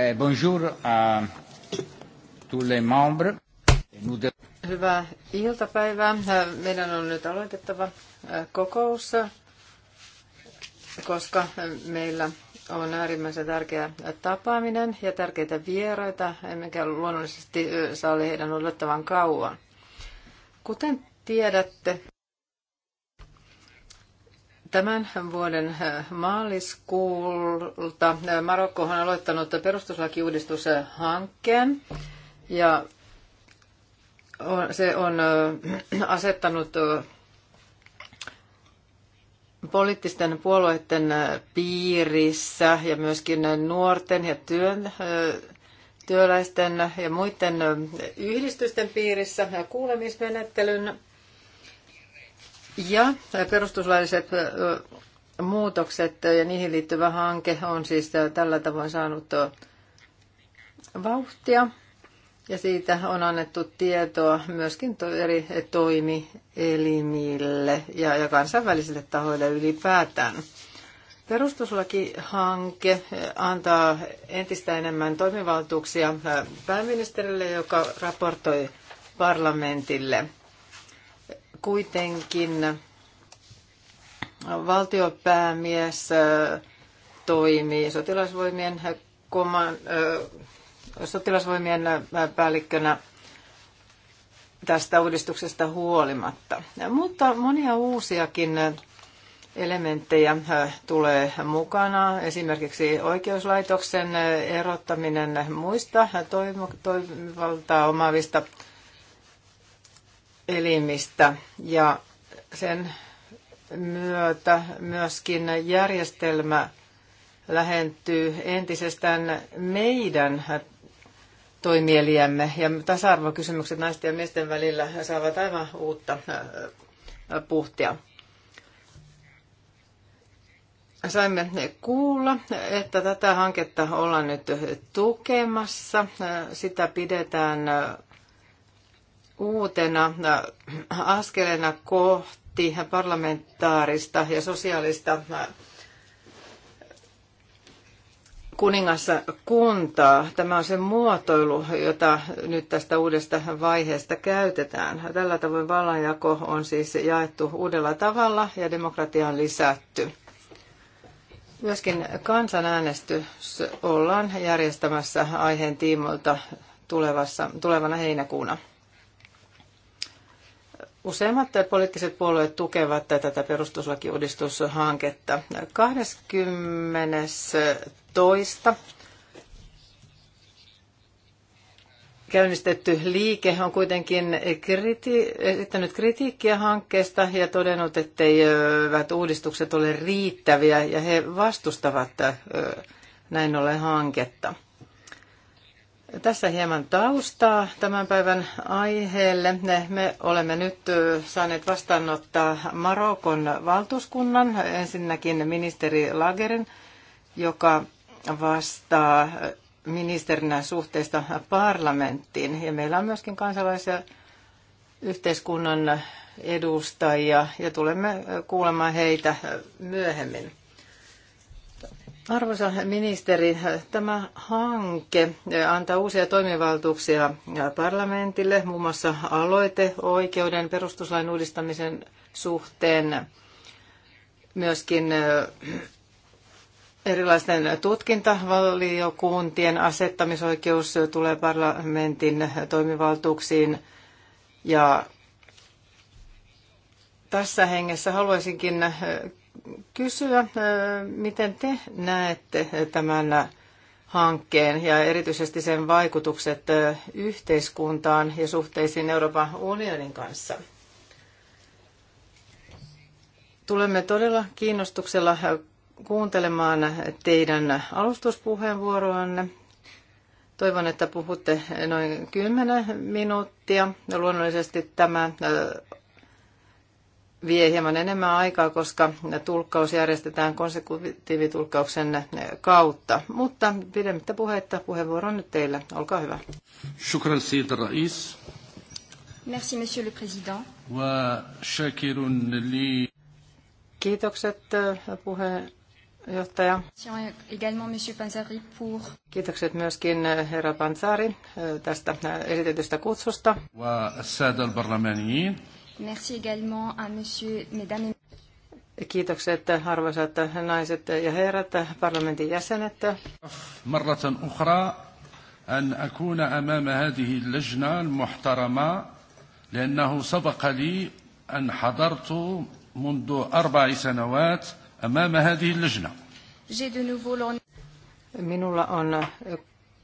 Eh, Hyvää iltapäivää. Meidän on nyt aloitettava eh, kokous, koska meillä on äärimmäisen tärkeä tapaaminen ja tärkeitä vieraita, emmekä luonnollisesti eh, saa heidän odottavan kauan. Kuten tiedätte, Tämän vuoden äh, maaliskuulta äh, Marokko on aloittanut perustuslakiuudistushankkeen ja se on äh, asettanut poliittisten puolueiden piirissä ja myöskin nuorten ja työn, työläisten ja muiden yhdistysten piirissä kuulemismenettelyn ja perustuslailliset muutokset ja niihin liittyvä hanke on siis tällä tavoin saanut vauhtia. Ja siitä on annettu tietoa myöskin eri toimielimille ja, ja kansainvälisille tahoille ylipäätään. Perustuslakihanke antaa entistä enemmän toimivaltuuksia pääministerille, joka raportoi parlamentille – kuitenkin valtiopäämies toimii sotilasvoimien, koman, sotilasvoimien päällikkönä tästä uudistuksesta huolimatta. Mutta monia uusiakin elementtejä tulee mukana. Esimerkiksi oikeuslaitoksen erottaminen muista toimivaltaa omaavista elimistä ja sen myötä myöskin järjestelmä lähentyy entisestään meidän toimielijämme ja tasa-arvokysymykset naisten ja miesten välillä saavat aivan uutta puhtia. Saimme kuulla, että tätä hanketta ollaan nyt tukemassa. Sitä pidetään uutena äh, askelena kohti parlamentaarista ja sosiaalista äh, kuningaskuntaa. Tämä on se muotoilu, jota nyt tästä uudesta vaiheesta käytetään. Tällä tavoin vallanjako on siis jaettu uudella tavalla ja demokratia on lisätty. Myöskin kansanäänestys ollaan järjestämässä aiheen tiimoilta tulevassa, tulevana heinäkuuna. Useimmat poliittiset puolueet tukevat tätä perustuslakiuudistushanketta. 22. käynnistetty liike on kuitenkin kriti- esittänyt kritiikkiä hankkeesta ja todennut, etteivät uudistukset ole riittäviä ja he vastustavat näin ollen hanketta. Tässä hieman taustaa tämän päivän aiheelle. Me olemme nyt saaneet vastaanottaa Marokon valtuuskunnan, ensinnäkin ministeri Lagerin, joka vastaa ministerinä suhteesta parlamenttiin. Ja meillä on myöskin kansalaisia yhteiskunnan edustajia ja tulemme kuulemaan heitä myöhemmin. Arvoisa ministeri, tämä hanke antaa uusia toimivaltuuksia parlamentille, muun muassa aloite oikeuden perustuslain uudistamisen suhteen, myöskin erilaisten tutkintavaliokuntien asettamisoikeus tulee parlamentin toimivaltuuksiin ja tässä hengessä haluaisinkin kysyä, äh, miten te näette tämän hankkeen ja erityisesti sen vaikutukset äh, yhteiskuntaan ja suhteisiin Euroopan unionin kanssa. Tulemme todella kiinnostuksella kuuntelemaan teidän alustuspuheenvuoroanne. Toivon, että puhutte noin 10 minuuttia. Luonnollisesti tämä äh, vie hieman enemmän aikaa, koska tulkkaus järjestetään konsekutiivitulkkauksen kautta. Mutta pidemmittä puhetta, puheenvuoro on nyt teillä. Olkaa hyvä. Shukran siitä, rais. Merci, monsieur le président. Kiitokset, puheenjohtaja. Également, monsieur Panzari, pour... Kiitokset myöskin herra Panzari tästä esitetystä kutsusta. Ja Merci également à monsieur, mesdames Kiitokset arvoisat naiset ja herrat, parlamentin jäsenet. مرة أخرى أن أكون أمام هذه اللجنة المحترمة لأنه سبق لي أن حضرت منذ أربع سنوات أمام هذه اللجنة. Minulla on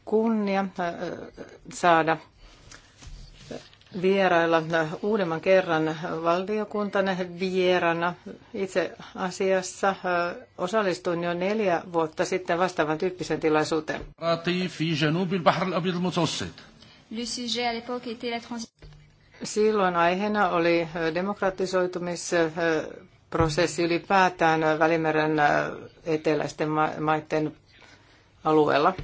kunnia äh, saada vierailla uudemman kerran valtiokuntana vierana. Itse asiassa osallistuin jo neljä vuotta sitten vastaavan tyyppisen tilaisuuteen. Silloin aiheena oli demokratisoitumisprosessi ylipäätään Välimeren eteläisten maiden alueella.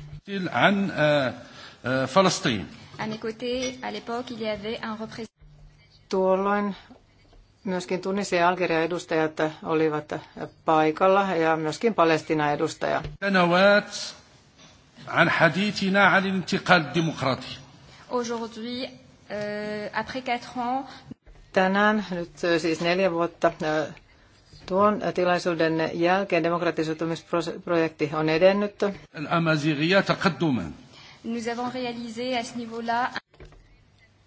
Tuolloin myöskin Tunisia ja Algeria edustajat olivat paikalla ja myöskin Palestina edustaja. عن حديثنا عن après quatre ans, Tänään, nyt äh, siis neljä vuotta äh, tuon tilaisuuden jälkeen demokratisoitumisprojekti on edennyt. Nous avons réalisé à ce niveau-là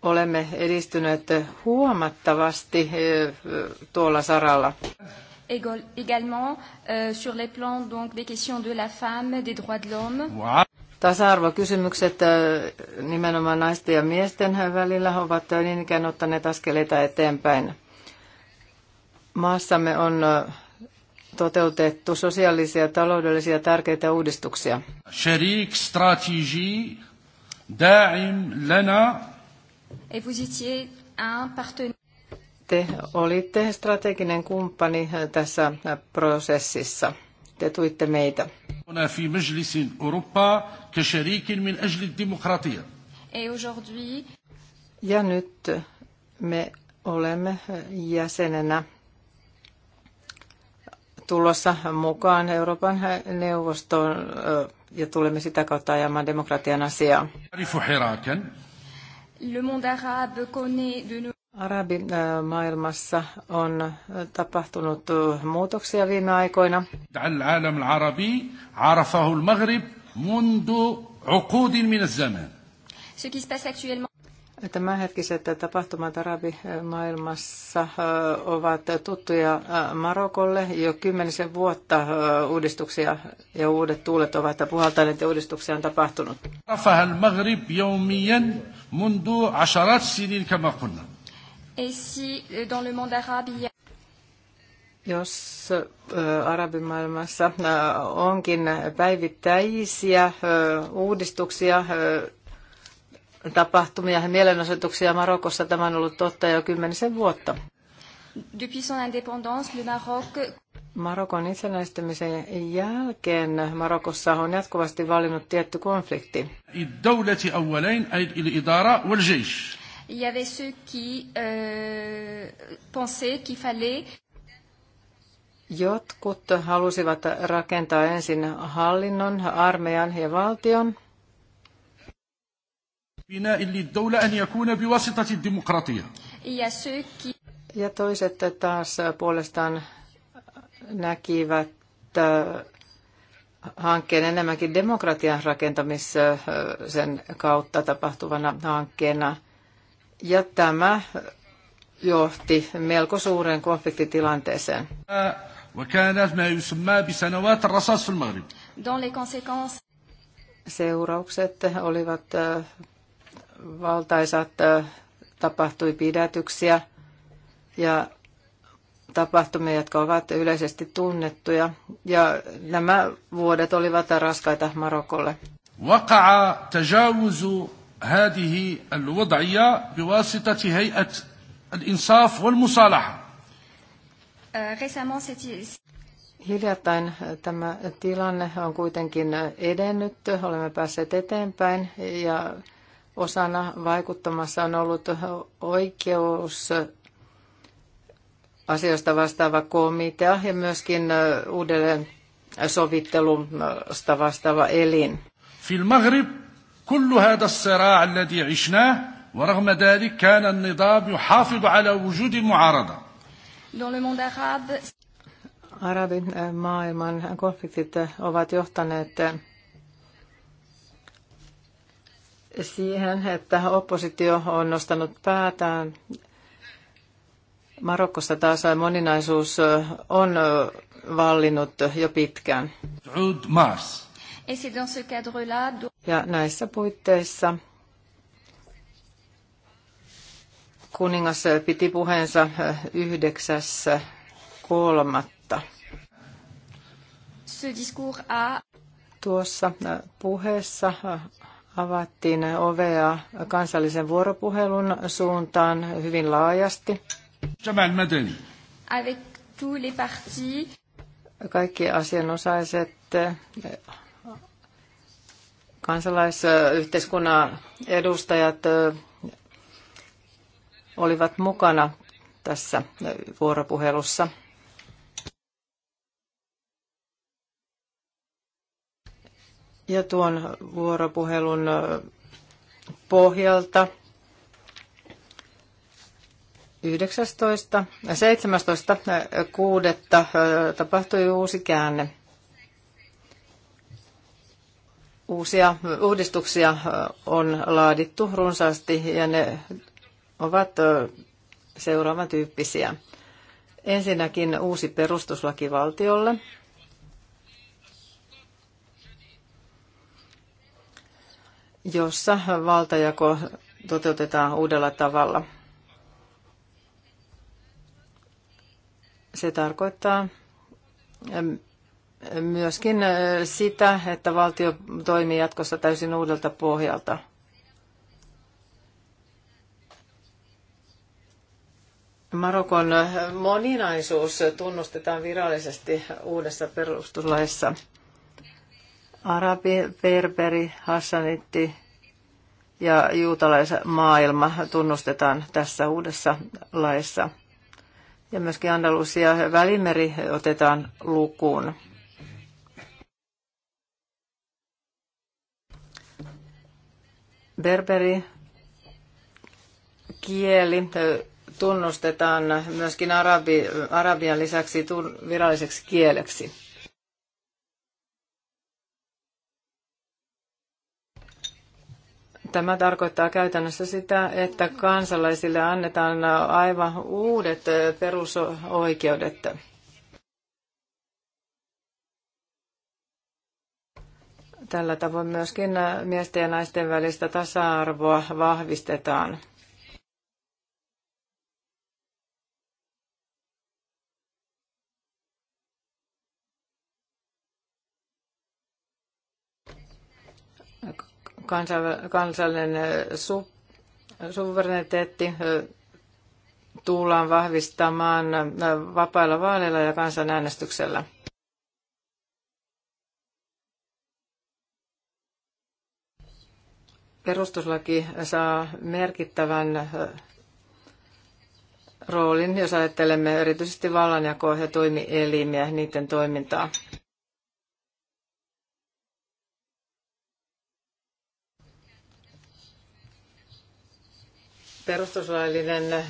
olemme edistyneet huomattavasti eh, tuolla saralla. Également euh, sur les plans donc des questions de la femme, des droits de l'homme. tasa kysymykset eh, nimenomaan naisten ja miesten välillä ovat eh, niin ikään ottaneet askeleita eteenpäin. Maassamme on toteutettu sosiaalisia ja taloudellisia tärkeitä uudistuksia. Sharik strategi da'im lana. Te olitte strateginen kumppani tässä prosessissa. Te tuitte meitä. Ja nyt me olemme jäsenenä tulossa mukaan Euroopan neuvostoon ja tulemme sitä kautta ajamaan demokratian asiaa. Arabimaailmassa on tapahtunut muutoksia viime aikoina. Se, Tämänhetkiset tapahtumat arabimaailmassa ovat tuttuja Marokolle. Jo kymmenisen vuotta uudistuksia ja uudet tuulet ovat puhaltaneet ja uudistuksia on tapahtunut. Euh, Jos arabimaailmassa onkin päivittäisiä uudistuksia, tapahtumia ja mielenosoituksia Marokossa. Tämä on ollut totta jo kymmenisen vuotta. Depuis son indépendance, le Maroc... Marokon itsenäistymisen jälkeen Marokossa on jatkuvasti valinnut tietty konflikti. Euh, Jotkut halusivat rakentaa ensin hallinnon, armeijan ja valtion. Ja toiset taas puolestaan näkivät äh, hankkeen enemmänkin demokratian rakentamisen äh, kautta tapahtuvana hankkeena. Ja tämä johti melko suureen konfliktitilanteeseen. Äh, Seuraukset olivat valtaisat tapahtui pidätyksiä ja tapahtumia, jotka ovat yleisesti tunnettuja. Ja nämä vuodet olivat raskaita Marokolle. وقع تجاوز euh, Hiljattain tämä tilanne on kuitenkin edennyt, olemme päässeet eteenpäin ja osana vaikuttamassa on ollut oikeus asioista vastaava komitea ja myöskin uudelleen sovittelusta vastaava elin. في المغرب كل هذا الصراع الذي عشناه ورغم ذلك كان يحافظ على وجود المعارضة. Dans le monde arabe... Arabin eh, maailman konfliktit eh, ovat johtaneet eh, siihen, että oppositio on nostanut päätään. Marokossa taas moninaisuus on vallinnut jo pitkään. Ja näissä puitteissa kuningas piti puheensa yhdeksässä kolmatta. Tuossa puheessa avattiin ovea kansallisen vuoropuhelun suuntaan hyvin laajasti. Kaikki asianosaiset, kansalaisyhteiskunnan edustajat olivat mukana tässä vuoropuhelussa. Ja tuon vuoropuhelun pohjalta 19. 17.6. tapahtui uusi käänne. Uusia uudistuksia on laadittu runsaasti ja ne ovat seuraavan tyyppisiä. Ensinnäkin uusi perustuslaki valtiolle, jossa valtajako toteutetaan uudella tavalla. Se tarkoittaa myöskin eh, sitä, että valtio toimii jatkossa täysin uudelta pohjalta. Marokon eh, moninaisuus tunnustetaan virallisesti uudessa perustuslaissa. Arabi, Berberi, Hassanitti ja juutalaismaailma tunnustetaan tässä uudessa laissa. Ja myöskin Andalusia ja Välimeri otetaan lukuun. Berberi kieli tunnustetaan myöskin arabi, arabian lisäksi viralliseksi kieleksi. Tämä tarkoittaa käytännössä sitä, että kansalaisille annetaan aivan uudet perusoikeudet. Tällä tavoin myöskin miesten ja naisten välistä tasa-arvoa vahvistetaan. kansallinen su, suvereniteetti tullaan vahvistamaan vapailla vaaleilla ja kansanäänestyksellä. Perustuslaki saa merkittävän roolin, jos ajattelemme erityisesti vallanjakoa ja toimielimiä, niiden toimintaa. perustuslaillinen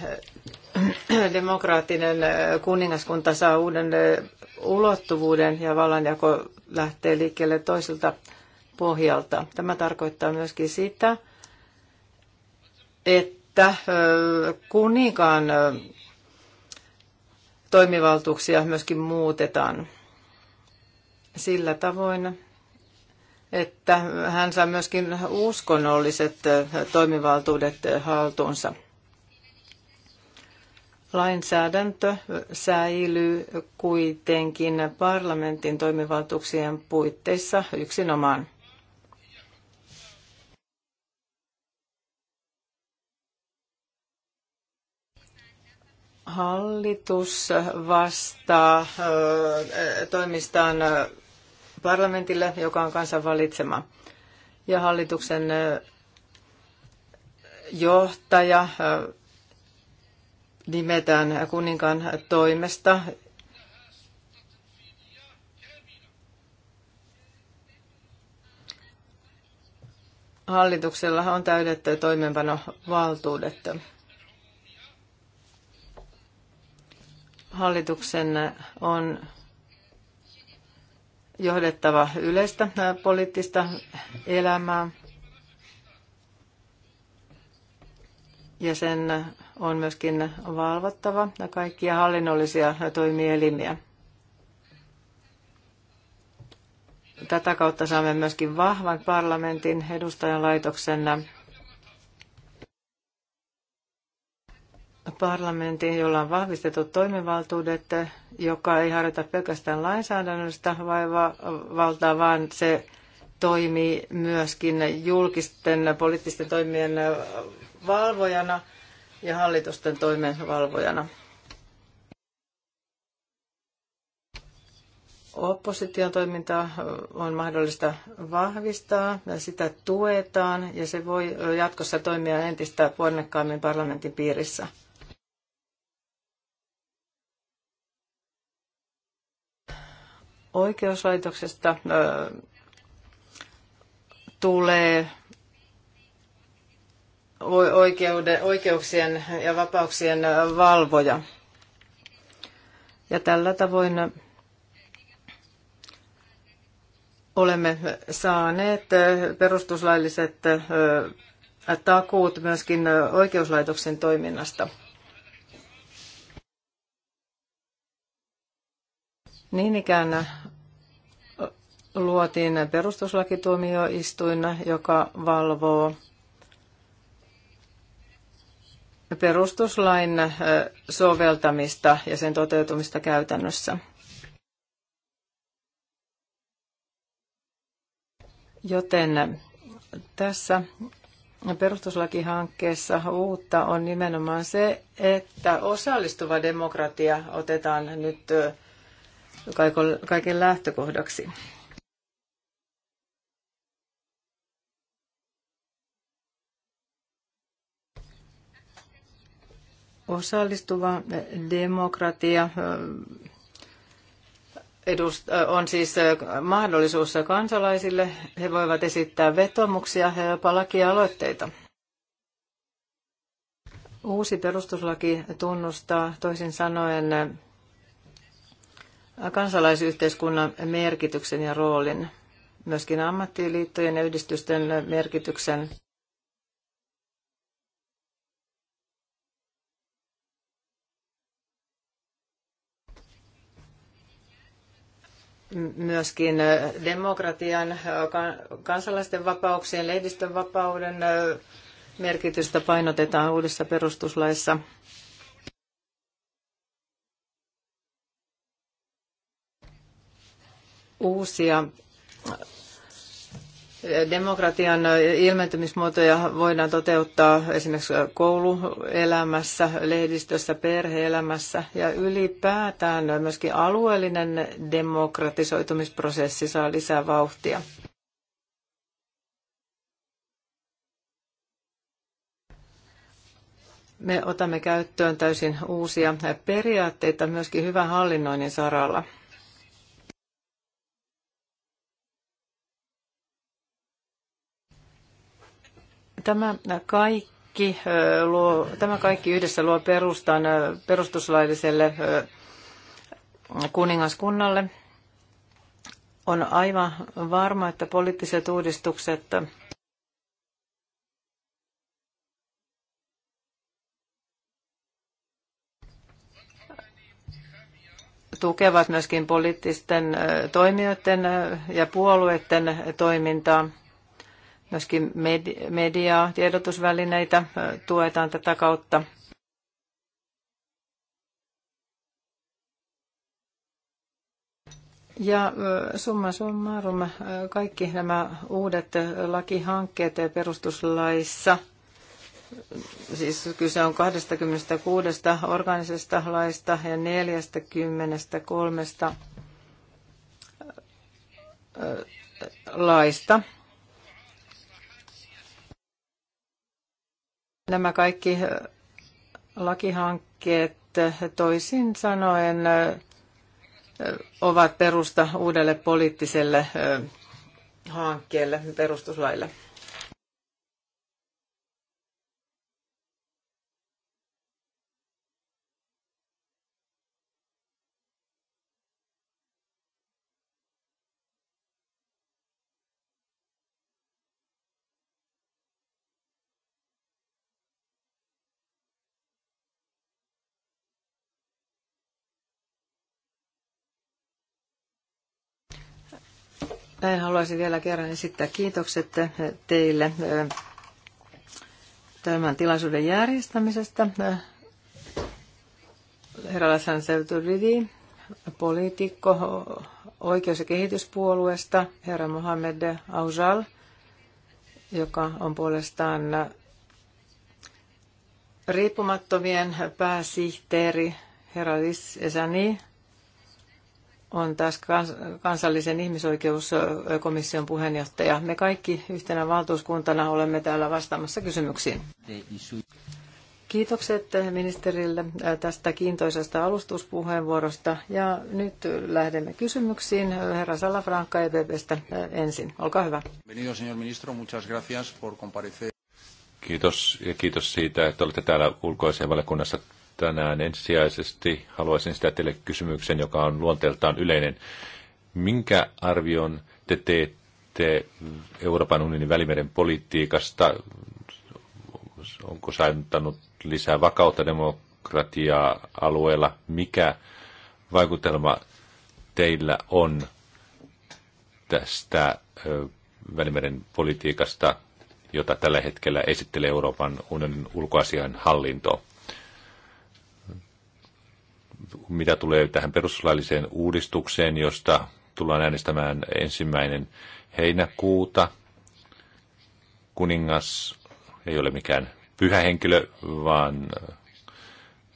demokraattinen kuningaskunta saa uuden ulottuvuuden ja vallanjako lähtee liikkeelle toiselta pohjalta. Tämä tarkoittaa myöskin sitä, että kuninkaan toimivaltuuksia myöskin muutetaan. Sillä tavoin että hän saa myöskin uskonnolliset toimivaltuudet haltuunsa. Lainsäädäntö säilyy kuitenkin parlamentin toimivaltuuksien puitteissa yksinomaan. Hallitus vastaa toimistaan parlamentille, joka on kansan valitsema, ja hallituksen johtaja nimetään kuninkaan toimesta. Hallituksella on täydet toimeenpanovaltuudet. Hallituksen on johdettava yleistä poliittista elämää. Ja sen on myöskin valvottava kaikkia hallinnollisia toimielimiä. Tätä kautta saamme myöskin vahvan parlamentin edustajan laitoksen parlamentin, jolla on vahvistettu toimivaltuudet, joka ei harjoita pelkästään lainsäädännöstä valtaa, vaan se toimii myöskin julkisten poliittisten toimien valvojana ja hallitusten toimen valvojana. Opposition toiminta on mahdollista vahvistaa ja sitä tuetaan ja se voi jatkossa toimia entistä ponnekkaammin parlamentin piirissä. oikeuslaitoksesta tulee oikeuden, oikeuksien ja vapauksien valvoja. Ja tällä tavoin olemme saaneet perustuslailliset takuut myöskin oikeuslaitoksen toiminnasta. Niin ikään luotiin perustuslakituomioistuin, joka valvoo perustuslain soveltamista ja sen toteutumista käytännössä. Joten tässä perustuslakihankkeessa uutta on nimenomaan se, että osallistuva demokratia otetaan nyt kaiken lähtökohdaksi. Osallistuva demokratia on siis mahdollisuus kansalaisille. He voivat esittää vetomuksia ja jopa lakialoitteita. Uusi perustuslaki tunnustaa toisin sanoen kansalaisyhteiskunnan merkityksen ja roolin, myöskin ammattiliittojen ja yhdistysten merkityksen. myöskin demokratian, kansalaisten vapauksien, lehdistön vapauden merkitystä painotetaan uudessa perustuslaissa – uusia demokratian ilmentymismuotoja voidaan toteuttaa esimerkiksi kouluelämässä, lehdistössä, perheelämässä ja ylipäätään myöskin alueellinen demokratisoitumisprosessi saa lisää vauhtia. Me otamme käyttöön täysin uusia periaatteita myöskin hyvän hallinnoinnin saralla. Tämä kaikki, luo, tämä kaikki yhdessä luo perustan perustuslailliselle kuningaskunnalle. On aivan varma, että poliittiset uudistukset tukevat myöskin poliittisten toimijoiden ja puolueiden toimintaa. Myöskin mediaa, tiedotusvälineitä tuetaan tätä kautta. Ja summa summarum, kaikki nämä uudet lakihankkeet perustuslaissa, siis kyse on 26 organisesta laista ja 43 laista, Nämä kaikki äh, lakihankkeet äh, toisin sanoen äh, ovat perusta uudelle poliittiselle hankkeelle perustuslaille. Haluaisin vielä kerran esittää kiitokset teille tämän tilaisuuden järjestämisestä. Herra Lassan Seuturidi, poliitikko oikeus- ja kehityspuolueesta, herra Mohamed Aujal, joka on puolestaan riippumattomien pääsihteeri, herra Lis Esani, on taas kansallisen ihmisoikeuskomission puheenjohtaja. Me kaikki yhtenä valtuuskuntana olemme täällä vastaamassa kysymyksiin. Kiitokset ministerille äh, tästä kiintoisesta alustuspuheenvuorosta. Ja nyt lähdemme kysymyksiin. Herra Salafranca EPPstä äh, ensin. Olkaa hyvä. Kiitos ja kiitos siitä, että olette täällä ulkoisen valiokunnassa tänään. Ensisijaisesti haluaisin sitä teille kysymyksen, joka on luonteeltaan yleinen. Minkä arvion te teette Euroopan unionin välimeren politiikasta? Onko saanut lisää vakautta demokratiaa alueella? Mikä vaikutelma teillä on tästä välimeren politiikasta, jota tällä hetkellä esittelee Euroopan unionin ulkoasian hallinto? mitä tulee tähän perustuslailliseen uudistukseen, josta tullaan äänestämään ensimmäinen heinäkuuta. Kuningas ei ole mikään pyhä henkilö, vaan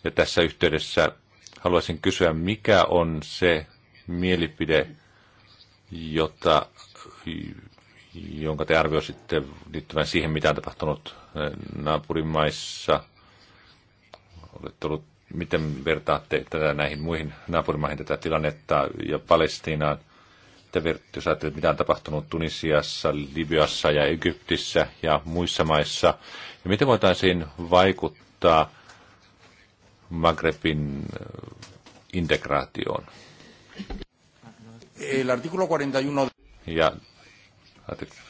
ja tässä yhteydessä haluaisin kysyä, mikä on se mielipide, jota, jonka te arvioisitte liittyvän siihen, mitä on tapahtunut eh, naapurimaissa. Olette ollut miten vertaatte tätä näihin muihin naapurimaihin tätä tilannetta ja Palestiinaan? Mitä jos ajattelet, mitä on tapahtunut Tunisiassa, Libyassa ja Egyptissä ja muissa maissa, ja miten voitaisiin vaikuttaa Magrebin äh, integraatioon? El artículo 41... Ja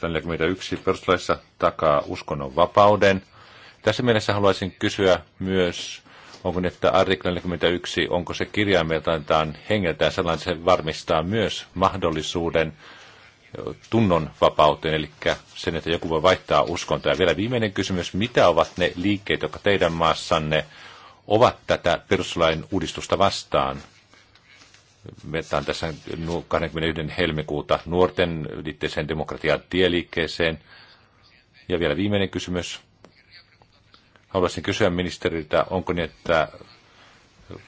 41 perustuslaissa takaa uskonnon vapauden. Tässä mielessä haluaisin kysyä myös Onko nyt niin, että artikla 41, onko se hengeltä ja sellainen, se varmistaa myös mahdollisuuden tunnon vapauteen, eli sen, että joku voi vaihtaa uskontoa. Ja vielä viimeinen kysymys, mitä ovat ne liikkeet, jotka teidän maassanne ovat tätä perustuslain uudistusta vastaan? Meitä tässä 21. helmikuuta nuorten liitteeseen demokratian tieliikkeeseen. Ja vielä viimeinen kysymys. Haluaisin kysyä ministeriltä, onko niin, että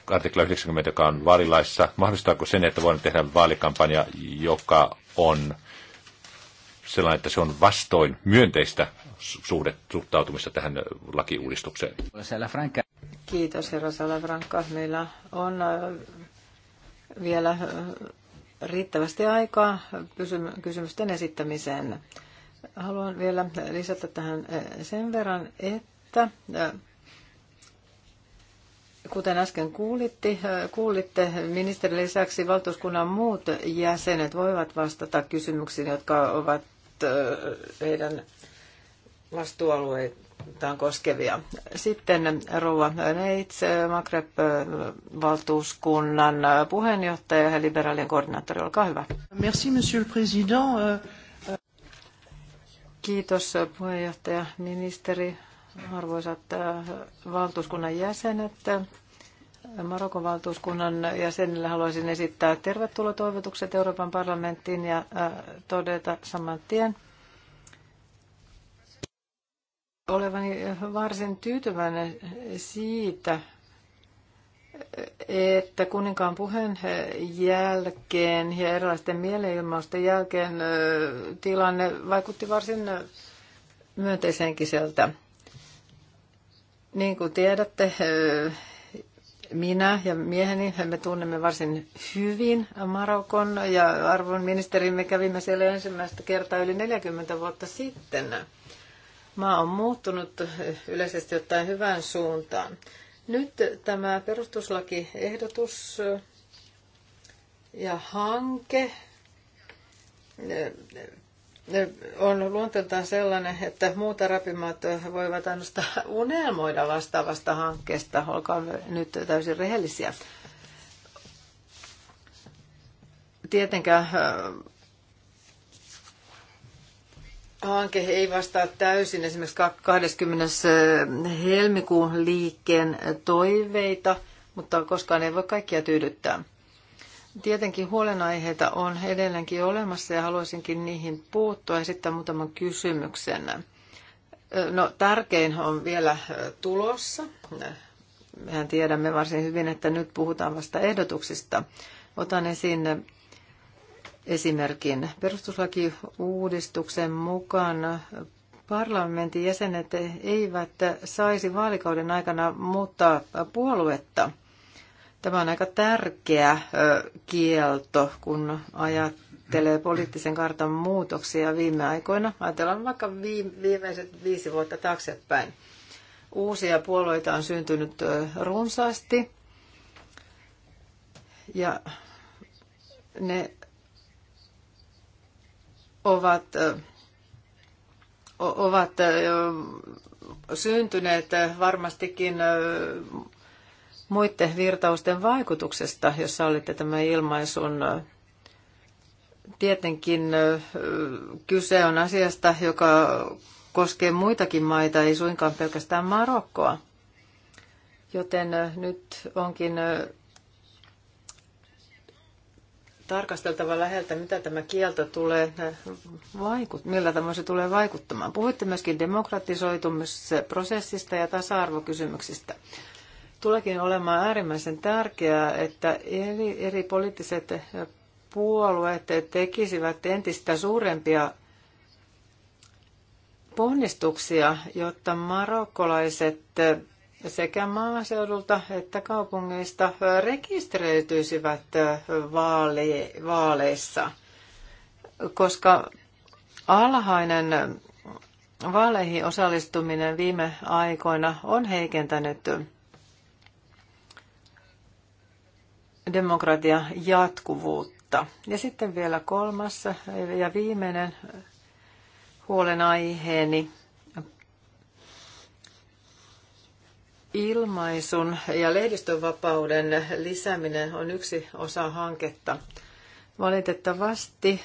artikla 90, joka on vaalilaissa, mahdollistaako sen, että voidaan tehdä vaalikampanja, joka on sellainen, että se on vastoin myönteistä suhdet, suhtautumista tähän lakiuudistukseen? Kiitos, herra Salafranka. Meillä on äh, vielä äh, riittävästi aikaa kysymysten esittämiseen. Haluan vielä lisätä tähän äh, sen verran, että että kuten äsken kuulitte, kuulitte ministerin lisäksi valtuuskunnan muut jäsenet voivat vastata kysymyksiin, jotka ovat heidän vastuualueitaan koskevia. Sitten Rouva Neits, Magreb-valtuuskunnan puheenjohtaja ja liberaalien koordinaattori, olkaa hyvä. Merci, monsieur le président. Kiitos puheenjohtaja, ministeri, arvoisat äh, valtuuskunnan jäsenet. Äh, Marokon valtuuskunnan jäsenille haluaisin esittää tervetulotoivotukset Euroopan parlamenttiin ja äh, todeta saman tien olevani varsin tyytyväinen siitä, että kuninkaan puheen jälkeen ja erilaisten mielenilmausten jälkeen tilanne vaikutti varsin myönteisenkiseltä. Niin kuin tiedätte, minä ja mieheni, me tunnemme varsin hyvin Marokon ja arvon me kävimme siellä ensimmäistä kertaa yli 40 vuotta sitten. Maa on muuttunut yleisesti ottaen hyvään suuntaan. Nyt tämä perustuslakiehdotus ja hanke on luonteeltaan sellainen, että muut arabimaat voivat ainoastaan unelmoida vastaavasta hankkeesta. Olkaa nyt täysin rehellisiä. Tietenkään äh, hanke ei vastaa täysin esimerkiksi 20. Äh, helmikuun liikkeen toiveita, mutta koskaan ei voi kaikkia tyydyttää. Tietenkin huolenaiheita on edelleenkin olemassa ja haluaisinkin niihin puuttua ja sitten muutaman kysymyksen. No tärkein on vielä tulossa. Mehän tiedämme varsin hyvin, että nyt puhutaan vasta ehdotuksista. Otan esiin esimerkin. Perustuslakiuudistuksen mukaan parlamentin jäsenet eivät saisi vaalikauden aikana muuttaa puoluetta – Tämä on aika tärkeä kielto, kun ajattelee poliittisen kartan muutoksia viime aikoina. Ajatellaan vaikka viimeiset viisi vuotta taaksepäin. Uusia puolueita on syntynyt runsaasti ja ne ovat, ovat syntyneet varmastikin muiden virtausten vaikutuksesta, jos olitte tämän ilmaisun. Tietenkin kyse on asiasta, joka koskee muitakin maita, ei suinkaan pelkästään Marokkoa. Joten nyt onkin tarkasteltava läheltä, mitä tämä kielto tulee vaikut, millä tämä se tulee vaikuttamaan. Puhuitte myöskin demokratisoitumisprosessista ja tasa-arvokysymyksistä tuleekin olemaan äärimmäisen tärkeää, että eri, eri poliittiset puolueet tekisivät entistä suurempia ponnistuksia, jotta marokkolaiset sekä maaseudulta että kaupungeista rekisteröityisivät vaali, vaaleissa, koska alhainen vaaleihin osallistuminen viime aikoina on heikentänyt demokratian jatkuvuutta. Ja sitten vielä kolmas ja viimeinen huolenaiheeni ilmaisun ja lehdistönvapauden lisääminen on yksi osa hanketta. Valitettavasti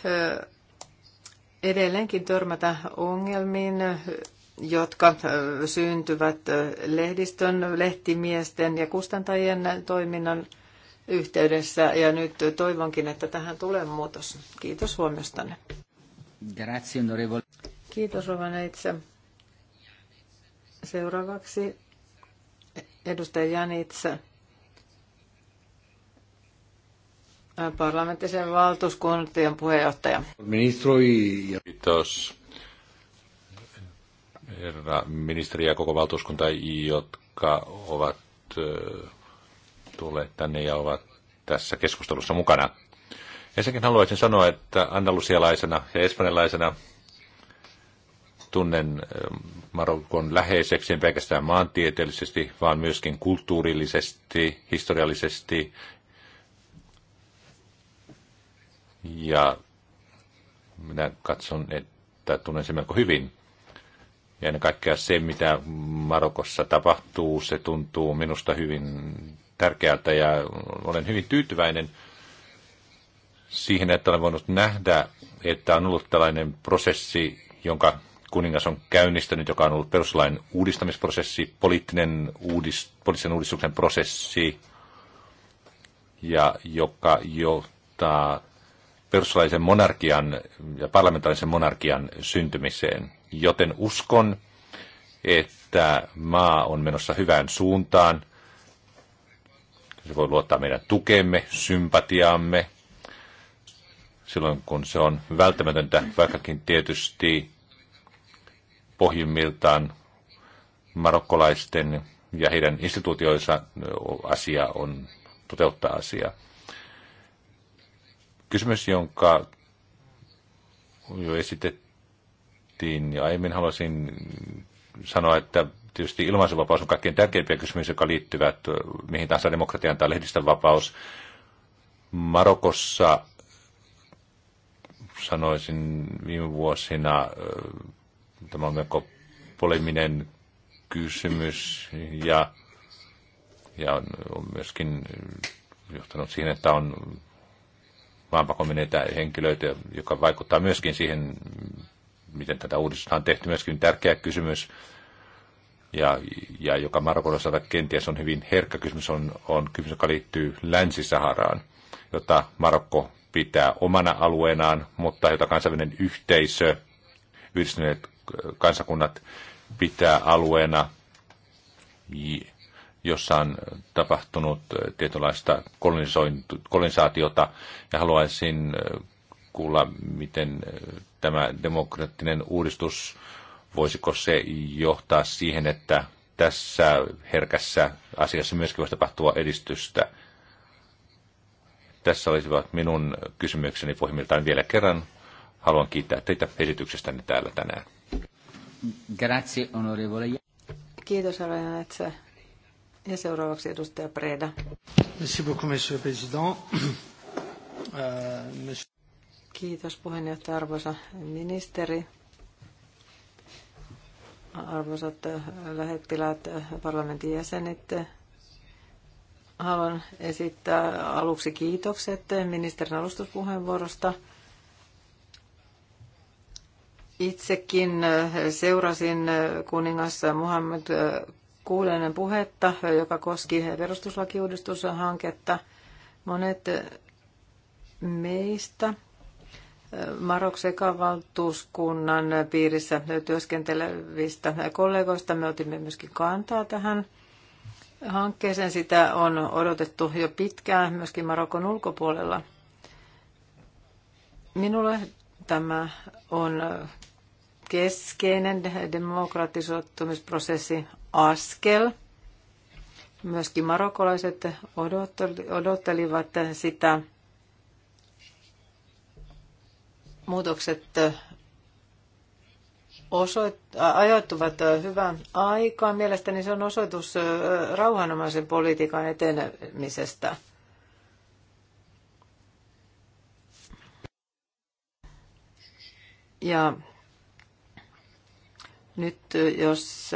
edelleenkin törmätä ongelmiin, jotka syntyvät lehdistön, lehtimiesten ja kustantajien toiminnan yhteydessä. Ja nyt toivonkin, että tähän tulee muutos. Kiitos huomiostanne. Grazie, onorevole. Kiitos, Rovaneitse. Seuraavaksi edustaja Janitsa. Parlamenttisen valtuuskuntien puheenjohtaja. Ministeri. Kiitos. Herra ministeri ja koko valtuuskunta, jotka ovat tulleet tänne ja ovat tässä keskustelussa mukana. Ensinnäkin haluaisin sanoa, että andalusialaisena ja espanjalaisena tunnen eh, Marokon läheiseksi en pelkästään maantieteellisesti, vaan myöskin kulttuurillisesti, historiallisesti ja minä katson, että tunnen sen melko hyvin. Ja ennen kaikkea se, mitä Marokossa tapahtuu, se tuntuu minusta hyvin tärkeältä ja olen hyvin tyytyväinen siihen, että olen voinut nähdä, että on ollut tällainen prosessi, jonka kuningas on käynnistänyt, joka on ollut peruslain uudistamisprosessi, poliittinen uudis, poliittisen uudistuksen prosessi, ja joka johtaa perustuslaisen monarkian ja parlamentaarisen monarkian syntymiseen. Joten uskon, että maa on menossa hyvään suuntaan. Se voi luottaa meidän tukemme, sympatiaamme, silloin kun se on välttämätöntä, vaikkakin tietysti pohjimmiltaan marokkolaisten ja heidän instituutioissa asia on toteuttaa asiaa. Kysymys, jonka jo esitettiin ja aiemmin haluaisin sanoa, että tietysti ilmaisuvapaus on kaikkein tärkeimpiä kysymyksiä, jotka liittyvät mihin tahansa demokratian tai vapaus. Marokossa sanoisin viime vuosina, tämä on melko poleminen kysymys ja, ja on, on myöskin johtanut siihen, että on maanpakomineita henkilöitä, joka vaikuttaa myöskin siihen, miten tätä uudistusta on tehty. Myöskin tärkeä kysymys ja, ja joka Marokon osalta kenties on hyvin herkkä kysymys, on, on kysymys, joka liittyy Länsi-Saharaan, jota Marokko pitää omana alueenaan, mutta jota kansainvälinen yhteisö, yhdistyneet kansakunnat pitää alueena, jossa on tapahtunut tietynlaista kolonisaatiota, ja haluaisin äh, kuulla, miten äh, tämä demokraattinen uudistus voisiko se johtaa siihen, että tässä herkässä asiassa myöskin voisi tapahtua edistystä. Tässä olisivat minun kysymykseni pohjimmiltaan vielä kerran. Haluan kiittää teitä esityksestänne täällä tänään. Grazie, onorevole. Kiitos, Arvajanaitse. Ja seuraavaksi edustaja Preda. Merci beaucoup, monsieur président. Euh, Kiitos puheenjohtaja, arvoisa ministeri arvoisat äh, lähettiläät, äh, parlamentin jäsenet. Äh, haluan esittää aluksi kiitokset ministerin alustuspuheenvuorosta. Itsekin seurasin kuningas Muhammed kuuleinen puhetta, joka koski perustuslakiuudistushanketta. Monet meistä – Maroksekan valtuuskunnan piirissä työskentelevistä kollegoista. Me otimme myöskin kantaa tähän hankkeeseen. Sitä on odotettu jo pitkään myöskin Marokon ulkopuolella. Minulle tämä on keskeinen demokratisoittumisprosessi askel. Myöskin marokolaiset odottelivat sitä muutokset osoit- ajoittuvat hyvään aikaan. Mielestäni se on osoitus rauhanomaisen politiikan etenemisestä. Ja nyt jos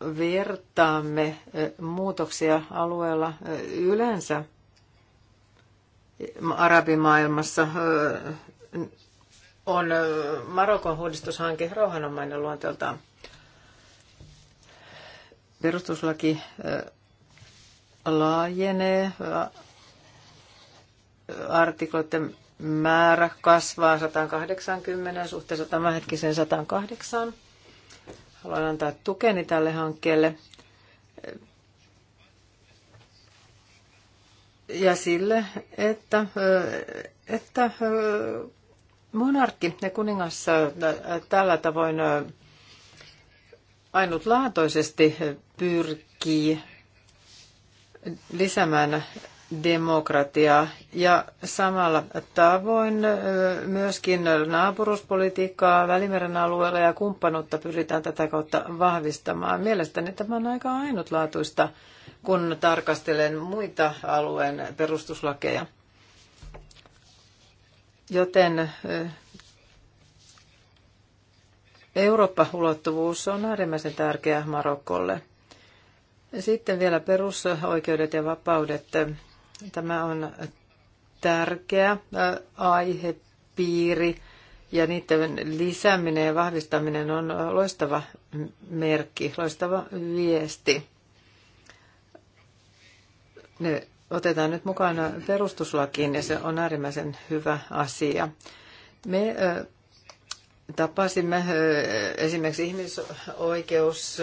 vertaamme muutoksia alueella yleensä arabimaailmassa on Marokon uudistushanke rauhanomainen luonteeltaan. Perustuslaki laajenee, artikloiden määrä kasvaa 180 suhteessa tämänhetkiseen 108. Haluan antaa tukeni tälle hankkeelle. Ja sille, että, että monarkki ja kuningas äh, tällä tavoin äh, ainutlaatuisesti pyrkii lisäämään demokratiaa ja samalla tavoin äh, myöskin naapuruspolitiikkaa Välimeren alueella ja kumppanuutta pyritään tätä kautta vahvistamaan. Mielestäni tämä on aika ainutlaatuista, kun tarkastelen muita alueen perustuslakeja. Joten Eurooppa-ulottuvuus on äärimmäisen tärkeä marokkolle. Sitten vielä perusoikeudet ja vapaudet. Tämä on tärkeä aihepiiri ja niiden lisääminen ja vahvistaminen on loistava merkki, loistava viesti. Ne otetaan nyt mukaan perustuslakiin ja se on äärimmäisen hyvä asia. Me tapasimme esimerkiksi ihmisoikeus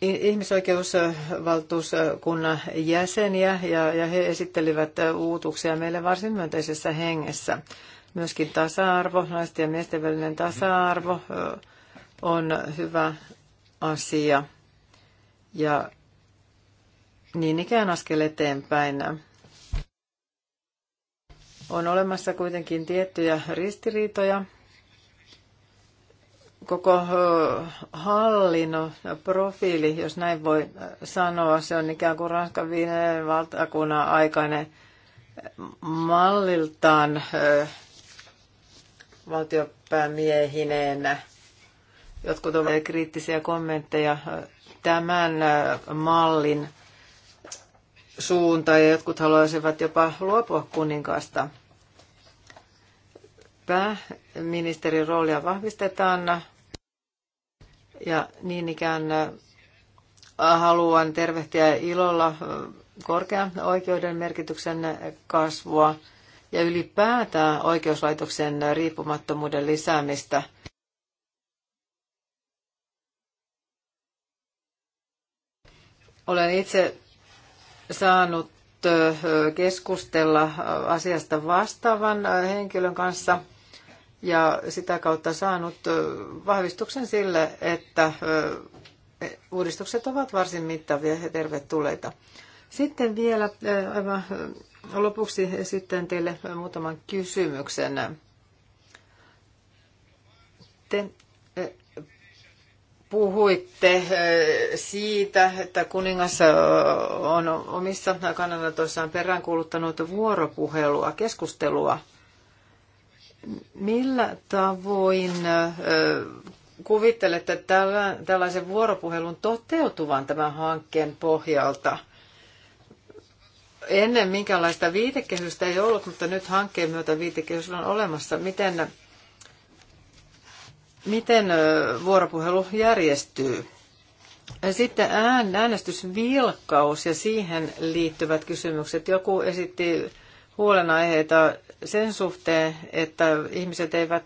ihmisoikeusvaltuuskunnan jäseniä ja, ja he esittelivät uutuksia meille varsin myönteisessä hengessä. Myöskin tasa-arvo, naisten ja miesten välinen tasa-arvo on hyvä asia. Ja niin ikään askel eteenpäin. On olemassa kuitenkin tiettyjä ristiriitoja. Koko hallinnon profiili, jos näin voi sanoa, se on ikään kuin Ranskan viineen valtakunnan aikainen malliltaan valtiopäämiehineen. Jotkut ovat kriittisiä kommentteja tämän äh, mallin suunta ja jotkut haluaisivat jopa luopua kuninkaasta. Pääministerin roolia vahvistetaan ja niin ikään äh, haluan tervehtiä ilolla äh, korkean oikeuden merkityksen kasvua ja ylipäätään oikeuslaitoksen riippumattomuuden lisäämistä – Olen itse saanut keskustella asiasta vastaavan henkilön kanssa ja sitä kautta saanut vahvistuksen sille, että e, uudistukset ovat varsin mittavia ja tervetulleita. Sitten vielä aivan lopuksi esitän teille muutaman kysymyksen. Te puhuitte äh, siitä, että kuningas äh, on omissa kannanotoissaan peräänkuuluttanut vuoropuhelua, keskustelua. Millä tavoin äh, kuvittelette tällaisen vuoropuhelun toteutuvan tämän hankkeen pohjalta? Ennen minkälaista viitekehystä ei ollut, mutta nyt hankkeen myötä viitekehys on olemassa. Miten miten vuoropuhelu järjestyy. Sitten äänestysvilkkaus ja siihen liittyvät kysymykset. Joku esitti huolenaiheita sen suhteen, että ihmiset eivät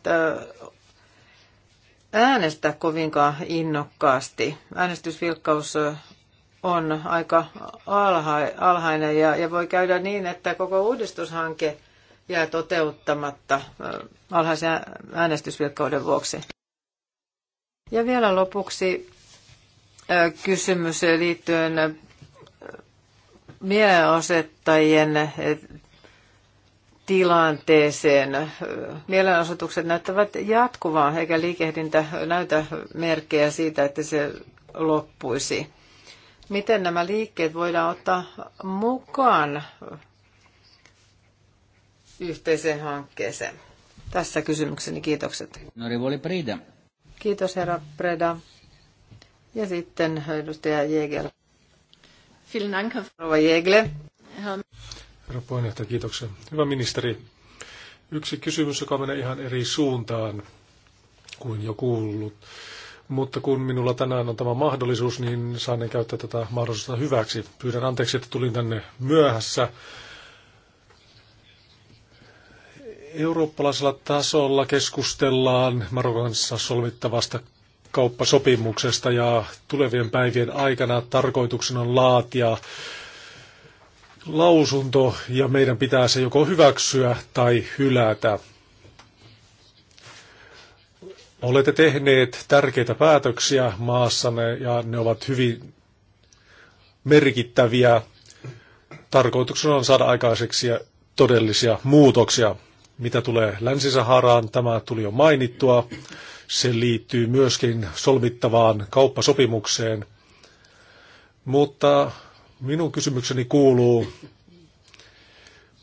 äänestä kovinkaan innokkaasti. Äänestysvilkkaus on aika alhainen ja, ja voi käydä niin, että koko uudistushanke jää toteuttamatta alhaisen äänestysvilkkauden vuoksi. Ja vielä lopuksi kysymys liittyen mielenosoittajien tilanteeseen. Mielenosoitukset näyttävät jatkuvaa, eikä liikehdintä näytä merkkejä siitä, että se loppuisi. Miten nämä liikkeet voidaan ottaa mukaan yhteiseen hankkeeseen? Tässä kysymykseni, kiitokset. No, Kiitos herra Preda. Ja sitten edustaja Jägel. Vielen Dank, Frau Jägle. Herra puheenjohtaja, kiitoksia. Hyvä ministeri, yksi kysymys, joka menee ihan eri suuntaan kuin jo kuullut. Mutta kun minulla tänään on tämä mahdollisuus, niin saan käyttää tätä mahdollisuutta hyväksi. Pyydän anteeksi, että tulin tänne myöhässä. Eurooppalaisella tasolla keskustellaan Marokon kanssa solmittavasta kauppasopimuksesta ja tulevien päivien aikana tarkoituksena on laatia lausunto ja meidän pitää se joko hyväksyä tai hylätä. Olette tehneet tärkeitä päätöksiä maassanne ja ne ovat hyvin merkittäviä. Tarkoituksena on saada aikaiseksi todellisia muutoksia. Mitä tulee Länsi-Saharaan, tämä tuli jo mainittua. Se liittyy myöskin solmittavaan kauppasopimukseen. Mutta minun kysymykseni kuuluu,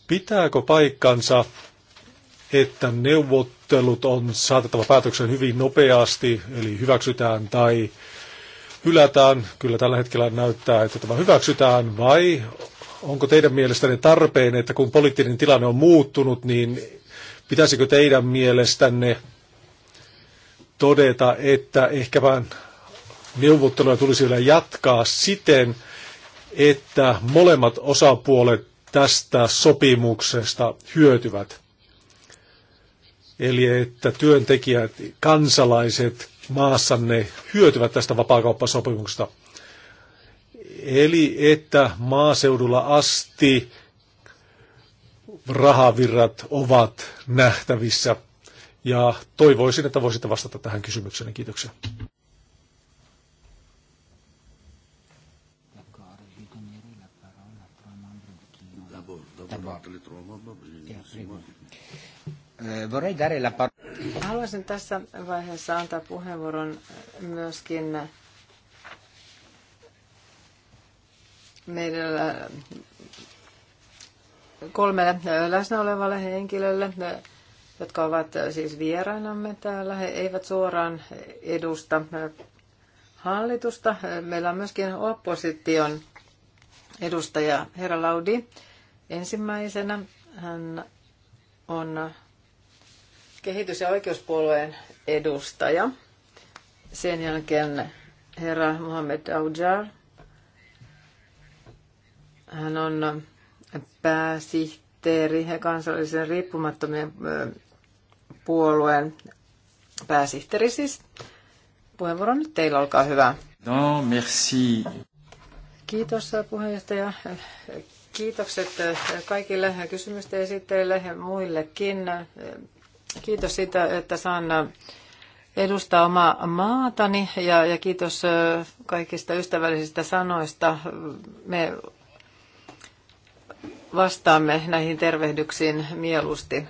pitääkö paikkansa, että neuvottelut on saatettava päätöksen hyvin nopeasti, eli hyväksytään tai hylätään. Kyllä tällä hetkellä näyttää, että tämä hyväksytään, vai onko teidän mielestänne tarpeen, että kun poliittinen tilanne on muuttunut, niin Pitäisikö teidän mielestänne todeta, että ehkä vain neuvotteluja tulisi vielä jatkaa siten, että molemmat osapuolet tästä sopimuksesta hyötyvät. Eli että työntekijät, kansalaiset maassanne hyötyvät tästä vapaakauppasopimuksesta. Eli että maaseudulla asti rahavirrat ovat nähtävissä. Ja toivoisin, että voisitte vastata tähän kysymykseen. Kiitoksia. Haluaisin tässä vaiheessa antaa puheenvuoron myöskin meidän kolmelle äh, läsnä olevalle henkilölle, äh, jotka ovat äh, siis vierainamme täällä. He eivät suoraan edusta hallitusta. Meillä on myöskin opposition edustaja Herra Laudi. Ensimmäisenä hän on kehitys- ja oikeuspuolueen edustaja. Sen jälkeen herra Mohamed Aujar. Hän on pääsihteeri ja kansallisen riippumattomien puolueen pääsihteeri siis. Puheenvuoro nyt teillä, olkaa hyvä. No, merci. Kiitos puheenjohtaja. Kiitokset kaikille kysymysten esittäjille ja muillekin. Kiitos siitä, että saan edustaa omaa maatani ja, ja kiitos kaikista ystävällisistä sanoista. Me vastaamme näihin tervehdyksiin mieluusti.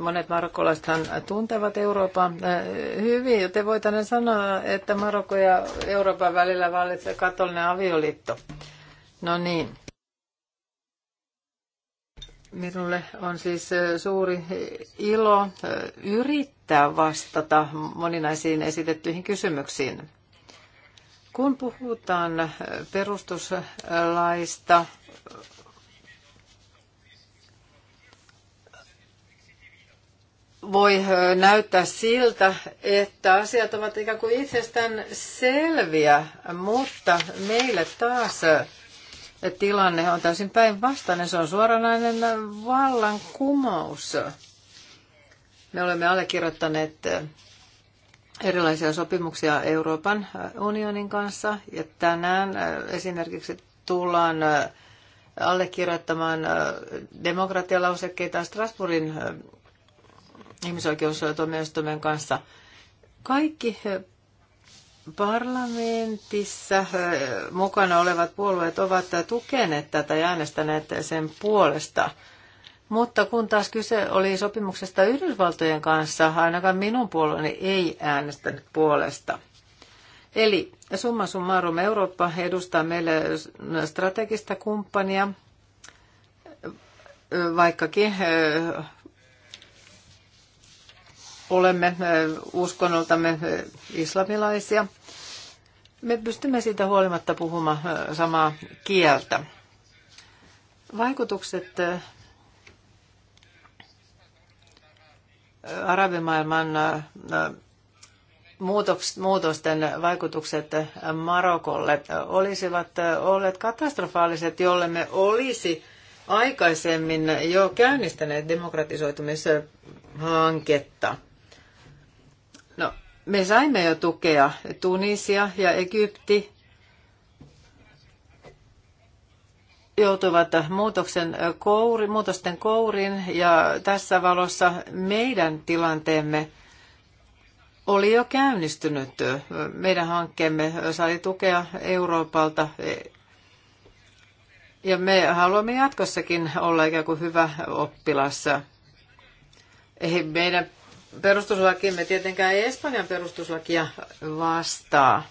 Monet marokkolaisethan tuntevat Euroopan eh, hyvin, joten voitaneen sanoa, että Marokko ja Euroopan välillä vallitsee katolinen avioliitto. No niin. Minulle on siis eh, suuri ilo eh, yrittää vastata moninaisiin esitettyihin kysymyksiin. Kun puhutaan perustuslaista, voi näyttää siltä, että asiat ovat ikään kuin itsestään selviä, mutta meille taas tilanne on täysin päinvastainen. Se on suoranainen vallankumous. Me olemme allekirjoittaneet erilaisia sopimuksia Euroopan unionin kanssa ja tänään esimerkiksi tullaan allekirjoittamaan demokratialausekkeita Strasbourgin ihmisoikeustuomioistuimen kanssa. Kaikki eh, parlamentissa eh, mukana olevat puolueet ovat tukeneet tätä ja äänestäneet sen puolesta. Mutta kun taas kyse oli sopimuksesta Yhdysvaltojen kanssa, ainakaan minun puolueeni ei äänestänyt puolesta. Eli summa summarum Eurooppa edustaa meille strategista kumppania, vaikkakin eh, olemme uskonnoltamme islamilaisia. Me pystymme siitä huolimatta puhumaan samaa kieltä. Vaikutukset arabimaailman muutosten vaikutukset Marokolle olisivat olleet katastrofaaliset, jolle me olisi aikaisemmin jo käynnistäneet demokratisoitumishanketta. No, me saimme jo tukea Tunisia ja Egypti joutuvat muutoksen kouri, muutosten kourin ja tässä valossa meidän tilanteemme oli jo käynnistynyt. Meidän hankkeemme sai tukea Euroopalta ja me haluamme jatkossakin olla ikään kuin hyvä oppilas. Ei meidän perustuslakimme tietenkään ei Espanjan perustuslakia vastaa.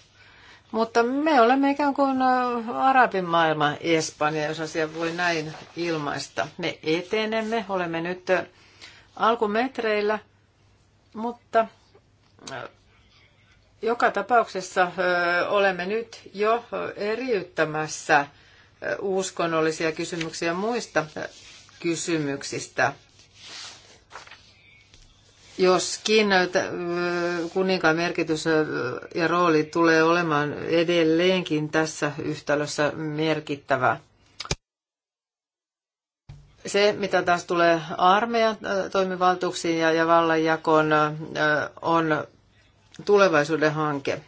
Mutta me olemme ikään kuin Arabin maailma Espanja, jos asia voi näin ilmaista. Me etenemme, olemme nyt alkumetreillä, mutta joka tapauksessa olemme nyt jo eriyttämässä uskonnollisia kysymyksiä muista kysymyksistä. Joskin kuninkaan merkitys ja rooli tulee olemaan edelleenkin tässä yhtälössä merkittävä. Se, mitä taas tulee armeijan toimivaltuuksiin ja, ja vallanjakoon, on tulevaisuuden hanke.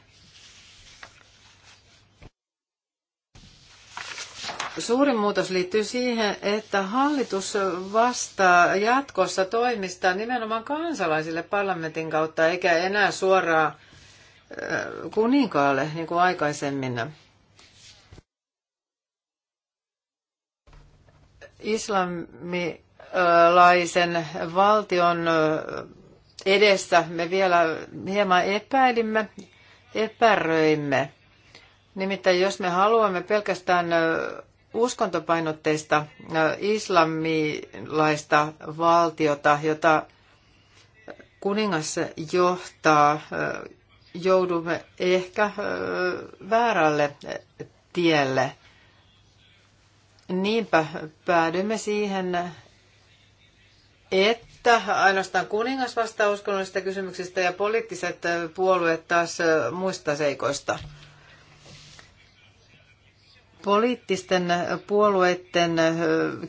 Suurin muutos liittyy siihen, että hallitus vastaa jatkossa toimista nimenomaan kansalaisille parlamentin kautta, eikä enää suoraan kuninkaalle, niin kuin aikaisemmin. Islamilaisen valtion edessä me vielä hieman epäilimme, epäröimme. Nimittäin jos me haluamme pelkästään uskontopainotteista äh, islamilaista valtiota, jota kuningas johtaa, äh, joudumme ehkä äh, väärälle tielle. Niinpä päädymme siihen, että ainoastaan kuningas vastaa uskonnollisista kysymyksistä ja poliittiset puolueet taas muista seikoista poliittisten puolueiden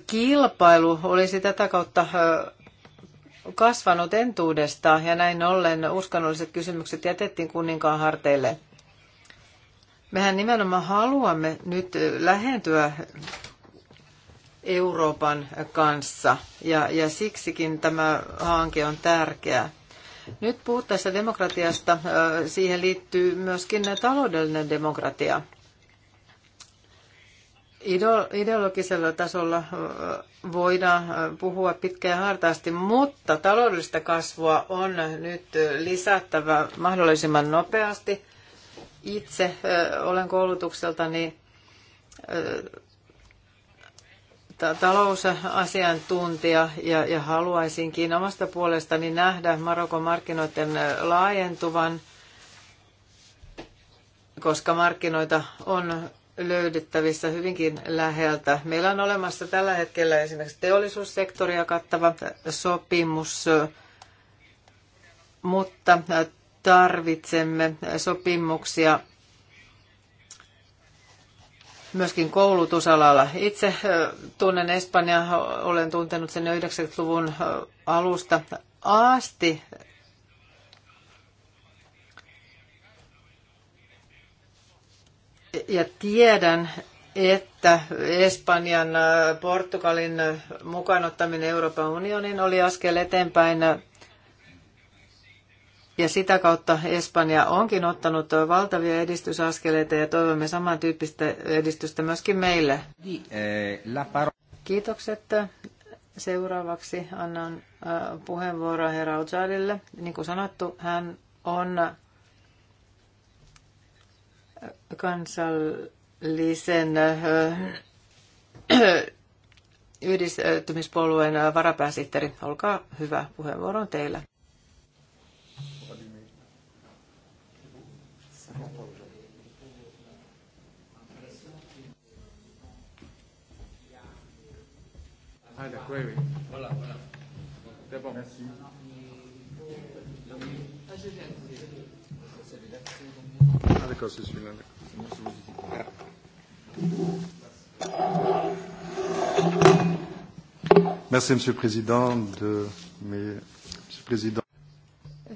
kilpailu olisi tätä kautta kasvanut entuudestaan ja näin ollen uskonnolliset kysymykset jätettiin kuninkaan harteille. Mehän nimenomaan haluamme nyt lähentyä Euroopan kanssa ja, ja siksikin tämä hanke on tärkeä. Nyt puhuttaessa demokratiasta siihen liittyy myöskin taloudellinen demokratia – ideologisella tasolla voidaan puhua pitkään hartaasti, mutta taloudellista kasvua on nyt lisättävä mahdollisimman nopeasti. Itse olen koulutukseltani talousasiantuntija ja, ja haluaisinkin omasta puolestani nähdä Marokon markkinoiden laajentuvan, koska markkinoita on löydettävissä hyvinkin läheltä. Meillä on olemassa tällä hetkellä esimerkiksi teollisuussektoria kattava sopimus, mutta tarvitsemme sopimuksia myöskin koulutusalalla. Itse tunnen Espanjaa, olen tuntenut sen 90-luvun alusta asti Ja tiedän, että Espanjan, äh, Portugalin mukaanottaminen Euroopan unioniin oli askel eteenpäin. Ja sitä kautta Espanja onkin ottanut valtavia edistysaskeleita ja toivomme samantyyppistä edistystä myöskin meille. Eh, Kiitokset. Seuraavaksi annan äh, puheenvuoron herra Ojadille. Niin kuin sanottu, hän on kansallisen äh, yhdistymispuolueen varapääsihteeri. Olkaa hyvä, puheenvuoro on teillä. Ah, d'accord, oui. Voilà, voilà. C'est bon. Merci. Ah, because it's unanimous. Yeah. Merci, Monsieur le Président, de mes... Monsieur le Président.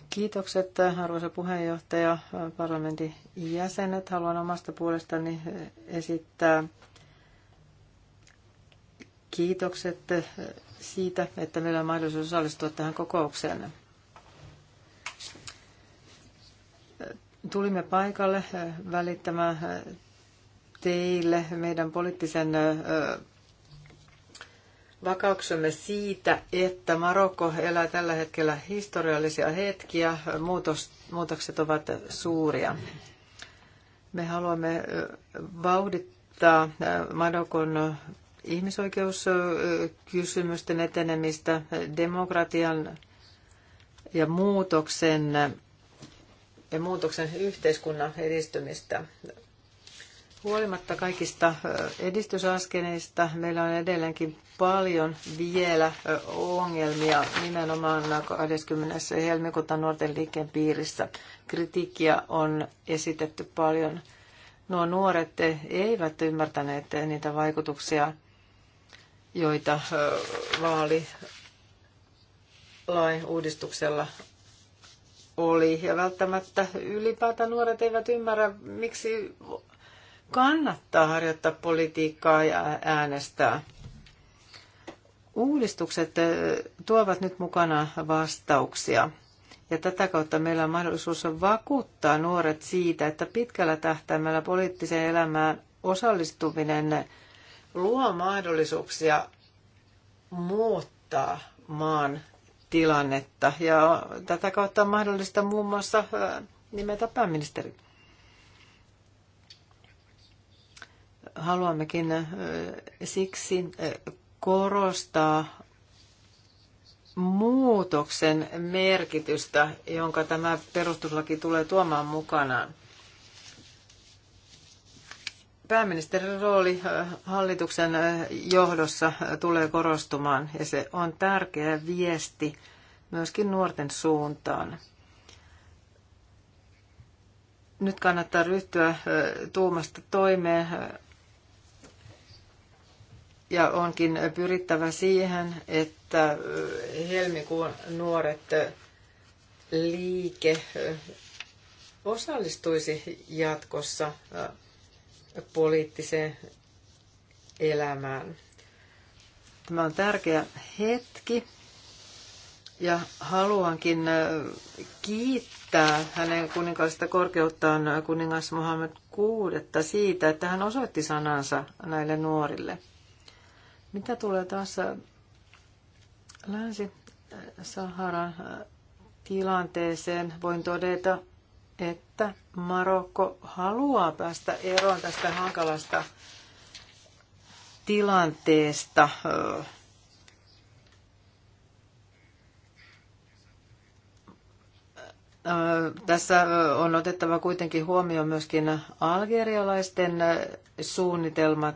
Kiitokset, arvoisa puheenjohtaja, parlamentin jäsenet. Haluan omasta puolestani esittää kiitokset siitä, että meillä on mahdollisuus osallistua tähän kokoukseen. Tulimme paikalle välittämään teille meidän poliittisen vakauksemme siitä, että Marokko elää tällä hetkellä historiallisia hetkiä. Muutos, muutokset ovat suuria. Me haluamme vauhdittaa Marokon ihmisoikeuskysymysten etenemistä, demokratian ja muutoksen ja muutoksen yhteiskunnan edistymistä. Huolimatta kaikista edistysaskeleista meillä on edelleenkin paljon vielä ongelmia nimenomaan 20. helmikuuta nuorten liikkeen piirissä. Kritiikkiä on esitetty paljon. Nuo nuoret eivät ymmärtäneet niitä vaikutuksia, joita vaali lain uudistuksella oli. Ja välttämättä ylipäätään nuoret eivät ymmärrä, miksi kannattaa harjoittaa politiikkaa ja äänestää. Uudistukset tuovat nyt mukana vastauksia. Ja tätä kautta meillä on mahdollisuus vakuuttaa nuoret siitä, että pitkällä tähtäimellä poliittiseen elämään osallistuminen luo mahdollisuuksia muuttaa maan tilannetta. Ja tätä kautta on mahdollista muun muassa nimetä pääministeri. Haluammekin siksi korostaa muutoksen merkitystä, jonka tämä perustuslaki tulee tuomaan mukanaan pääministerin rooli hallituksen johdossa tulee korostumaan ja se on tärkeä viesti myöskin nuorten suuntaan. Nyt kannattaa ryhtyä tuumasta toimeen ja onkin pyrittävä siihen, että helmikuun nuoret liike osallistuisi jatkossa poliittiseen elämään. Tämä on tärkeä hetki ja haluankin äh, kiittää hänen kuninkaallista korkeuttaan äh, kuningas Mohammed kuudetta siitä, että hän osoitti sanansa näille nuorille. Mitä tulee taas äh, Länsi-Saharan tilanteeseen, voin todeta, että Marokko haluaa päästä eroon tästä hankalasta tilanteesta. Tässä on otettava kuitenkin huomioon myöskin algerialaisten suunnitelmat.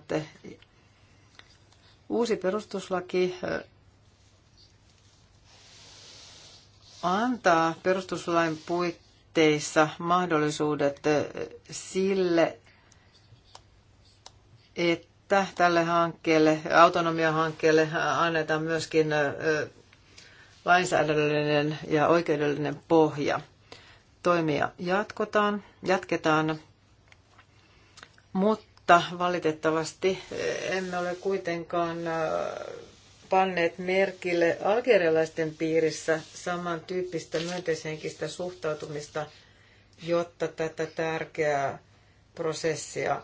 Uusi perustuslaki antaa perustuslain puitteissa puitteissa mahdollisuudet sille, että tälle hankkeelle, autonomiahankkeelle annetaan myöskin lainsäädännöllinen ja oikeudellinen pohja. Toimia jatkotaan, jatketaan, mutta valitettavasti emme ole kuitenkaan panneet merkille algerialaisten piirissä samantyyppistä myönteishenkistä suhtautumista, jotta tätä tärkeää prosessia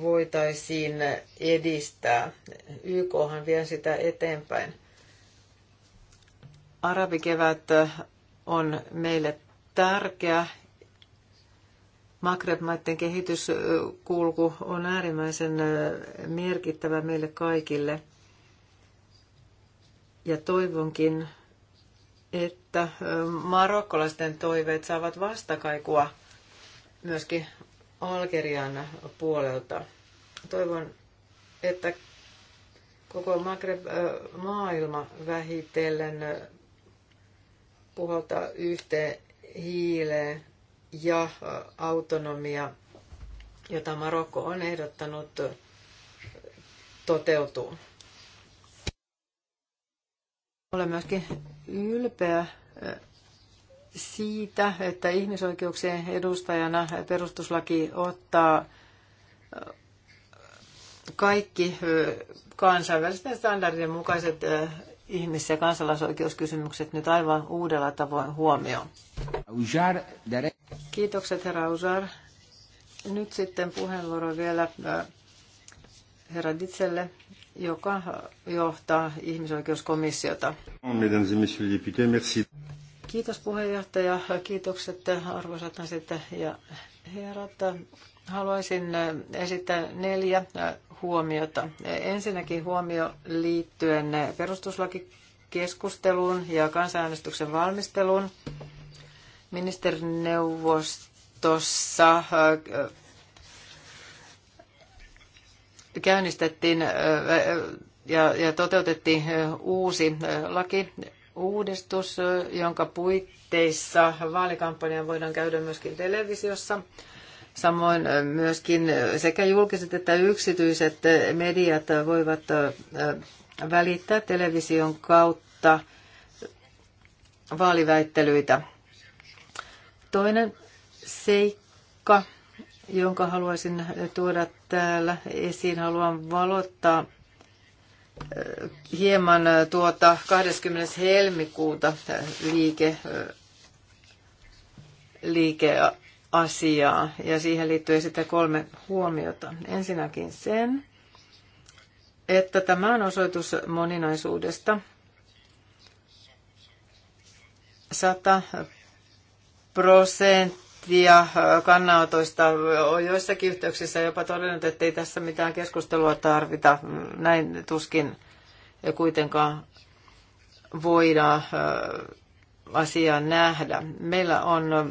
voitaisiin edistää. YKhan vie sitä eteenpäin. Arabikevät on meille tärkeä. Magreb-maiden kehityskulku on äärimmäisen merkittävä meille kaikille – ja toivonkin, että marokkolaisten toiveet saavat vastakaikua myöskin Algerian puolelta. Toivon, että koko Maghreb-maailma vähitellen puhaltaa yhteen hiileen ja autonomia, jota Marokko on ehdottanut, toteutuu. Olen myöskin ylpeä siitä, että ihmisoikeuksien edustajana perustuslaki ottaa kaikki kansainvälisten standardien mukaiset ihmis- ja kansalaisoikeuskysymykset nyt aivan uudella tavoin huomioon. Kiitokset herra Usar. Nyt sitten puheenvuoro vielä herra Ditselle joka johtaa ihmisoikeuskomissiota. Kiitos puheenjohtaja, kiitokset arvoisat naiset ja herrat. Haluaisin äh, esittää neljä äh, huomiota. Ensinnäkin huomio liittyen perustuslakikeskusteluun ja kansanäänestyksen valmisteluun. Ministerineuvostossa äh, käynnistettiin ja, ja toteutettiin uusi laki uudistus, jonka puitteissa vaalikampanja voidaan käydä myöskin televisiossa. Samoin myöskin sekä julkiset että yksityiset mediat voivat välittää television kautta vaaliväittelyitä. Toinen seikka jonka haluaisin tuoda täällä esiin. Haluan valottaa eh, hieman eh, tuota 20. helmikuuta eh, liike, liikeasiaa ja siihen liittyy sitä kolme huomiota. Ensinnäkin sen, että tämä on osoitus moninaisuudesta. 100 prosenttia prosenttia äh, kannanotoista on joissakin yhteyksissä jopa todennut, että ei tässä mitään keskustelua tarvita. Näin tuskin kuitenkaan voidaan äh, asiaa nähdä. Meillä on äh,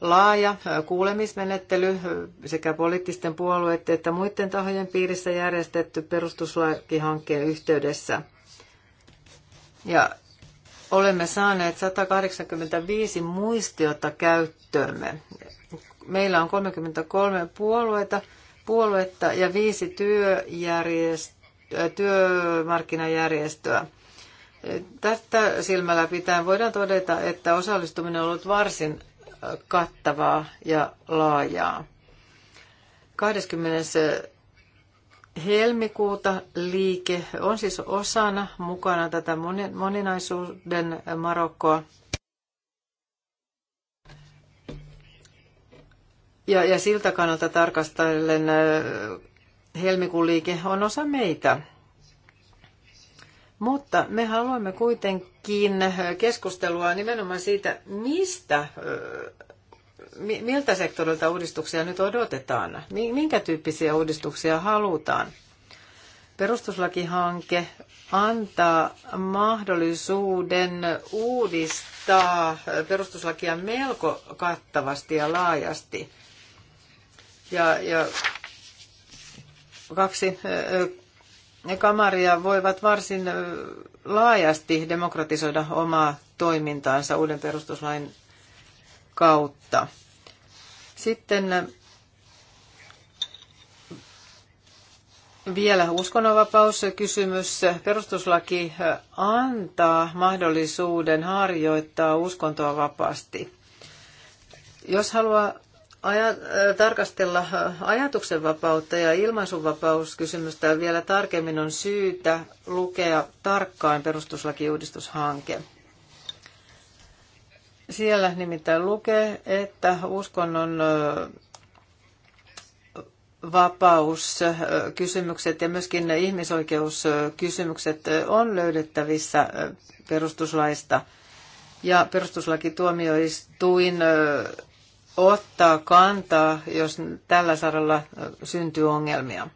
laaja kuulemismenettely sekä poliittisten puolueiden että muiden tahojen piirissä järjestetty perustuslakihankkeen yhteydessä. Ja olemme saaneet 185 muistiota käyttöömme. Meillä on 33 puolueita, puoluetta ja viisi työmarkkinajärjestöä. Tästä silmällä pitäen voidaan todeta, että osallistuminen on ollut varsin kattavaa ja laajaa. 20. Helmikuuta liike on siis osana mukana tätä moninaisuuden Marokkoa. Ja, ja siltä kannalta tarkastellen äh, helmikuun liike on osa meitä. Mutta me haluamme kuitenkin keskustelua nimenomaan siitä, mistä äh, miltä sektorilta uudistuksia nyt odotetaan? Minkä tyyppisiä uudistuksia halutaan? Perustuslakihanke antaa mahdollisuuden uudistaa perustuslakia melko kattavasti ja laajasti. Ja, ja kaksi kamaria voivat varsin laajasti demokratisoida omaa toimintaansa uuden perustuslain kautta. Sitten äh, vielä uskonnonvapauskysymys. Perustuslaki äh, antaa mahdollisuuden harjoittaa uskontoa vapaasti. Jos haluaa aja, äh, tarkastella ajatuksenvapautta ja ilmaisunvapauskysymystä vielä tarkemmin, on syytä lukea tarkkaan perustuslakiuudistushanke. Siellä nimittäin lukee, että uskonnon vapauskysymykset ja myöskin ihmisoikeuskysymykset on löydettävissä perustuslaista. Ja perustuslakituomioistuin ottaa kantaa, jos tällä saralla syntyy ongelmia.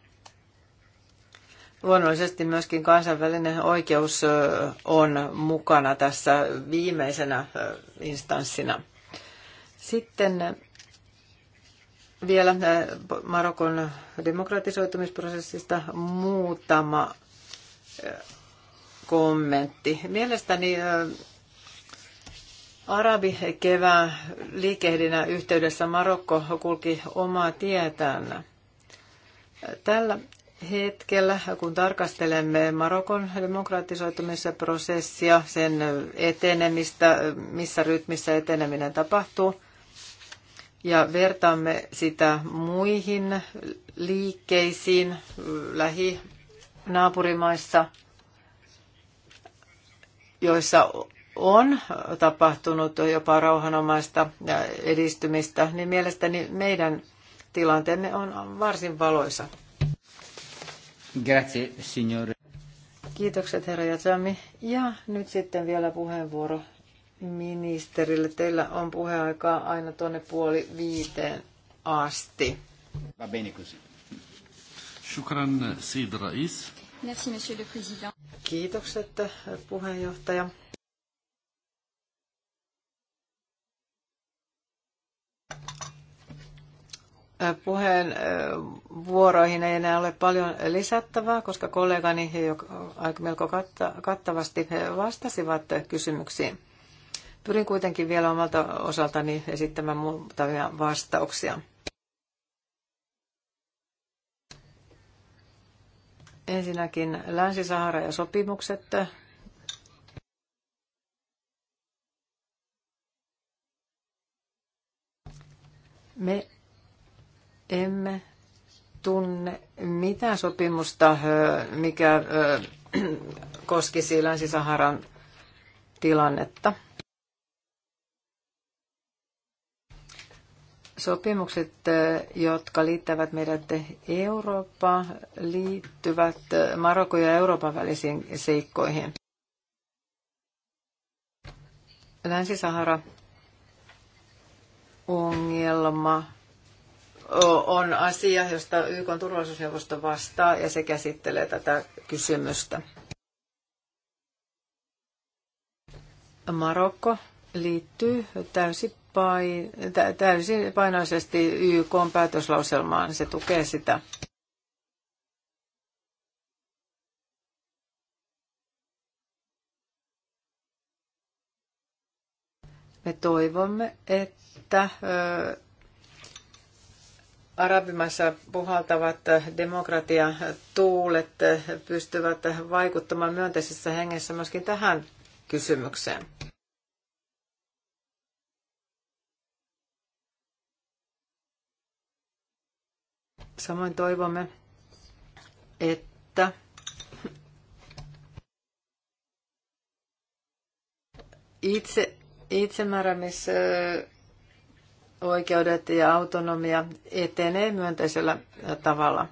Luonnollisesti myöskin kansainvälinen oikeus on mukana tässä viimeisenä instanssina. Sitten vielä Marokon demokratisoitumisprosessista muutama kommentti. Mielestäni Arabi kevään liikehdinä yhteydessä Marokko kulki omaa tietään. Tällä hetkellä, kun tarkastelemme Marokon demokratisoitumisprosessia, sen etenemistä, missä rytmissä eteneminen tapahtuu, ja vertaamme sitä muihin liikkeisiin lähinaapurimaissa, joissa on tapahtunut jopa rauhanomaista edistymistä, niin mielestäni meidän tilanteemme on varsin valoisa. Grazie, signore. Kiitokset, herra Jatsami. Ja nyt sitten vielä puheenvuoro ministerille. Teillä on puheaikaa aina tuonne puoli viiteen asti. Va bene così. Shukran, Sid Rais. Merci, monsieur le président. Kiitokset, puheenjohtaja. puheenvuoroihin ei enää ole paljon lisättävää, koska kollegani he jo aika melko kattavasti vastasivat kysymyksiin. Pyrin kuitenkin vielä omalta osaltani esittämään muutamia vastauksia. Ensinnäkin Länsi-Sahara ja sopimukset. Me emme tunne mitään sopimusta, mikä koskisi Länsi-Saharan tilannetta. Sopimukset, jotka liittävät meidät Eurooppaan, liittyvät Marokko ja Euroopan välisiin seikkoihin. Länsi-Sahara ongelma on asia, josta YK turvallisuusneuvosto vastaa ja se käsittelee tätä kysymystä. Marokko liittyy täysipain, täysipainoisesti YK päätöslauselmaan. Se tukee sitä. Me toivomme, että arabimaissa puhaltavat demokratian tuulet pystyvät vaikuttamaan myönteisessä hengessä myöskin tähän kysymykseen. Samoin toivomme, että itse, itsemääräämis oikeudet ja autonomia etenee myönteisellä tavalla.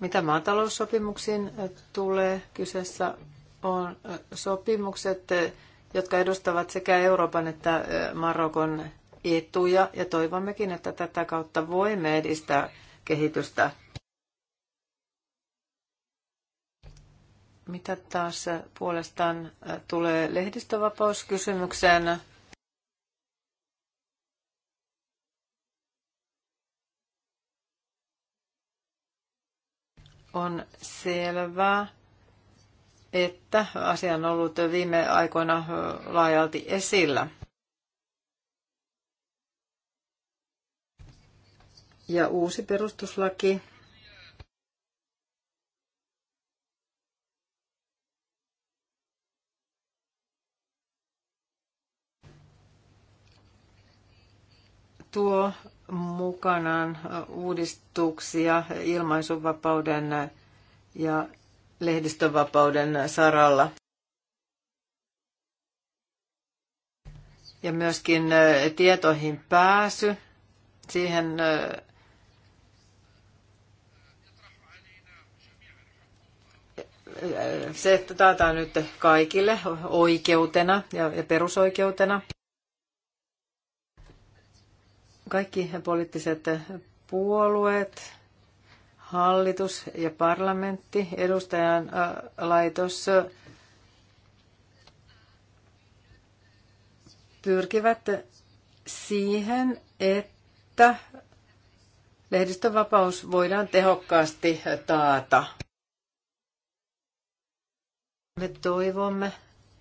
Mitä maataloussopimuksiin tulee, kyseessä on sopimukset, jotka edustavat sekä Euroopan että Marokon etuja ja toivommekin, että tätä kautta voimme edistää kehitystä. Mitä taas puolestaan tulee lehdistövapauskysymykseen? On selvää, että asia on ollut viime aikoina laajalti esillä. Ja uusi perustuslaki tuo mukanaan uudistuksia ilmaisuvapauden ja lehdistönvapauden saralla. Ja myöskin tietoihin pääsy, siihen se, taataan nyt kaikille oikeutena ja, ja perusoikeutena. Kaikki poliittiset puolueet hallitus ja parlamentti, edustajan laitos pyrkivät siihen, että lehdistönvapaus voidaan tehokkaasti taata. Me toivomme,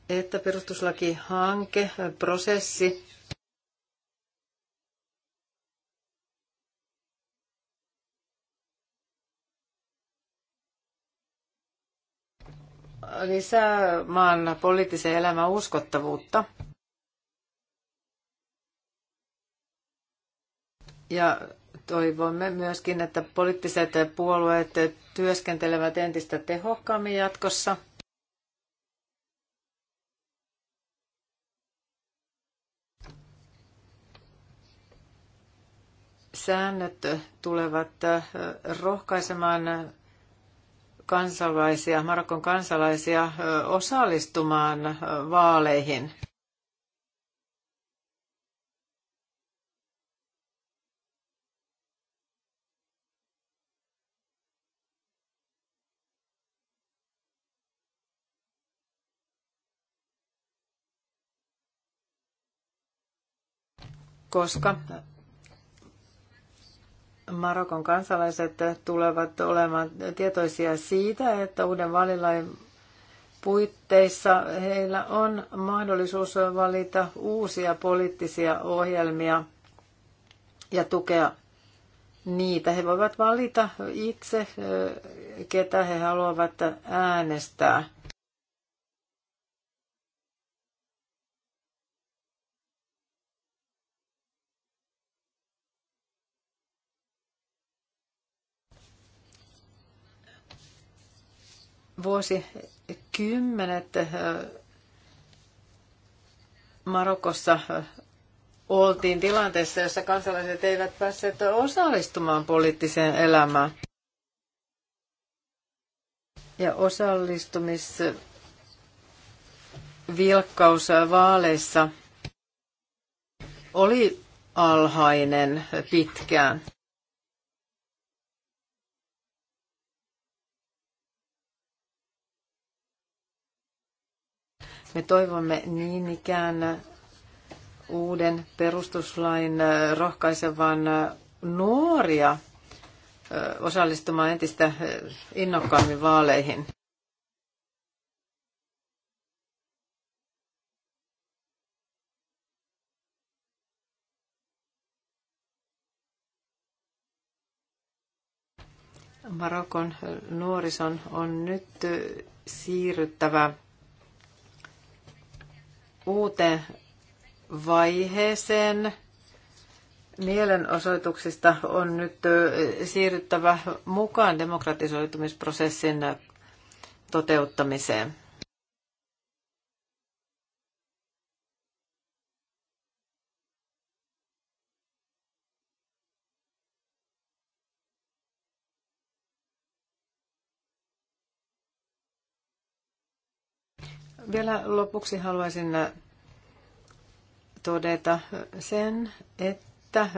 että perustuslakihanke, prosessi lisää maan poliittisen elämän uskottavuutta. Ja toivomme myöskin, että poliittiset puolueet työskentelevät entistä tehokkaammin jatkossa. Säännöt tulevat rohkaisemaan kansalaisia, Marokon kansalaisia osallistumaan vaaleihin. koska Marokon kansalaiset tulevat olemaan tietoisia siitä, että uuden vaalilain puitteissa heillä on mahdollisuus valita uusia poliittisia ohjelmia ja tukea niitä. He voivat valita itse, ketä he haluavat äänestää. vuosikymmenet eh, Marokossa eh, oltiin tilanteessa, jossa kansalaiset eivät päässeet osallistumaan poliittiseen elämään. Ja osallistumisvilkkaus vaaleissa oli alhainen pitkään. Me toivomme niin ikään uuden perustuslain rohkaisevan nuoria osallistumaan entistä innokkaammin vaaleihin. Marokon nuorison on nyt siirryttävä uuteen vaiheeseen. Mielenosoituksista on nyt siirryttävä mukaan demokratisoitumisprosessin toteuttamiseen. Vielä lopuksi haluaisin äh, todeta äh, sen, että äh,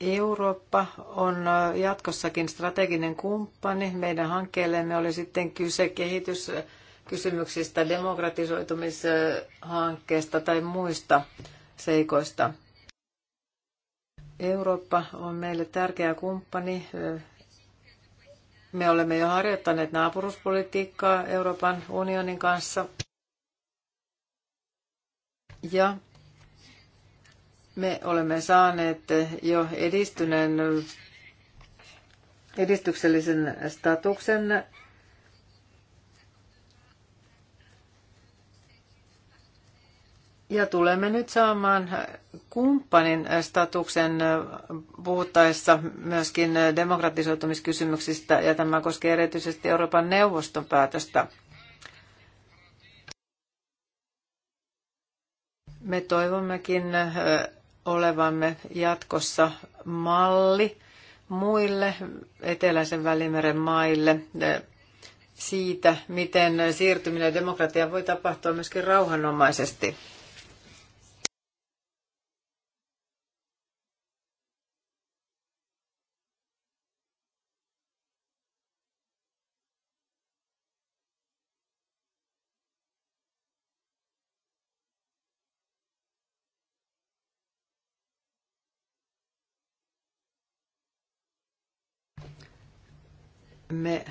Eurooppa on jatkossakin strateginen kumppani meidän hankkeellemme, oli sitten kyse kehityskysymyksistä, demokratisoitumishankkeesta tai muista seikoista. Eurooppa on meille tärkeä kumppani me olemme jo harjoittaneet naapuruspolitiikkaa Euroopan unionin kanssa. Ja me olemme saaneet jo edistyneen edistyksellisen statuksen Ja tulemme nyt saamaan kumppanin statuksen puhuttaessa myöskin demokratisoitumiskysymyksistä, ja tämä koskee erityisesti Euroopan neuvoston päätöstä. Me toivommekin olevamme jatkossa malli muille eteläisen välimeren maille siitä, miten siirtyminen demokratiaan voi tapahtua myöskin rauhanomaisesti. me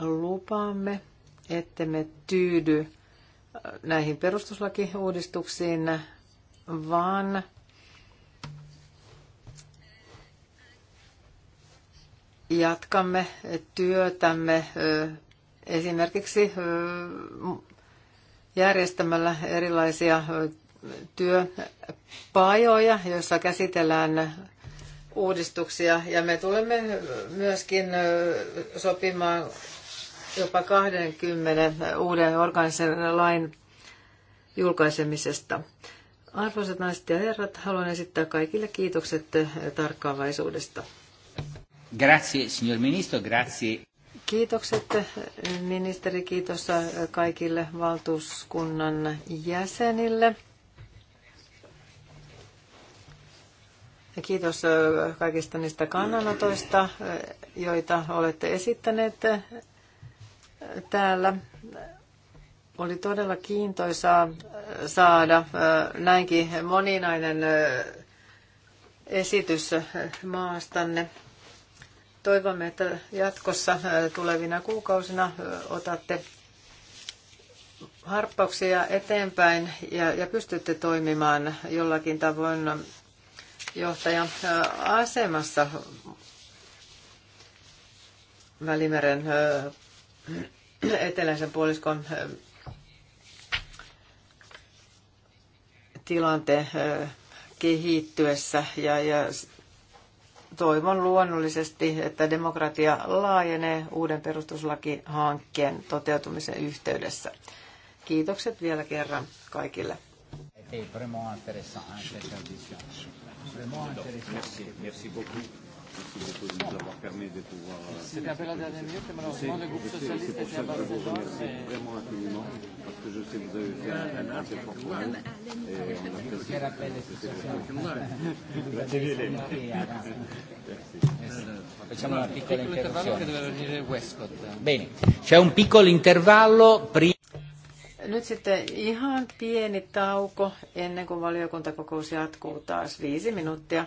lupaamme, että me tyydy näihin perustuslakiuudistuksiin, vaan jatkamme työtämme esimerkiksi järjestämällä erilaisia työpajoja, joissa käsitellään uudistuksia ja me tulemme myöskin sopimaan jopa 20 uuden organisen lain julkaisemisesta. Arvoisat naiset ja herrat, haluan esittää kaikille kiitokset tarkkaavaisuudesta. Grazie, signor ministro, grazie. Kiitokset ministeri, kiitos kaikille valtuuskunnan jäsenille. Kiitos kaikista niistä kannanotoista, joita olette esittäneet täällä. Oli todella kiintoisaa saada näinkin moninainen esitys maastanne. Toivomme, että jatkossa tulevina kuukausina otatte harppauksia eteenpäin ja, ja pystytte toimimaan jollakin tavoin johtajan asemassa Välimeren eteläisen puoliskon tilanteen kehittyessä ja, ja toivon luonnollisesti, että demokratia laajenee uuden perustuslakihankkeen toteutumisen yhteydessä. Kiitokset vielä kerran kaikille. Ei, Vraiment intéressant. Merci, merci beaucoup. Merci beaucoup de nous avoir permis de pouvoir. Euh, c'était un peu la dernière minute, malheureusement, le groupe socialiste était à Barcelone. Merci vraiment infiniment, parce que je sais que vous avez fait un grand effort pour nous. Et on apprécie. Je rappelle les situazioni. Grazie. Facciamo una piccola interruzione. Bene, c'è un piccolo intervallo prima. Nyt sitten ihan pieni tauko ennen kuin valiokuntakokous jatkuu taas viisi minuuttia.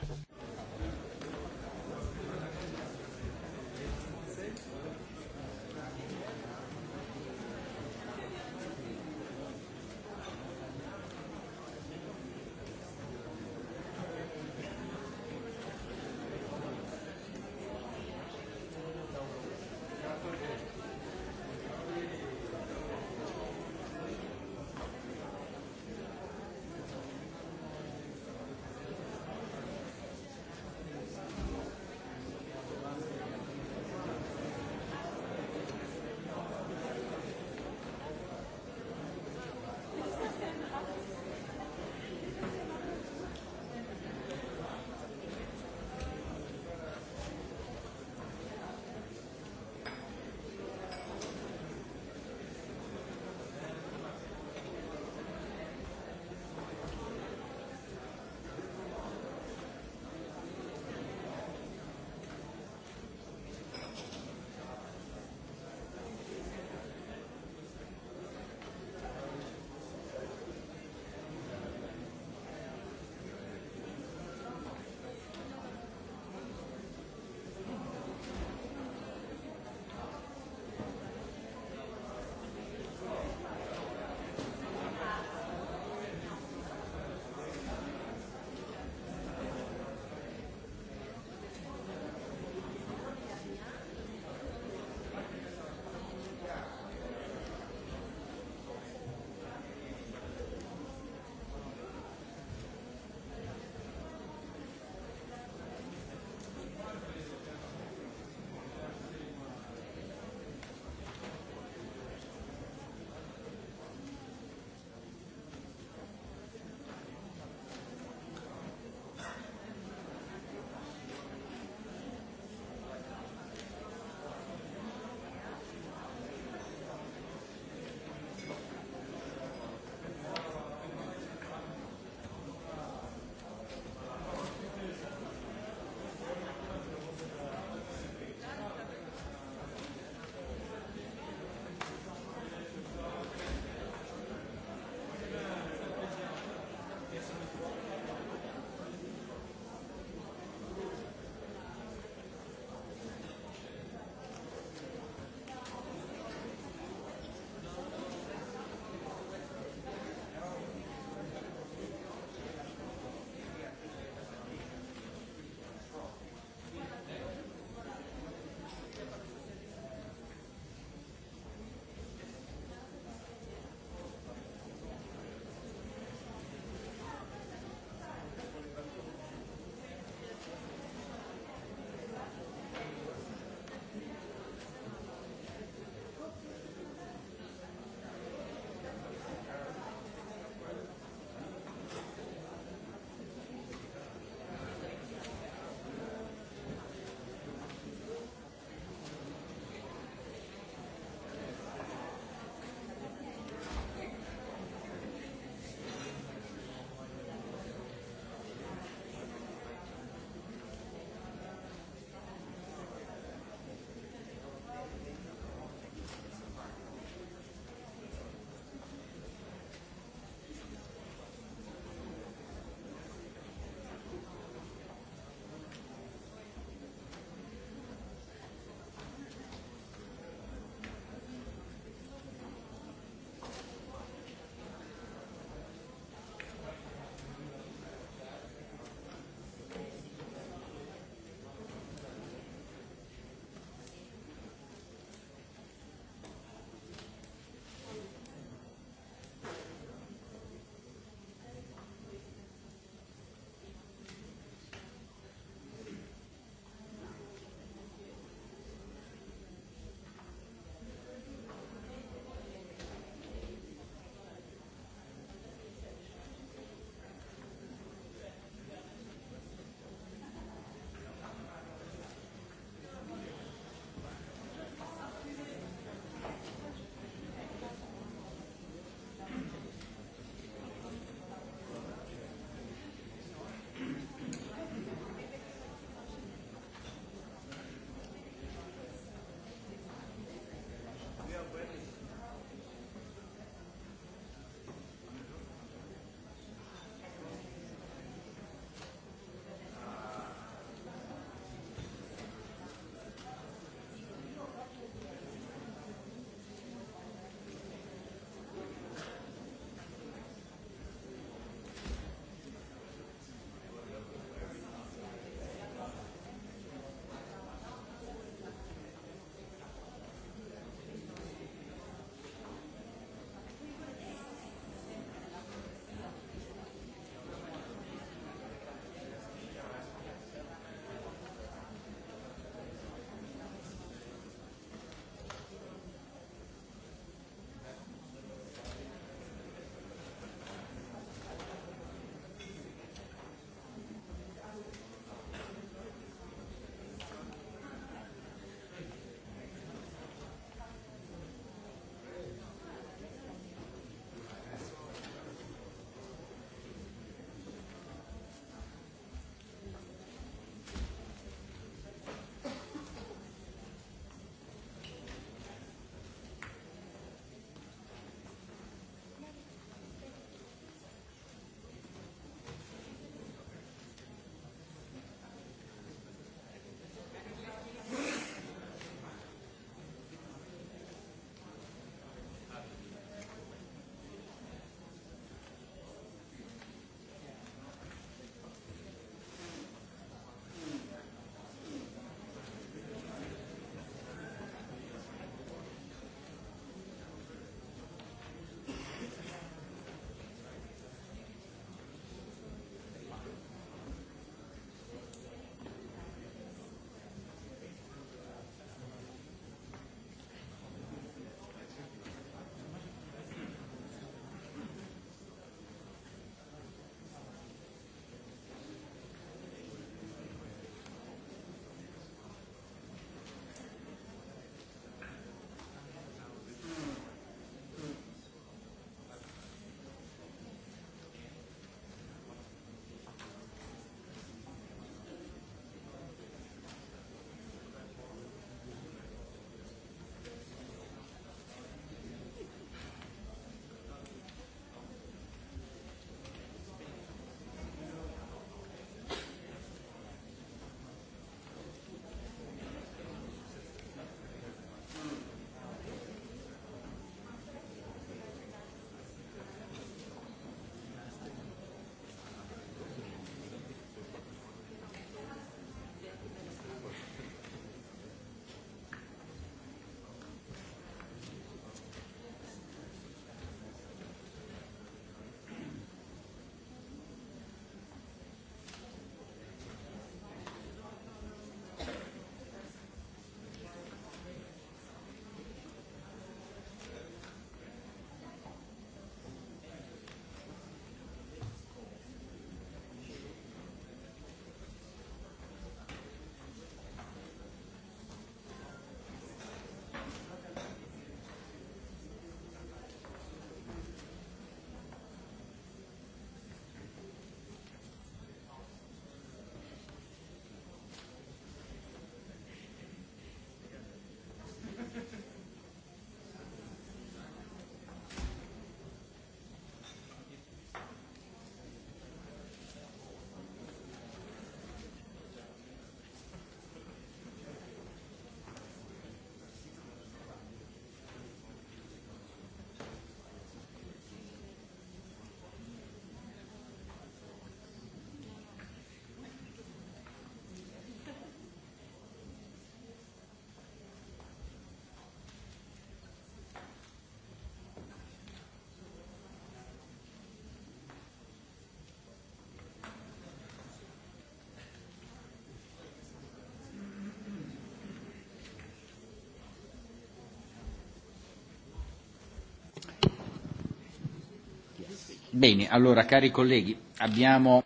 Bene, allora cari colleghi, abbiamo...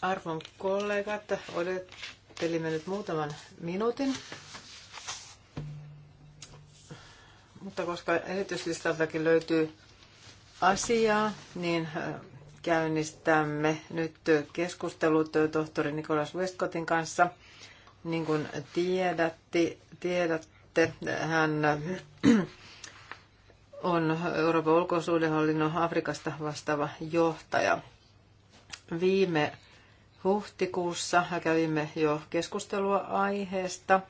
Arvon kollegat, odottelimme nyt muutaman minuutin. Mutta koska esityslistaltakin löytyy asiaa, niin äh, käynnistämme nyt keskustelut tohtori Nikolas Westcottin kanssa. Niin kuin tiedätte, tiedätte hän äh, on Euroopan ulkosuudenhallinnon Afrikasta vastaava johtaja. Viime huhtikuussa kävimme jo keskustelua aiheesta.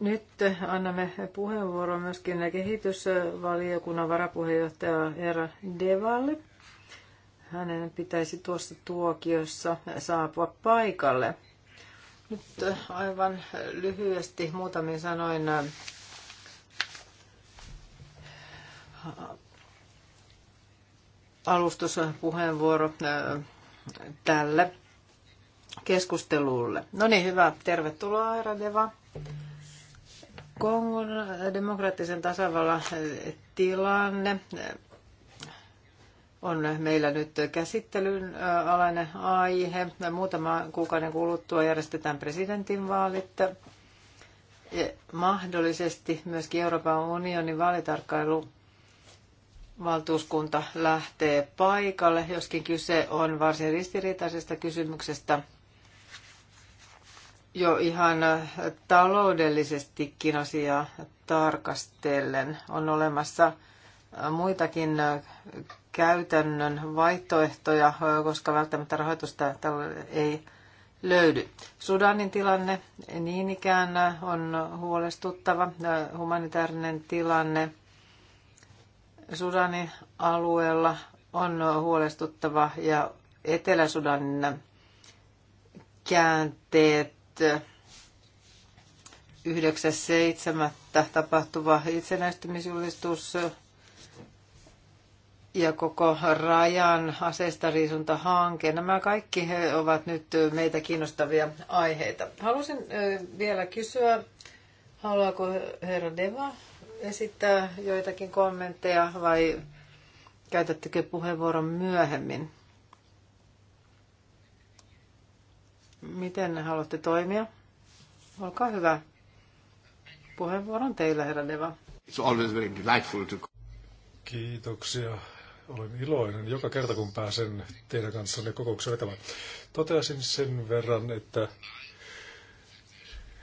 Nyt annamme puheenvuoron myöskin kehitysvaliokunnan varapuheenjohtaja Herra Devalle. Hänen pitäisi tuossa tuokiossa saapua paikalle. Nyt aivan lyhyesti muutamin sanoin alustuspuheenvuoro äh, tälle keskustelulle. No niin, hyvä. Tervetuloa, Aira Deva. Kongon demokraattisen tasavallan äh, tilanne äh, on meillä nyt käsittelyn alainen aihe. Muutama kuukauden kuluttua järjestetään presidentinvaalit. Mahdollisesti myöskin Euroopan unionin vaalitarkkailu valtuuskunta lähtee paikalle, joskin kyse on varsin ristiriitaisesta kysymyksestä. Jo ihan taloudellisestikin asiaa tarkastellen on olemassa muitakin käytännön vaihtoehtoja, koska välttämättä rahoitusta ei löydy. Sudanin tilanne niin ikään on huolestuttava, humanitaarinen tilanne – Sudanin alueella on huolestuttava ja Etelä-Sudanin käänteet 9.7. tapahtuva itsenäistymisjulistus ja koko rajan aseistariisuntahanke. Nämä kaikki ovat nyt meitä kiinnostavia aiheita. Halusin vielä kysyä, haluaako herra Deva esittää joitakin kommentteja vai käytättekö puheenvuoron myöhemmin? Miten haluatte toimia? Olkaa hyvä. Puheenvuoron teillä, herra Deva. It's always very delightful to... Kiitoksia. Olen iloinen joka kerta, kun pääsen teidän kanssanne kokouksen vetämään. Toteasin sen verran, että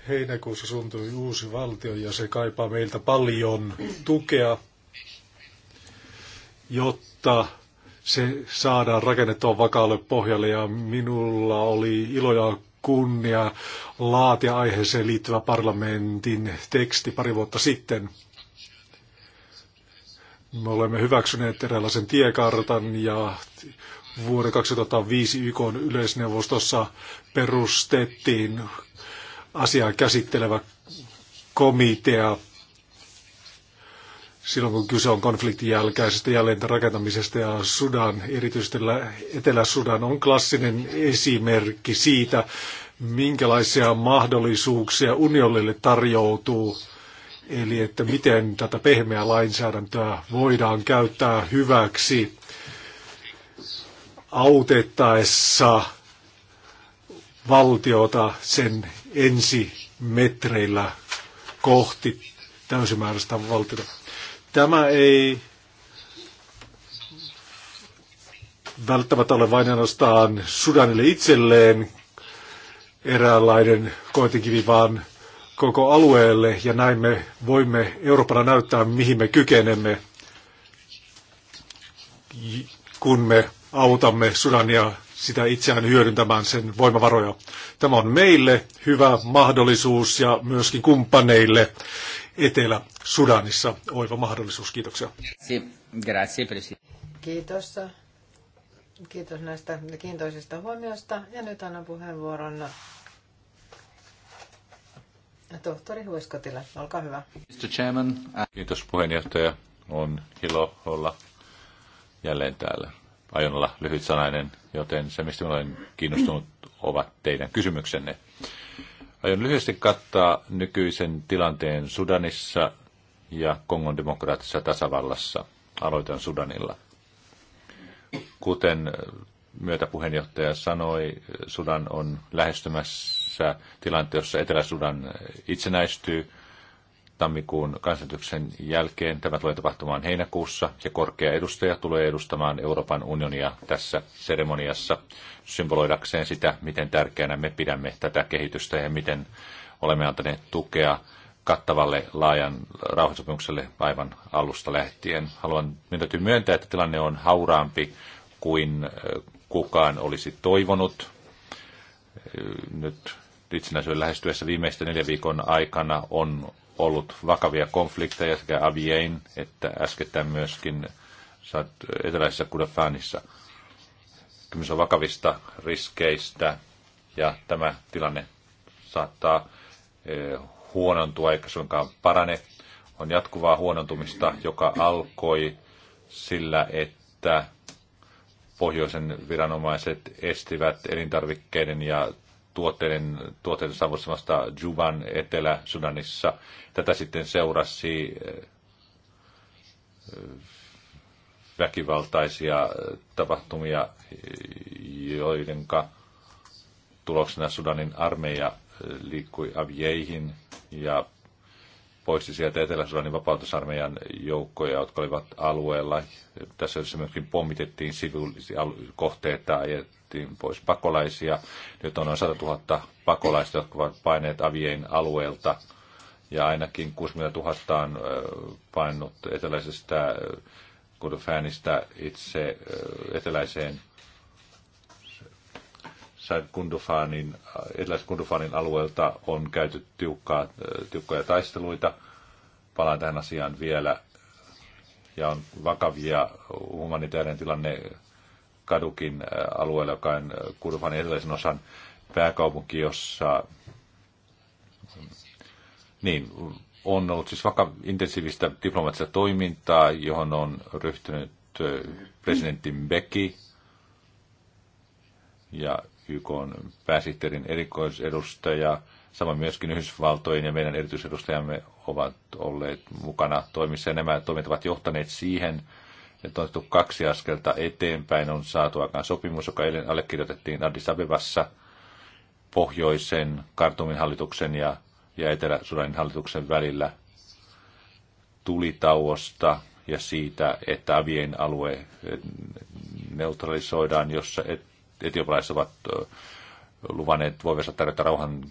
heinäkuussa suuntui uusi valtio ja se kaipaa meiltä paljon tukea, jotta se saadaan rakennettua vakaalle pohjalle. Ja minulla oli ilo ja kunnia laatia aiheeseen liittyvä parlamentin teksti pari vuotta sitten. Me olemme hyväksyneet eräänlaisen tiekartan ja vuoden 2005 YK yleisneuvostossa perustettiin asiaa käsittelevä komitea silloin, kun kyse on konfliktin jälkeisestä jälleenrakentamisesta ja Sudan, erityisesti Etelä-Sudan, on klassinen esimerkki siitä, minkälaisia mahdollisuuksia unionille tarjoutuu, eli että miten tätä pehmeää lainsäädäntöä voidaan käyttää hyväksi autettaessa valtiota sen ensi metreillä kohti täysimääräistä valtiota. Tämä ei välttämättä ole vain ainoastaan Sudanille itselleen eräänlainen koetinkivi, vaan koko alueelle ja näin me voimme Euroopana näyttää, mihin me kykenemme, kun me autamme Sudania sitä itseään hyödyntämään sen voimavaroja. Tämä on meille hyvä mahdollisuus ja myöskin kumppaneille Etelä-Sudanissa oiva mahdollisuus. Kiitoksia. Kiitos. Kiitos näistä kiintoisista huomioista. Ja nyt annan puheenvuoron tohtori Huiskotille. Olkaa hyvä. Mr. Chairman. Uh, Kiitos puheenjohtaja. On ilo olla jälleen täällä aion olla sanainen, joten se, mistä olen kiinnostunut, ovat teidän kysymyksenne. Aion lyhyesti kattaa nykyisen tilanteen Sudanissa ja Kongon demokraattisessa tasavallassa. Aloitan Sudanilla. Kuten myötäpuheenjohtaja sanoi, Sudan on lähestymässä tilanteessa Etelä-Sudan itsenäistyy tammikuun kansanäänestyksen jälkeen. Tämä tulee tapahtumaan heinäkuussa ja korkea edustaja tulee edustamaan Euroopan unionia tässä seremoniassa symboloidakseen sitä, miten tärkeänä me pidämme tätä kehitystä ja miten olemme antaneet tukea kattavalle laajan rauhansopimukselle aivan alusta lähtien. Haluan, minun täytyy myöntää, että tilanne on hauraampi kuin äh, kukaan olisi toivonut. Äh, nyt itsenäisyyden lähestyessä viimeisten neljän viikon aikana on ollut vakavia konflikteja sekä Abiein että äskettäin myöskin eteläisessä Kudafanissa. Kysymys on vakavista riskeistä ja tämä tilanne saattaa e, huonontua eikä suinkaan parane. On jatkuvaa huonontumista, joka alkoi sillä, että pohjoisen viranomaiset estivät elintarvikkeiden ja tuotteiden, tuotteiden saavuttamasta Juvan Etelä-Sudanissa. Tätä sitten seurasi eh, väkivaltaisia eh, tapahtumia, joiden tuloksena Sudanin armeija eh, liikkui Avieihin ja poisti sieltä Etelä-Sudanin vapautusarmeijan joukkoja, jotka olivat alueella. Tässä myöskin pommitettiin sivullisia kohteita, otettiin pois pakolaisia. Nyt on noin 100 000 pakolaista, jotka ovat paineet Avien alueelta ja ainakin 60 000 on painut eteläisestä Kurdofänistä itse eteläiseen Kundufanin, Etelä-Kundufanin alueelta on käyty tiukkaa, tiukkoja taisteluita. Palaan tähän asiaan vielä. Ja on vakavia humanitaarinen tilanne Kadukin äh, alueella, joka on äh, Kurvan edellisen osan pääkaupunki, jossa mm, niin, on ollut siis vaikka intensiivistä diplomaattista toimintaa, johon on ryhtynyt äh, presidentti Beki ja YK on pääsihteerin erikoisedustaja. Samoin myöskin Yhdysvaltojen ja meidän erityisedustajamme ovat olleet mukana toimissa ja nämä toimet ovat johtaneet siihen, nyt on otettu kaksi askelta eteenpäin. On saatu aikaan sopimus, joka eilen allekirjoitettiin Addis Abebassa pohjoisen Kartumin hallituksen ja, ja Etelä-Sudanin hallituksen välillä tulitauosta ja siitä, että Avien alue eh, neutralisoidaan, jossa etiopalaiset ovat luvanneet voivansa tarjota rauhan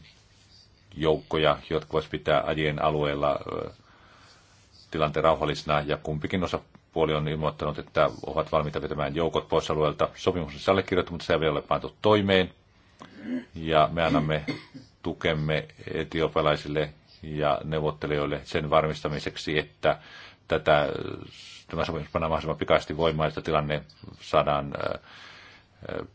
joukkoja, jotka voisivat pitää Ajien alueella tilanteen rauhallisena, ja kumpikin osa puoli on ilmoittanut, että ovat valmiita vetämään joukot pois alueelta. Sopimus on allekirjoitettu, mutta se ei vielä ole pantu toimeen. Ja me annamme tukemme etiopialaisille ja neuvottelijoille sen varmistamiseksi, että tätä, tämä sopimus pannaan mahdollisimman pikaisesti voimaan, että tilanne saadaan, äh, äh,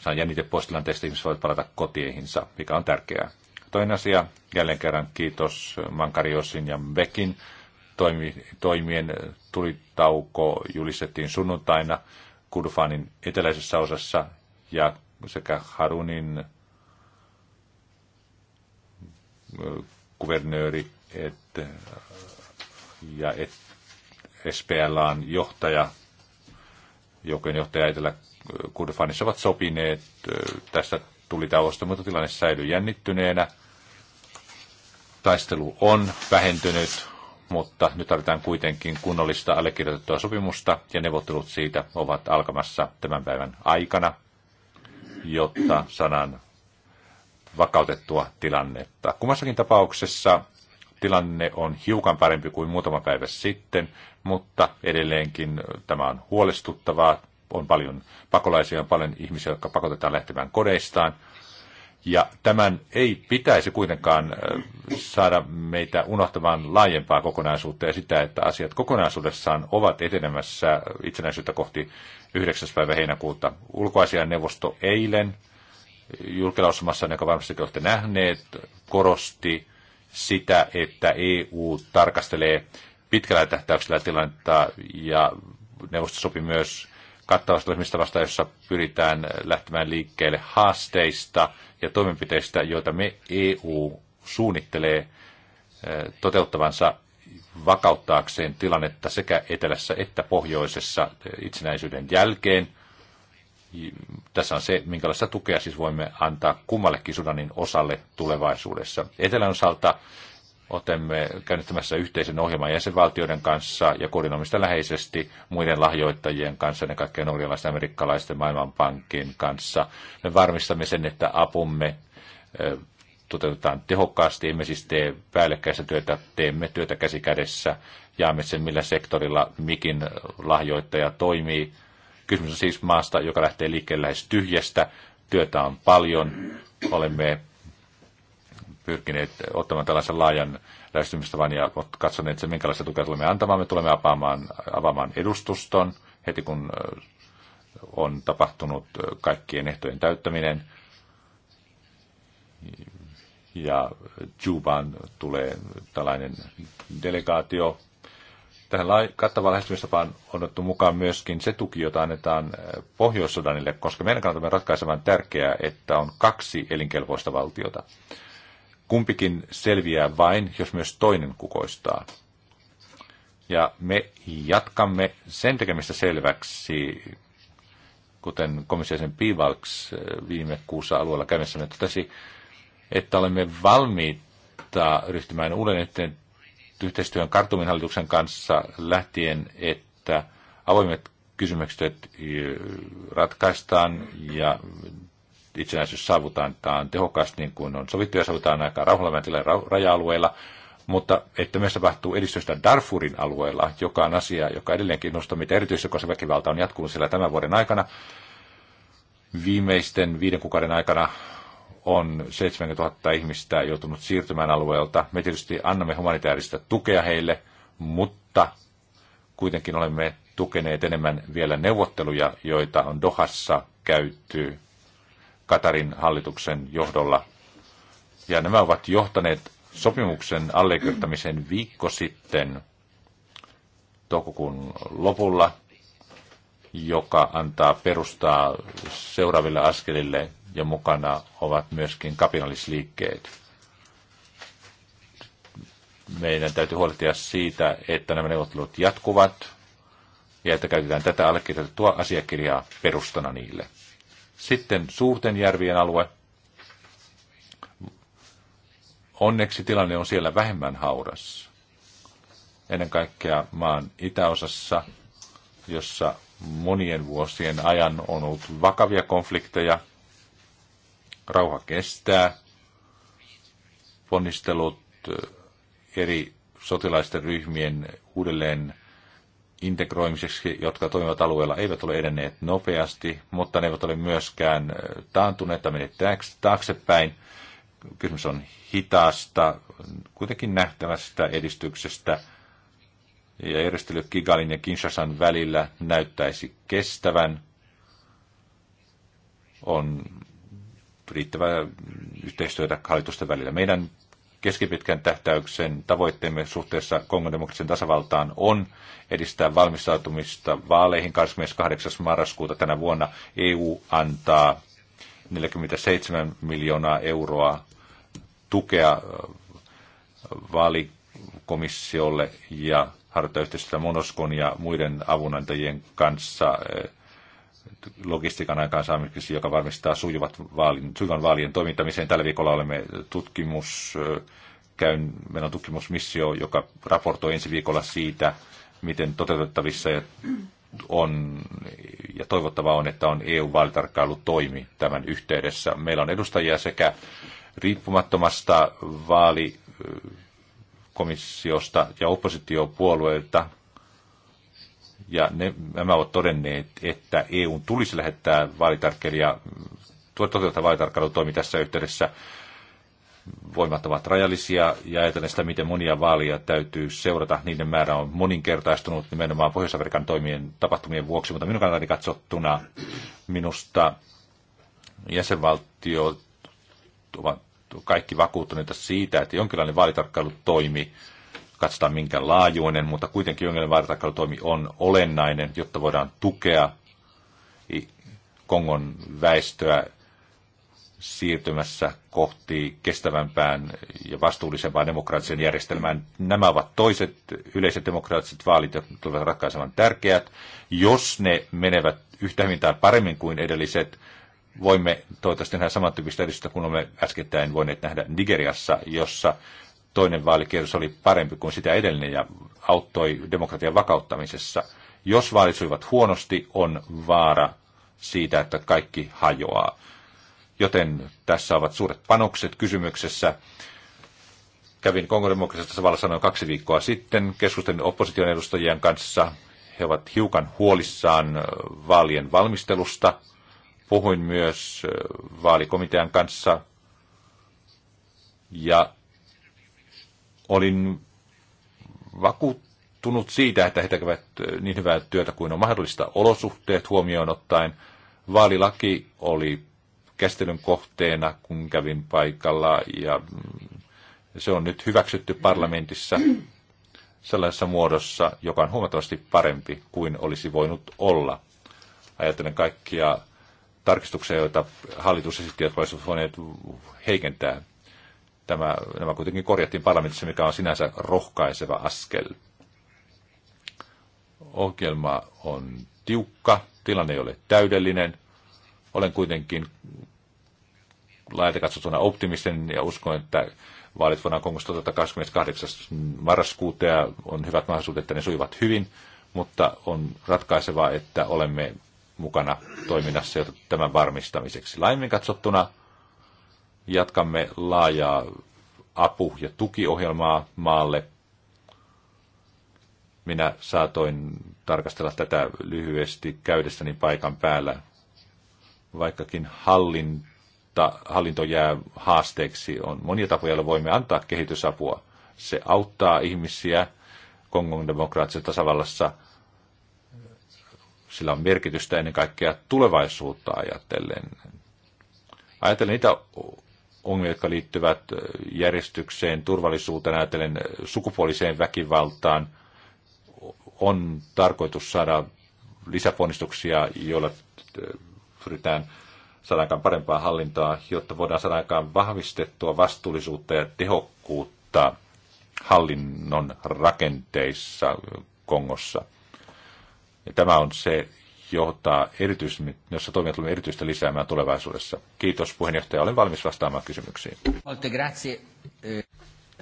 saadaan jännite pois tilanteesta, ihmiset voivat palata kotiinsa, mikä on tärkeää. Toinen asia, jälleen kerran kiitos Mankariosin ja Bekin toimien tulitauko julistettiin sunnuntaina Kurfanin eteläisessä osassa ja sekä Harunin kuvernööri että, ja et, SPLAn johtaja, joukkojen johtaja etelä Kurfanissa ovat sopineet tästä tulitauosta, mutta tilanne säilyy jännittyneenä. Taistelu on vähentynyt mutta nyt tarvitaan kuitenkin kunnollista allekirjoitettua sopimusta ja neuvottelut siitä ovat alkamassa tämän päivän aikana, jotta sanan vakautettua tilannetta. Kummassakin tapauksessa tilanne on hiukan parempi kuin muutama päivä sitten, mutta edelleenkin tämä on huolestuttavaa. On paljon pakolaisia, on paljon ihmisiä, jotka pakotetaan lähtemään kodeistaan – ja tämän ei pitäisi kuitenkaan saada meitä unohtamaan laajempaa kokonaisuutta ja sitä, että asiat kokonaisuudessaan ovat etenemässä itsenäisyyttä kohti 9. päivä heinäkuuta. Ulkoasian neuvosto eilen julkilausumassa, jonka varmasti olette nähneet, korosti sitä, että EU tarkastelee pitkällä tähtäyksellä tilannetta ja neuvosto sopi myös kattavasta mistä vasta, jossa pyritään lähtemään liikkeelle haasteista, ja toimenpiteistä, joita me EU suunnittelee eh, toteuttavansa vakauttaakseen tilannetta sekä etelässä että pohjoisessa eh, itsenäisyyden jälkeen. Tässä on se, minkälaista tukea siis voimme antaa kummallekin Sudanin osalle tulevaisuudessa. Etelän osalta Otemme käynnistämässä yhteisen ohjelman jäsenvaltioiden kanssa ja koordinoimista läheisesti muiden lahjoittajien kanssa, ne kaikkien norjalaisten, amerikkalaisten, maailmanpankin kanssa. Me varmistamme sen, että apumme toteutetaan tehokkaasti, emme siis tee päällekkäistä työtä, teemme työtä käsi kädessä, jaamme sen, millä sektorilla mikin lahjoittaja toimii. Kysymys on siis maasta, joka lähtee liikkeelle lähes tyhjästä, työtä on paljon, olemme pyrkineet ottamaan tällaisen laajan lähestymistavan ja katsoneet sen, minkälaista tukea tulemme antamaan. Me tulemme avaamaan, avaamaan edustuston heti, kun on tapahtunut kaikkien ehtojen täyttäminen. Ja Juban tulee tällainen delegaatio. Tähän kattavaan lähestymistapaan on otettu mukaan myöskin se tuki, jota annetaan Pohjois-Sudanille, koska meidän kannalta on ratkaisevan tärkeää, että on kaksi elinkelpoista valtiota. Kumpikin selviää vain, jos myös toinen kukoistaa. Ja me jatkamme sen tekemistä selväksi, kuten komissiaisen Pivalks eh, viime kuussa alueella käydessämme totesi, että olemme valmiita ryhtymään uuden eteen yhteistyön kartumin hallituksen kanssa lähtien, että avoimet kysymykset eh, ratkaistaan ja itsenäisyys saavutetaan tehokkaasti niin kuin on sovittu ja saavutetaan aika rauhallisella tilalla raja-alueilla, mutta että myös tapahtuu edistystä Darfurin alueella, joka on asia, joka edelleen kiinnostaa mitä erityisesti, koska väkivalta on jatkunut siellä tämän vuoden aikana. Viimeisten viiden kuukauden aikana on 70 000 ihmistä joutunut siirtymään alueelta. Me tietysti annamme humanitaarista tukea heille, mutta kuitenkin olemme tukeneet enemmän vielä neuvotteluja, joita on Dohassa käyty Katarin hallituksen johdolla. Ja nämä ovat johtaneet sopimuksen allekirjoittamisen viikko sitten toukokuun lopulla, joka antaa perustaa seuraaville askelille ja mukana ovat myöskin kapinallisliikkeet. Meidän täytyy huolehtia siitä, että nämä neuvottelut jatkuvat ja että käytetään tätä allekirjoitettua asiakirjaa perustana niille. Sitten suurten järvien alue. Onneksi tilanne on siellä vähemmän hauras. Ennen kaikkea maan itäosassa, jossa monien vuosien ajan on ollut vakavia konflikteja. Rauha kestää. Ponnistelut eh, eri sotilaisten ryhmien uudelleen integroimiseksi, jotka toimivat alueella, eivät ole edenneet nopeasti, mutta ne eivät ole myöskään taantuneet tai menneet taaksepäin. Kysymys on hitaasta, kuitenkin nähtävästä edistyksestä, ja järjestely Kigalin ja Kinshasan välillä näyttäisi kestävän. On riittävää yhteistyötä hallitusten välillä. Meidän keskipitkän tähtäyksen tavoitteemme suhteessa Kongon demokratisen tasavaltaan on edistää valmistautumista vaaleihin 28. marraskuuta tänä vuonna. EU antaa 47 miljoonaa euroa tukea vaalikomissiolle ja harjoittaa yhteistyötä Monoskon ja muiden avunantajien kanssa – logistiikan aikaansaamiseksi, joka varmistaa sujuvat vaalin, sujuvan vaalien toimintamiseen. Tällä viikolla olemme tutkimus, käyn, meillä on tutkimusmissio, joka raportoi ensi viikolla siitä, miten toteutettavissa ja on, ja toivottavaa on, että on EU-vaalitarkkailu toimi tämän yhteydessä. Meillä on edustajia sekä riippumattomasta vaalikomissiosta ja oppositiopuolueilta, ja ne, nämä ovat todenneet, että EU tulisi lähettää vaalitarkkailija, toteuttaa vaalitarkkailutoimi tässä yhteydessä. Voimat ovat rajallisia ja ajatellen sitä, miten monia vaalia täytyy seurata. Niiden määrä on moninkertaistunut nimenomaan Pohjois-Afrikan toimien tapahtumien vuoksi, mutta minun kannaltani katsottuna minusta jäsenvaltiot ovat kaikki vakuuttuneita siitä, että jonkinlainen vaalitarkkailutoimi toimi katsotaan minkä laajuinen, mutta kuitenkin jonkinlainen vaaratarkkailutoimi on olennainen, jotta voidaan tukea Kongon väestöä siirtymässä kohti kestävämpään ja vastuullisempaan demokraattisen järjestelmään. Nämä ovat toiset yleiset demokraattiset vaalit, jotka tulevat ratkaisemaan tärkeät. Jos ne menevät yhtä hyvin tai paremmin kuin edelliset, voimme toivottavasti nähdä samantyyppistä edistystä kun olemme äskettäin voineet nähdä Nigeriassa, jossa toinen vaalikierros oli parempi kuin sitä edellinen ja auttoi demokratian vakauttamisessa. Jos vaalit sujuvat huonosti, on vaara siitä, että kaikki hajoaa. Joten tässä ovat suuret panokset kysymyksessä. Kävin Kongodemokraattisessa vallassa noin kaksi viikkoa sitten, keskustelin opposition edustajien kanssa. He ovat hiukan huolissaan vaalien valmistelusta. Puhuin myös vaalikomitean kanssa ja Olin vakuuttunut siitä, että he tekevät niin hyvää työtä kuin on mahdollista olosuhteet huomioon ottaen. Vaalilaki oli käsittelyn kohteena, kun kävin paikalla, ja mm, se on nyt hyväksytty parlamentissa sellaisessa muodossa, joka on huomattavasti parempi kuin olisi voinut olla. Ajattelen kaikkia tarkistuksia, joita hallitus esitti, jotka olisivat voineet heikentää tämä, nämä kuitenkin korjattiin parlamentissa, mikä on sinänsä rohkaiseva askel. Ohjelma on tiukka, tilanne ei ole täydellinen. Olen kuitenkin laajalta katsottuna optimistinen ja uskon, että vaalit vuonna Kongossa 28. marraskuuta ja on hyvät mahdollisuudet, että ne sujuvat hyvin, mutta on ratkaisevaa, että olemme mukana toiminnassa tämän varmistamiseksi. Laimin katsottuna Jatkamme laajaa apu- ja tukiohjelmaa maalle. Minä saatoin tarkastella tätä lyhyesti käydessäni paikan päällä, vaikkakin hallinta, hallinto jää haasteeksi. On monia tapoja, joilla voimme antaa kehitysapua. Se auttaa ihmisiä Kongon demokraattisessa tasavallassa. Sillä on merkitystä ennen kaikkea tulevaisuutta ajatellen. Ajatellen niitä ongelmia, jotka liittyvät järjestykseen, turvallisuuteen, ajatellen sukupuoliseen väkivaltaan, on tarkoitus saada lisäponnistuksia, joilla pyritään saadaan parempaa hallintaa, jotta voidaan saada aikaan vahvistettua vastuullisuutta ja tehokkuutta hallinnon rakenteissa Kongossa. Ja tämä on se johtaa erityisesti, jossa toimia tulee erityistä lisäämään tulevaisuudessa. Kiitos puheenjohtaja, olen valmis vastaamaan kysymyksiin. Molte grazie. Eh.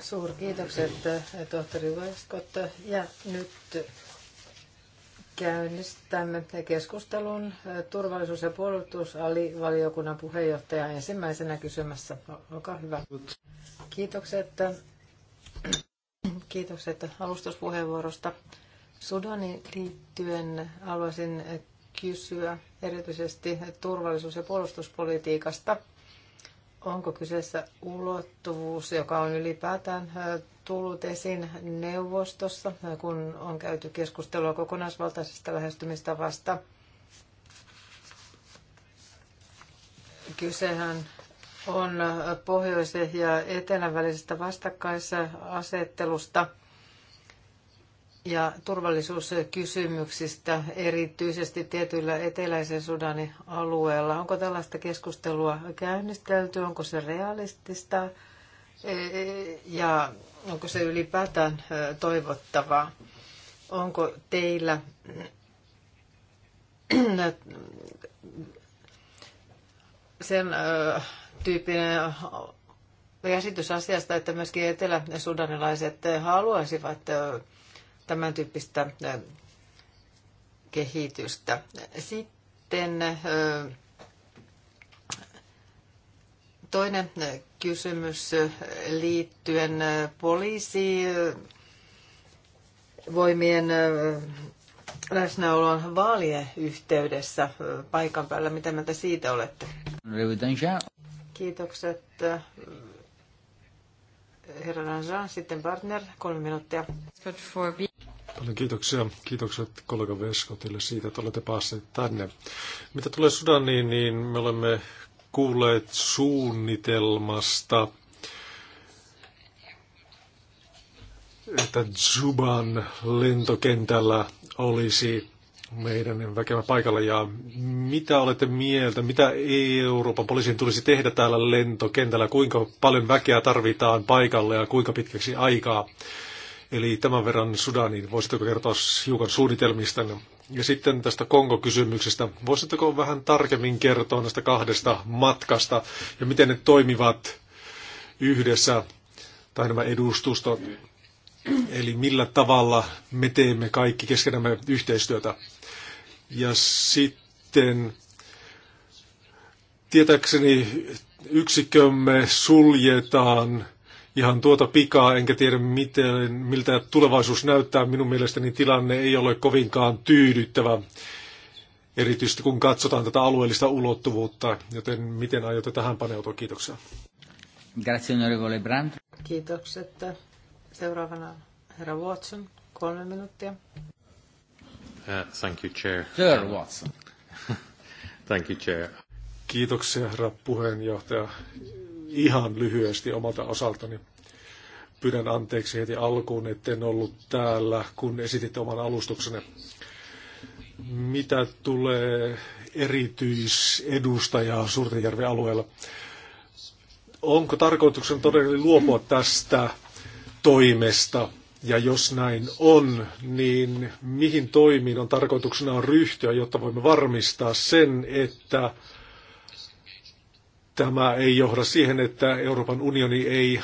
Suurkiitokset eh, tohtori Vaiskot. Ja nyt käynnistämme keskustelun eh, turvallisuus- ja puolustusalivaliokunnan puheenjohtaja ensimmäisenä kysymässä. Olkaa hyvä. Kiitokset. Kiitokset alustuspuheenvuorosta. Sudanin liittyen haluaisin kysyä erityisesti turvallisuus- ja puolustuspolitiikasta. Onko kyseessä ulottuvuus, joka on ylipäätään tullut esiin neuvostossa, kun on käyty keskustelua kokonaisvaltaisesta lähestymistavasta? Kysehän on pohjoisen ja etelän välisestä vastakkaisasettelusta – ja turvallisuuskysymyksistä, erityisesti tietyillä eteläisen Sudanin alueella. Onko tällaista keskustelua käynnistelty, onko se realistista e, e, ja onko se ylipäätään e, toivottavaa? Onko teillä sen tyyppinen käsitys asiasta, että myöskin eteläsudanilaiset haluaisivat tämän tyyppistä kehitystä. Sitten toinen kysymys liittyen poliisivoimien läsnäolon vaalien yhteydessä paikan päällä. Mitä mieltä siitä olette? Kiitokset. Herra Ranjan, sitten partner, kolme minuuttia. Paljon kiitoksia. Kiitokset kollega Veskotille siitä, että olette päässeet tänne. Mitä tulee Sudaniin, niin me olemme kuulleet suunnitelmasta, että Zuban lentokentällä olisi meidän väkevä paikalla. Ja mitä olette mieltä, mitä Euroopan poliisin tulisi tehdä täällä lentokentällä, kuinka paljon väkeä tarvitaan paikalle ja kuinka pitkäksi aikaa? Eli tämän verran Sudaniin. Voisitteko kertoa hiukan suunnitelmista? Ja sitten tästä Kongo-kysymyksestä. Voisitteko vähän tarkemmin kertoa näistä kahdesta matkasta ja miten ne toimivat yhdessä, tai nämä edustustot? Eli millä tavalla me teemme kaikki keskenämme yhteistyötä? Ja sitten tietääkseni yksikömme suljetaan – ihan tuota pikaa, enkä tiedä miten, miltä tulevaisuus näyttää. Minun mielestäni tilanne ei ole kovinkaan tyydyttävä, erityisesti kun katsotaan tätä alueellista ulottuvuutta, joten miten aiotte tähän paneutua? Kiitoksia. Grazie, onorevole Brandt. Kiitokset. Seuraavana herra Watson, kolme minuuttia. Uh, thank you, Chair. Sir Watson. thank you, Chair. Kiitoksia, herra puheenjohtaja. Ihan lyhyesti omalta osaltani pyydän anteeksi heti alkuun, etten ollut täällä, kun esititte oman alustuksenne. Mitä tulee erityisedustajaa Suurtenjärven alueella? Onko tarkoituksen todella luopua tästä toimesta? Ja jos näin on, niin mihin toimiin on tarkoituksena on ryhtyä, jotta voimme varmistaa sen, että tämä ei johda siihen, että Euroopan unioni ei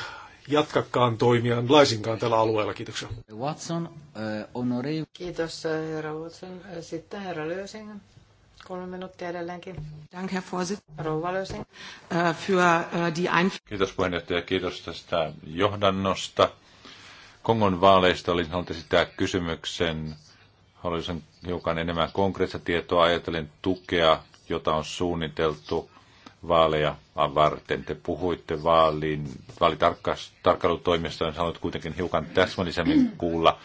jatkakaan toimiaan laisinkaan tällä alueella. Kiitoksia. Watson, uh, eh, honore. Kiitos eh, herra Watson. Eh, sitten herra Lösing. Kolme minuuttia edelleenkin. Dank, Herr Vorsitz. Rouva Lösing. Uh, für, uh, die ein... Kiitos puheenjohtaja, kiitos tästä johdannosta. Kongon vaaleista olisin halunnut esittää kysymyksen. Haluaisin hiukan enemmän konkreettista tietoa ajatellen tukea, jota on suunniteltu vaaleja varten. Te puhuitte vaalin, vaalitarkkailutoimesta, on sanoit kuitenkin hiukan täsmällisemmin kuulla,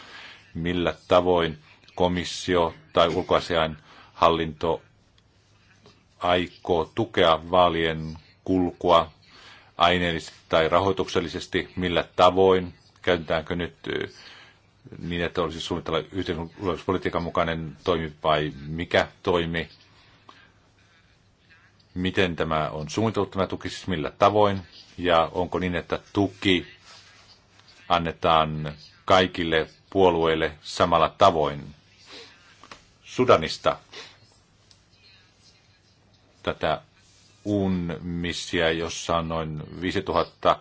millä tavoin komissio tai ulkoasiain hallinto aikoo tukea vaalien kulkua aineellisesti tai rahoituksellisesti, millä tavoin, käytetäänkö nyt niin, että olisi suunnitella yhteiskunnallisuuspolitiikan mukainen toimi vai mikä toimi, miten tämä on suunniteltu tämä tuki, siis millä tavoin, ja onko niin, että tuki annetaan kaikille puolueille samalla tavoin. Sudanista tätä UNMissia, jossa on noin 5000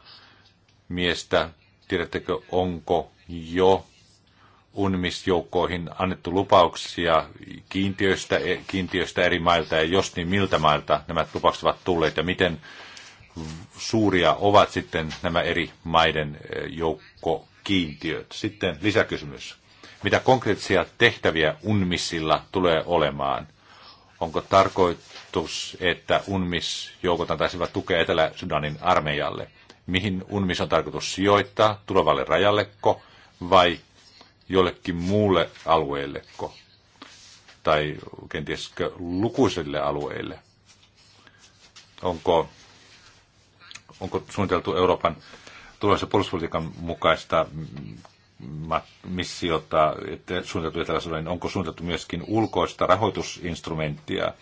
miestä. Tiedättekö, onko jo UNMIS-joukkoihin annettu lupauksia kiintiöistä, e, kiintiöistä eri mailta, ja jos niin miltä mailta nämä lupaukset ovat tulleet, ja miten suuria ovat sitten nämä eri maiden e, joukkokiintiöt. Sitten lisäkysymys. Mitä konkreettisia tehtäviä UNMISilla tulee olemaan? Onko tarkoitus, että UNMIS-joukot antaisivat tukea Etelä-Sudanin armeijalle? Mihin UNMIS on tarkoitus sijoittaa? Tulevalle rajalleko vai jollekin muulle alueelleko tai kenties lukuisille alueille? Onko, onko suunniteltu Euroopan turvallisen puolustuspolitiikan mukaista missiota, että suunniteltu eteläsuuden, niin onko suunniteltu myöskin ulkoista rahoitusinstrumenttia,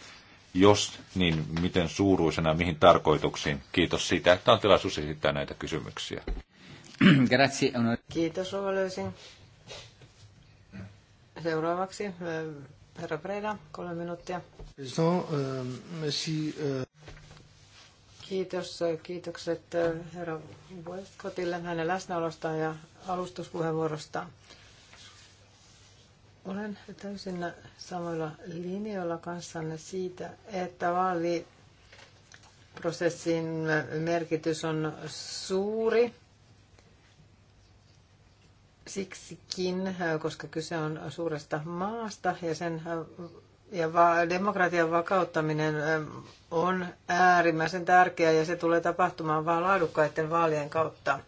jos niin, miten suuruisena, mihin tarkoituksiin? Kiitos siitä, että on tilaisuus esittää näitä kysymyksiä. Grazie. Kiitos, Ovalöysin. Seuraavaksi herra Preda, kolme minuuttia. Kiitos, kiitokset herra Westcottille hänen läsnäolostaan ja alustuspuheenvuorostaan. Olen täysin samoilla linjoilla kanssanne siitä, että vaaliprosessin merkitys on suuri – siksikin, koska kyse on suuresta maasta ja sen ja va- demokratian vakauttaminen on äärimmäisen tärkeää ja se tulee tapahtumaan vain laadukkaiden vaalien kautta.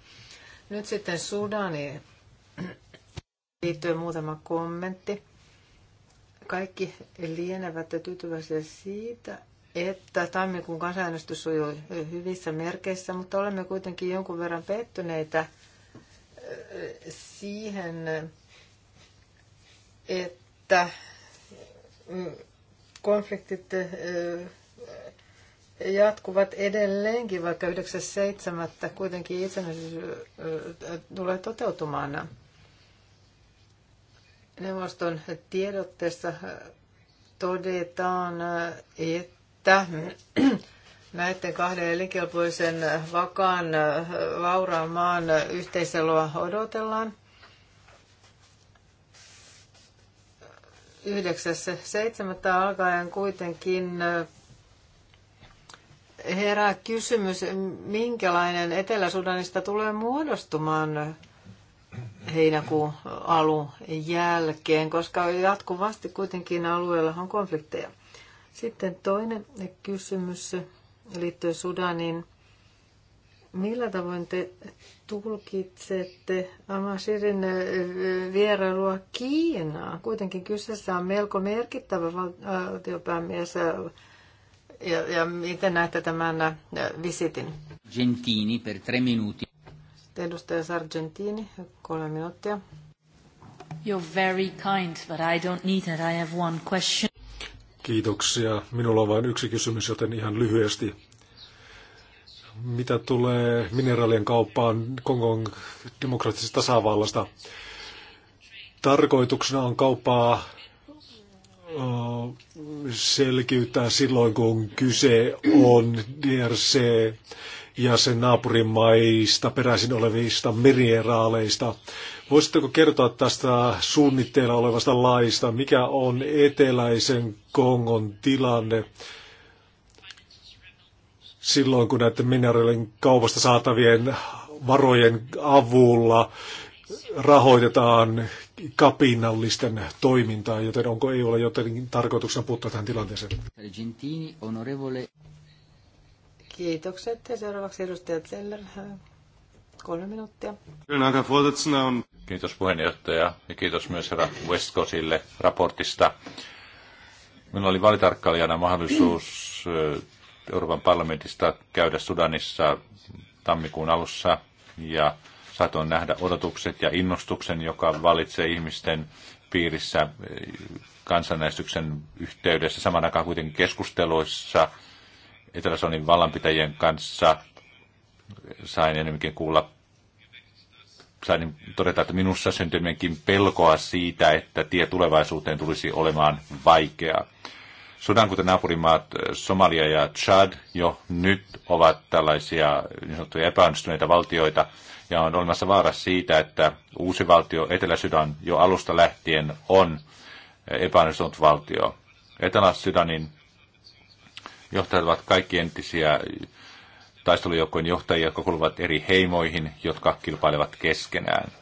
Nyt sitten Sudani liittyen muutama kommentti. Kaikki lienevät tyytyväisiä siitä, että tammikuun kansanäänestys sujui hyvissä merkeissä, mutta olemme kuitenkin jonkun verran pettyneitä – siihen, että konfliktit jatkuvat edelleenkin, vaikka 9.7. kuitenkin itsenäisyys tulee toteutumaan. Neuvoston tiedotteessa todetaan, että näiden kahden elinkelpoisen vakaan vauraan äh, maan yhteiseloa odotellaan. seitsemättä alkaen kuitenkin äh, herää kysymys, minkälainen Etelä-Sudanista tulee muodostumaan heinäkuun alun jälkeen, koska jatkuvasti kuitenkin alueella on konflikteja. Sitten toinen kysymys liittyen Sudaniin. Millä tavoin te tulkitsette Amashirin vierailua Kiinaan? Kuitenkin kyseessä on melko merkittävä valtiopäämies. Ja, ja miten näette tämän visitin? Gentini per tre minuti. Edustaja Sargentini, kolme minuuttia. You're very kind, but I don't need it. I have one question. Kiitoksia. Minulla on vain yksi kysymys, joten ihan lyhyesti. Mitä tulee mineraalien kauppaan Kongon demokraattisesta tasavallasta? Tarkoituksena on kauppaa selkiyttää silloin, kun kyse on DRC ja sen naapurimaista peräisin olevista mineraaleista. Voisitteko kertoa tästä suunnitteilla olevasta laista? Mikä on eteläisen Kongon tilanne silloin, kun näiden mineraalien kaupasta saatavien varojen avulla rahoitetaan kapinallisten toimintaa, joten onko ei ole jotenkin tarkoituksena puuttua tähän tilanteeseen? Kiitokset. Ja seuraavaksi edustaja Zeller. Kolme minuuttia. Kiitos puheenjohtaja ja kiitos myös herra Westcosille raportista. Minulla oli valitarkkailijana mahdollisuus Euroopan parlamentista käydä Sudanissa tammikuun alussa ja saatoin nähdä odotukset ja innostuksen, joka valitsee ihmisten piirissä kansanäänestyksen yhteydessä. Saman aikaan kuitenkin keskusteluissa Etelä-Sonin vallanpitäjien kanssa sain enemmänkin kuulla, sain todeta, että minussa syntyi enemmänkin pelkoa siitä, että tie tulevaisuuteen tulisi olemaan vaikea. Sudan, kuten naapurimaat eh, Somalia ja Chad, jo nyt ovat tällaisia niin sanottuja epäonnistuneita valtioita, ja on olemassa vaara siitä, että uusi valtio Etelä-Sudan jo alusta lähtien on eh, epäonnistunut valtio. Etelä-Sudanin johtajat ovat kaikki entisiä taistelujoukkojen johtajia, jotka kuuluvat eri heimoihin, jotka kilpailevat keskenään.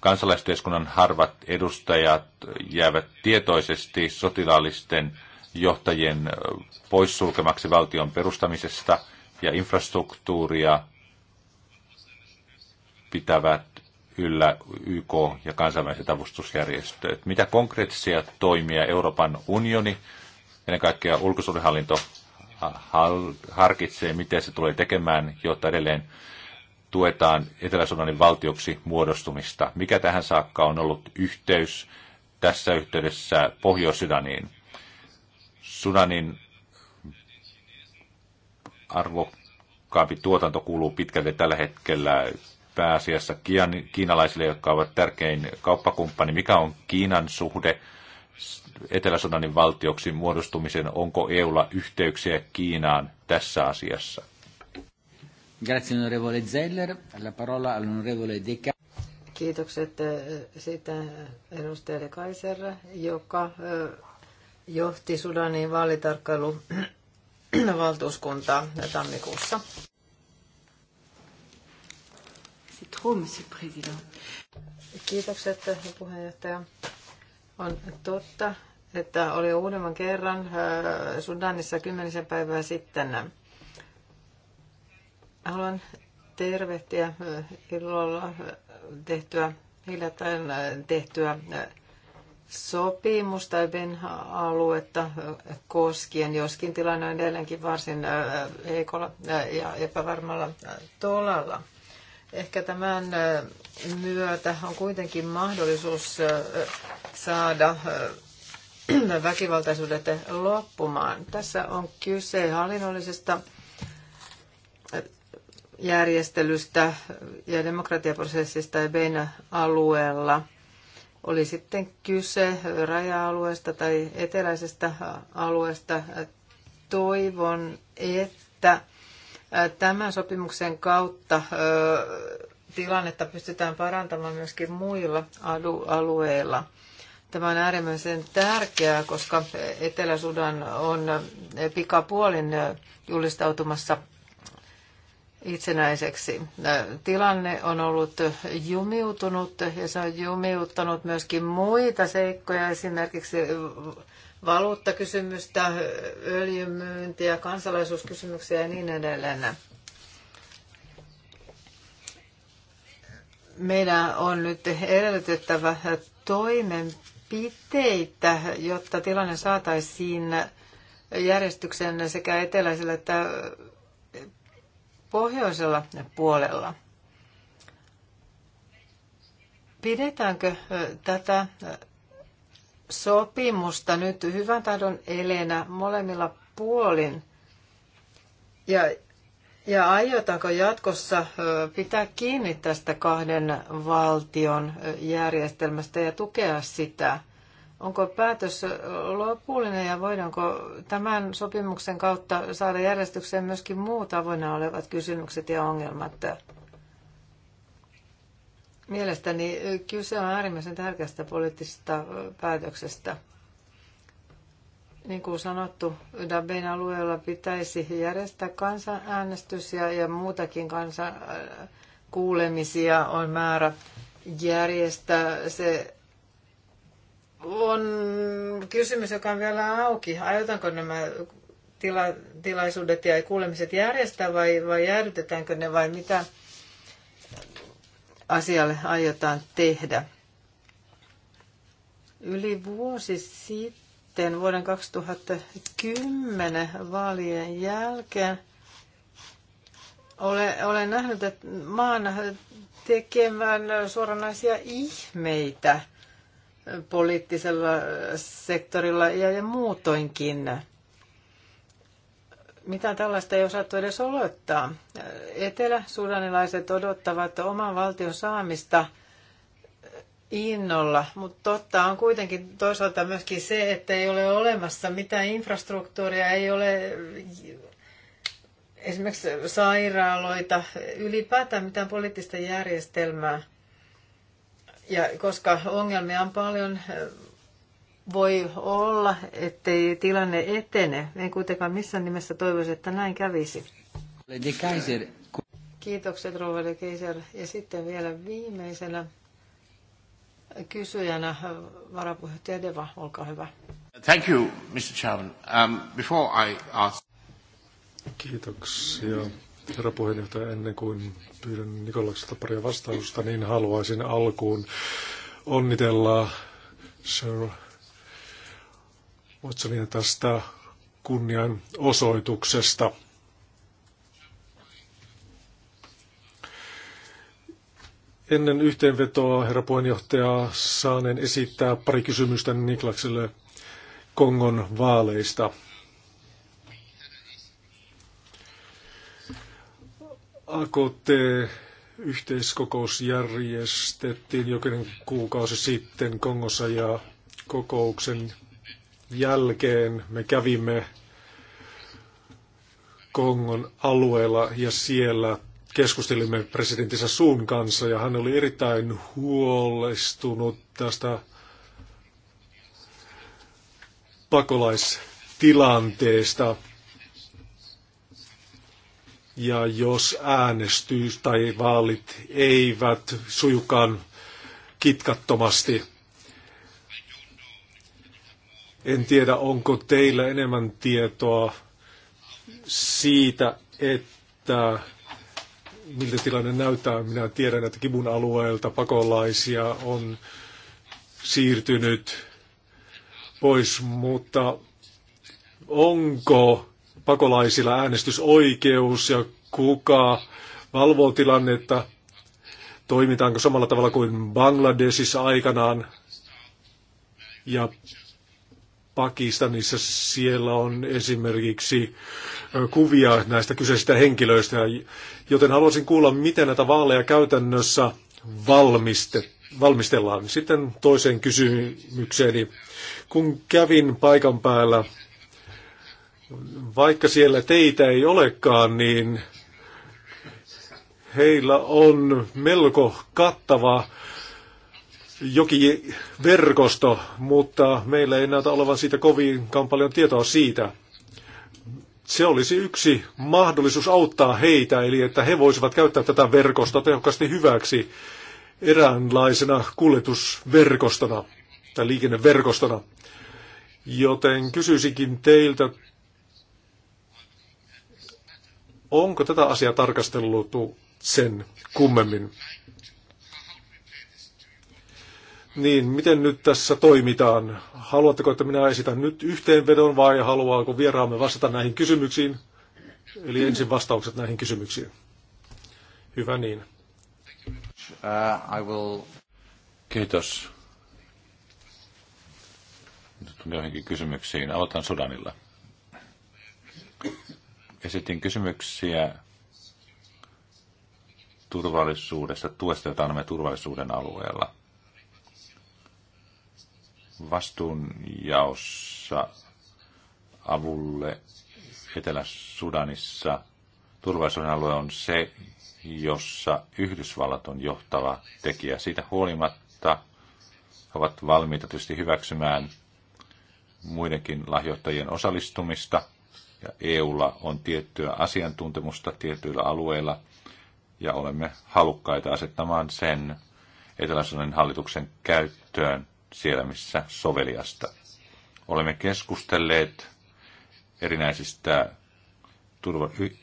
Kansalaisteiskunnan harvat edustajat jäävät tietoisesti sotilaallisten johtajien poissulkemaksi valtion perustamisesta ja infrastruktuuria pitävät yllä YK ja kansainväliset avustusjärjestöt. Mitä konkreettisia toimia Euroopan unioni, ennen kaikkea ulkosuudenhallinto, harkitsee, miten se tulee tekemään, jotta edelleen tuetaan Etelä-Sudanin valtioksi muodostumista. Mikä tähän saakka on ollut yhteys tässä yhteydessä Pohjois-Sudaniin? Sudanin arvokkaampi tuotanto kuuluu pitkälti tällä hetkellä pääasiassa kiinalaisille, jotka ovat tärkein kauppakumppani. Mikä on Kiinan suhde Etelä-Sudanin valtioksi muodostumisen, onko EUlla yhteyksiä Kiinaan tässä asiassa? Grazie onorevole Zeller. La parola all'onorevole De Kiitokset eh, sitten edustajalle Kaiser, joka eh, johti Sudanin vaalitarkkailu valtuuskuntaa tammikuussa. Kiitokset eh, puheenjohtaja. On totta, että oli uudemman kerran äh, Sudanissa kymmenisen päivää sitten. Haluan tervehtiä äh, ilolla äh, tehtyä, hiljattain tehtyä sopimusta Ben aluetta koskien, joskin tilanne on edelleenkin varsin heikolla ja epävarmalla tolalla. Ehkä tämän myötä on kuitenkin mahdollisuus saada äh, väkivaltaisuudet loppumaan. Tässä on kyse hallinnollisesta äh, järjestelystä ja demokratiaprosessista Ebein alueella. Oli sitten kyse raja-alueesta tai eteläisestä alueesta. Toivon, että äh, tämän sopimuksen kautta tilannetta pystytään parantamaan myöskin muilla alueilla – Tämä on äärimmäisen tärkeää, koska Etelä-Sudan on pikapuolin julistautumassa itsenäiseksi. Tilanne on ollut jumiutunut ja se on jumiuttanut myöskin muita seikkoja, esimerkiksi valuuttakysymystä, öljymyyntiä, kansalaisuuskysymyksiä ja niin edelleen. Meidän on nyt edellytettävä toimenpiteitä toimenpiteitä, jotta tilanne saataisiin järjestyksen sekä eteläisellä että pohjoisella puolella. Pidetäänkö tätä sopimusta nyt hyvän tahdon elenä molemmilla puolin? Ja ja aiotaanko jatkossa pitää kiinni tästä kahden valtion järjestelmästä ja tukea sitä? Onko päätös lopullinen ja voidaanko tämän sopimuksen kautta saada järjestykseen myöskin muut avoinna olevat kysymykset ja ongelmat? Mielestäni kyse on äärimmäisen tärkeästä poliittisesta päätöksestä. Niin kuin sanottu, Dabin alueella pitäisi järjestää kansanäänestys ja, ja muutakin kansan kuulemisia on määrä järjestää. Se on kysymys, joka on vielä auki. Aiotaanko nämä tila, tilaisuudet ja kuulemiset järjestää vai, vai jäädytetäänkö ne vai mitä asialle aiotaan tehdä? Yli vuosi sitten sitten vuoden 2010 vaalien jälkeen. Olen, olen nähnyt, että maan tekemään suoranaisia ihmeitä poliittisella sektorilla ja, ja muutoinkin. Mitä tällaista ei osattu edes olettaa. Etelä-sudanilaiset odottavat oman valtion saamista – innolla, mutta totta on kuitenkin toisaalta myöskin se, että ei ole olemassa mitään infrastruktuuria, ei ole esimerkiksi sairaaloita, ylipäätään mitään poliittista järjestelmää. Ja koska ongelmia on paljon, voi olla, ettei tilanne etene. En kuitenkaan missään nimessä toivoisi, että näin kävisi. Kiitokset, Rovali Keiser. Ja sitten vielä viimeisenä kysyjänä varapuheenjohtaja Deva, olkaa hyvä. Thank you, Mr. Chairman. Um, before I ask... Kiitoksia, herra puheenjohtaja. Ennen kuin pyydän Nikolakselta paria vastausta, niin haluaisin alkuun onnitella Sir Watsonia tästä kunnianosoituksesta. osoituksesta. Ennen yhteenvetoa, herra puheenjohtaja, saanen esittää pari kysymystä Niklakselle Kongon vaaleista. AKT-yhteiskokous järjestettiin jokin kuukausi sitten Kongossa ja kokouksen jälkeen me kävimme Kongon alueella ja siellä keskustelimme presidentinsä suun kanssa ja hän oli erittäin huolestunut tästä pakolaistilanteesta. Ja jos äänestys tai vaalit eivät sujukaan kitkattomasti, en tiedä, onko teillä enemmän tietoa siitä, että miltä tilanne näyttää. Minä tiedän, että kivun alueelta pakolaisia on siirtynyt pois, mutta onko pakolaisilla äänestysoikeus ja kuka valvoo tilannetta? Toimitaanko samalla tavalla kuin Bangladesissa aikanaan ja Pakistanissa siellä on esimerkiksi kuvia näistä kyseisistä henkilöistä, joten haluaisin kuulla, miten näitä vaaleja käytännössä valmiste, valmistellaan. Sitten toiseen kysymykseeni. Kun kävin paikan päällä, vaikka siellä teitä ei olekaan, niin heillä on melko kattava jokin verkosto, mutta meillä ei näytä olevan siitä kovinkaan paljon tietoa siitä. Se olisi yksi mahdollisuus auttaa heitä, eli että he voisivat käyttää tätä verkostoa tehokkaasti hyväksi eräänlaisena kuljetusverkostona tai liikenneverkostona. Joten kysyisinkin teiltä, onko tätä asiaa tarkasteltu sen kummemmin? Niin, miten nyt tässä toimitaan? Haluatteko, että minä esitän nyt yhteenvedon vai haluaako vieraamme vastata näihin kysymyksiin? Eli ensin vastaukset näihin kysymyksiin. Hyvä niin. Uh, Kiitos. Nyt on johonkin kysymyksiin. Aloitan Sudanilla. Esitin kysymyksiä turvallisuudesta, tuesta, jota annamme turvallisuuden alueella vastuunjaossa avulle Etelä-Sudanissa turvallisuuden alue on se, jossa Yhdysvallat on johtava tekijä. Siitä huolimatta ovat valmiita tietysti hyväksymään muidenkin lahjoittajien osallistumista, ja EUlla on tiettyä asiantuntemusta tietyillä alueilla, ja olemme halukkaita asettamaan sen etelä hallituksen käyttöön siellä, missä soveliasta. Olemme keskustelleet erinäisistä turva- y-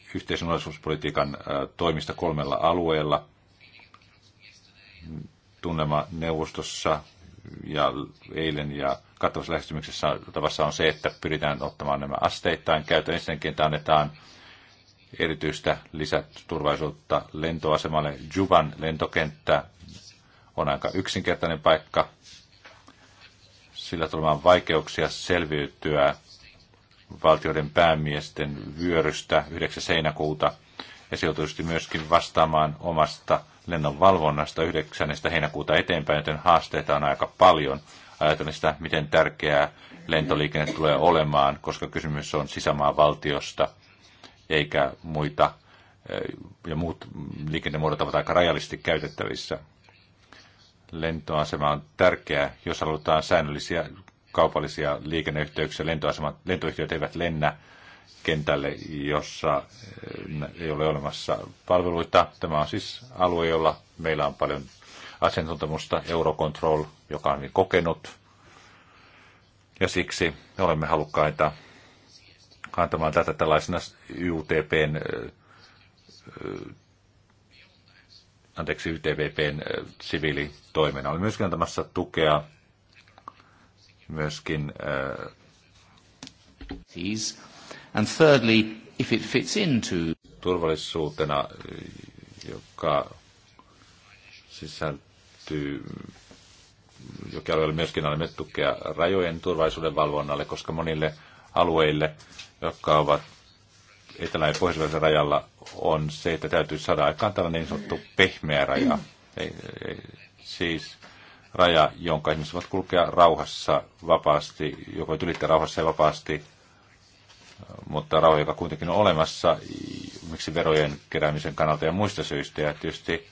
toimista kolmella alueella. Tunnelma neuvostossa ja eilen ja kattavassa lähestymisessä tavassa on se, että pyritään ottamaan nämä asteittain käytön. Ensinnäkin, että annetaan erityistä lisäturvallisuutta lentoasemalle. Juvan lentokenttä on aika yksinkertainen paikka, sillä tulemaan vaikeuksia selviytyä valtioiden päämiesten vyörystä 9. seinäkuuta ja se joutuisi myöskin vastaamaan omasta lennon valvonnasta 9. heinäkuuta eteenpäin, joten haasteita on aika paljon. Ajatellen sitä, miten tärkeää lentoliikenne tulee olemaan, koska kysymys on sisämaavaltiosta, eikä muita eh, ja muut liikennemuodot ovat aika rajallisesti käytettävissä lentoasema on tärkeä, jos halutaan säännöllisiä kaupallisia liikenneyhteyksiä. Lentoasemat, lentoyhtiöt eivät lennä kentälle, jossa eh, ei ole olemassa palveluita. Tämä on siis alue, jolla meillä on paljon asiantuntemusta, Eurocontrol, joka on niin kokenut. Ja siksi me olemme halukkaita kantamaan tätä tällaisena UTPn anteeksi, YTVPn siviilitoimena. Oli myöskin antamassa tukea myöskin And thirdly, if it fits into... turvallisuutena, joka sisältyy jokin alueella myöskin annamme tukea rajojen turvallisuuden valvonnalle, koska monille alueille, jotka ovat etelä- ja pohjois rajalla, on se, että täytyy saada aikaan tällainen niin sanottu pehmeä raja. Ei, ei, siis raja, jonka ihmiset voivat kulkea rauhassa vapaasti, joko ylittää rauhassa ja vapaasti, mutta rauha, joka kuitenkin on olemassa, miksi verojen keräämisen kannalta ja muista syistä. Ja tietysti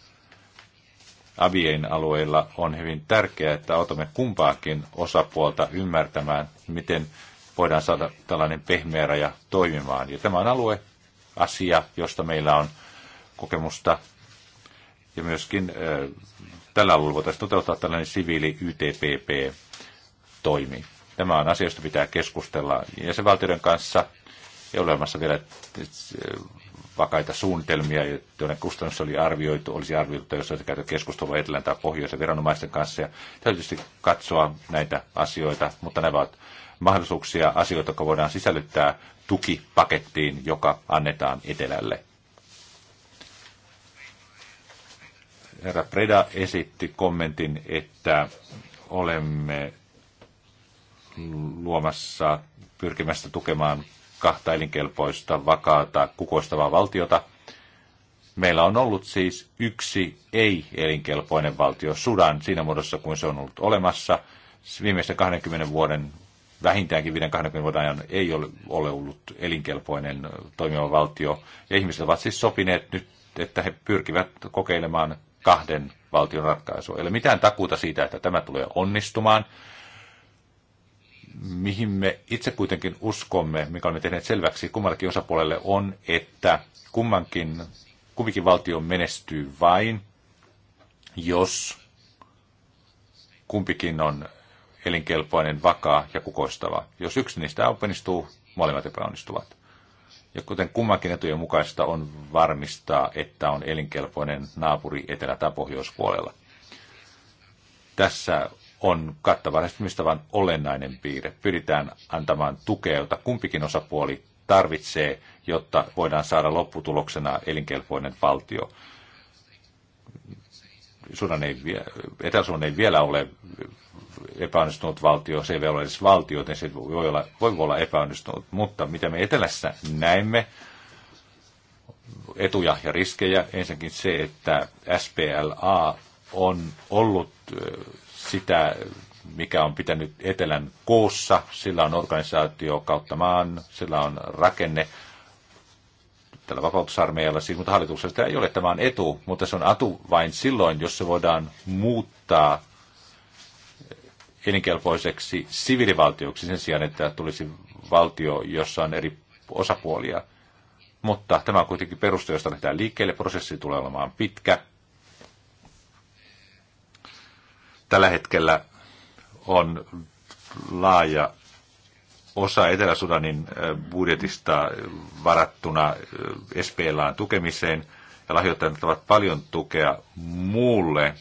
Aviein alueilla on hyvin tärkeää, että autamme kumpaakin osapuolta ymmärtämään, miten voidaan saada tällainen pehmeä raja toimimaan. Ja tämä on alue, asia, josta meillä on kokemusta. Ja myöskin tällä alueella voitaisiin toteuttaa tällainen siviili YTPP-toimi. Tämä on asia, josta pitää keskustella jäsenvaltioiden kanssa. Ei ole olemassa vielä vakaita suunnitelmia, joiden kustannus oli arvioitu, olisi arvioitu, jos olisi käyty keskustelua etelän tai pohjoisen viranomaisten kanssa. Ja täytyy katsoa näitä asioita, mutta nämä ovat mahdollisuuksia, asioita, jotka voidaan sisällyttää tukipakettiin, joka annetaan etelälle. Herra Preda esitti kommentin, että olemme luomassa, pyrkimässä tukemaan kahta elinkelpoista, vakaata, kukoistavaa valtiota. Meillä on ollut siis yksi ei-elinkelpoinen valtio, Sudan, siinä muodossa kuin se on ollut olemassa Viimeisen 20 vuoden vähintäänkin 5 vuoden ajan ei ole, ole ollut elinkelpoinen toimiva valtio. Ja ihmiset ovat siis sopineet nyt, että he pyrkivät kokeilemaan kahden valtion ratkaisua. Ei ole mitään takuuta siitä, että tämä tulee onnistumaan. Mihin me itse kuitenkin uskomme, mikä olemme tehneet selväksi kummallakin osapuolelle, on, että kummankin, kumminkin valtio menestyy vain, jos kumpikin on elinkelpoinen, vakaa ja kukoistava. Jos yksi niistä onnistuu, molemmat epäonnistuvat. Ja kuten kummankin etujen mukaista on varmistaa, että on elinkelpoinen naapuri etelä- tai pohjoispuolella. Tässä on kattava vain olennainen piirre. Pyritään antamaan tukea, jota kumpikin osapuoli tarvitsee, jotta voidaan saada lopputuloksena elinkelpoinen valtio. Sudan ei, etelä ei vielä ole epäonnistunut valtio, se ei vielä ole edes valtio, joten se voi olla, voi olla epäonnistunut. Mutta mitä me etelässä näemme, etuja ja riskejä, ensinnäkin se, että SPLA on ollut sitä, mikä on pitänyt etelän koossa, sillä on organisaatio kautta maan, sillä on rakenne, tällä vapautusarmeijalla, siis, mutta hallituksella sitä ei ole. Tämä on etu, mutta se on atu vain silloin, jos se voidaan muuttaa elinkelpoiseksi sivilivaltioksi sen sijaan, että tulisi valtio, jossa on eri osapuolia. Mutta tämä on kuitenkin peruste, josta lähdetään liikkeelle. Prosessi tulee olemaan pitkä. Tällä hetkellä on laaja osa Etelä-Sudanin budjetista varattuna SPLAan tukemiseen ja lahjoittajat ovat paljon tukea muulle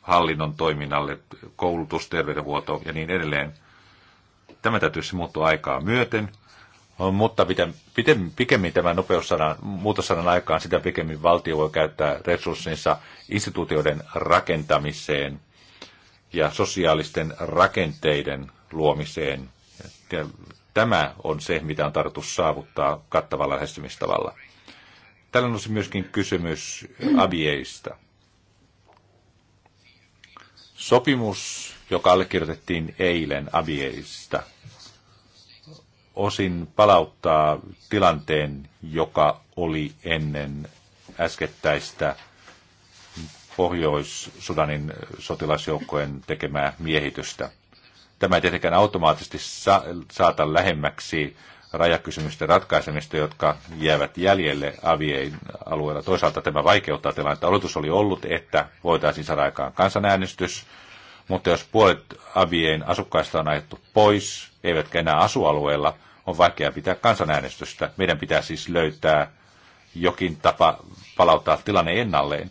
hallinnon toiminnalle, koulutus, terveydenhuolto ja niin edelleen. Tämä täytyisi siis muuttua aikaa myöten, mutta mitä, miten, pikemmin tämä nopeussanan, muutossanan aikaan, sitä pikemmin valtio voi käyttää resurssinsa instituutioiden rakentamiseen ja sosiaalisten rakenteiden luomiseen tämä on se, mitä on tarkoitus saavuttaa kattavalla lähestymistavalla. Tällä on siis myöskin kysymys abieista. Sopimus, joka allekirjoitettiin eilen abieista, osin palauttaa tilanteen, joka oli ennen äskettäistä Pohjois-Sudanin sotilasjoukkojen tekemää miehitystä. Tämä ei tietenkään automaattisesti saata lähemmäksi rajakysymysten ratkaisemista, jotka jäävät jäljelle avien alueella. Toisaalta tämä vaikeuttaa tilannetta. Oletus oli ollut, että voitaisiin saada aikaan kansanäänestys, mutta jos puolet avien asukkaista on ajettu pois, eivätkä enää asualueella, on vaikea pitää kansanäänestystä. Meidän pitää siis löytää jokin tapa palauttaa tilanne ennalleen.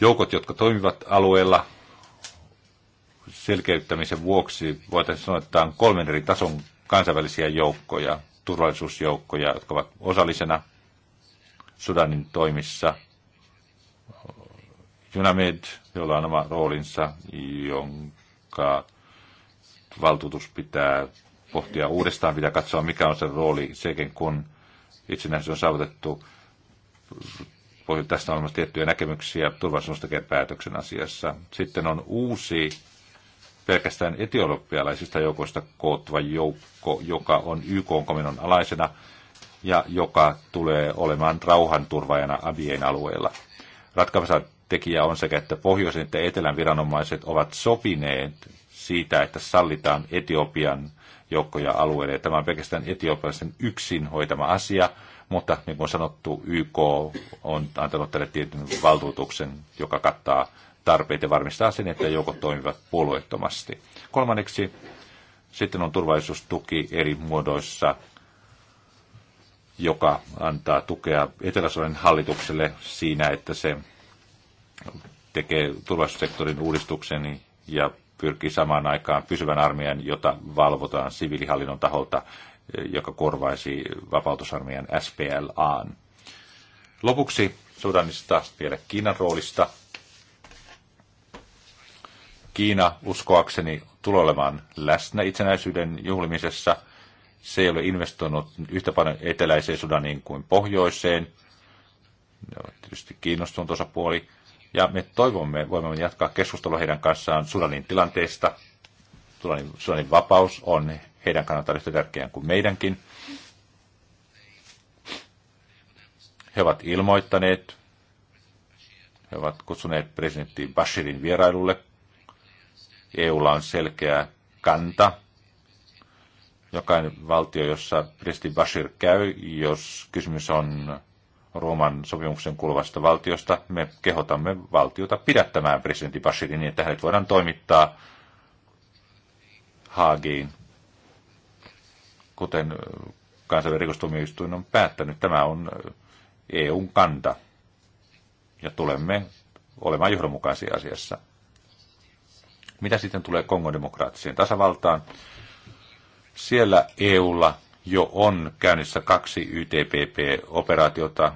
Joukot, jotka toimivat alueella, selkeyttämisen vuoksi voitaisiin sanoa, että on kolmen eri tason kansainvälisiä joukkoja, turvallisuusjoukkoja, jotka ovat osallisena Sudanin toimissa. Junamed, jolla on oma roolinsa, jonka valtuutus pitää pohtia uudestaan, pitää katsoa mikä on se rooli sekin, kun itsenäisyys on saavutettu. Tästä on tiettyjä näkemyksiä turvallisuustekijän päätöksen asiassa. Sitten on uusi pelkästään etiolopialaisista joukoista koottuva joukko, joka on YK-komennon alaisena ja joka tulee olemaan rauhanturvajana Abien alueella. Ratkaiseva tekijä on sekä, että pohjoisen että etelän viranomaiset ovat sopineet siitä, että sallitaan Etiopian joukkoja alueelle. Tämä on pelkästään etiopialaisen yksin hoitama asia, mutta niin kuin sanottu, YK on antanut tälle tietyn valtuutuksen, joka kattaa tarpeet ja varmistaa sen, että joukot toimivat puolueettomasti. Kolmanneksi sitten on turvallisuustuki eri muodoissa, joka antaa tukea etelä hallitukselle siinä, että se tekee turvallisuussektorin uudistuksen ja pyrkii samaan aikaan pysyvän armeijan, jota valvotaan siviilihallinnon taholta, joka korvaisi vapautusarmeijan SPLAan. Lopuksi Sudanista vielä Kiinan roolista – Kiina uskoakseni tulee olemaan läsnä itsenäisyyden juhlimisessa. Se ei ole investoinut yhtä paljon eteläiseen Sudaniin kuin pohjoiseen. Ne ovat tietysti kiinnostunut osapuoli. Ja me toivomme, voimme jatkaa keskustelua heidän kanssaan Sudanin tilanteesta. Sudanin, Sudanin vapaus on heidän kannaltaan yhtä tärkeää kuin meidänkin. He ovat ilmoittaneet, he ovat kutsuneet presidentti Bashirin vierailulle EUlla on selkeä kanta. Jokainen valtio, jossa Presti Bashir käy, jos kysymys on Rooman sopimuksen kuuluvasta valtiosta, me kehotamme valtiota pidättämään presidentti Bashirin niin, että hänet voidaan toimittaa Haagiin, kuten kansainvälinen rikostuomioistuin on päättänyt. Tämä on EUn kanta ja tulemme olemaan johdonmukaisia asiassa. Mitä sitten tulee kongodemokraattiseen tasavaltaan? Siellä EUlla jo on käynnissä kaksi YTPP-operaatiota,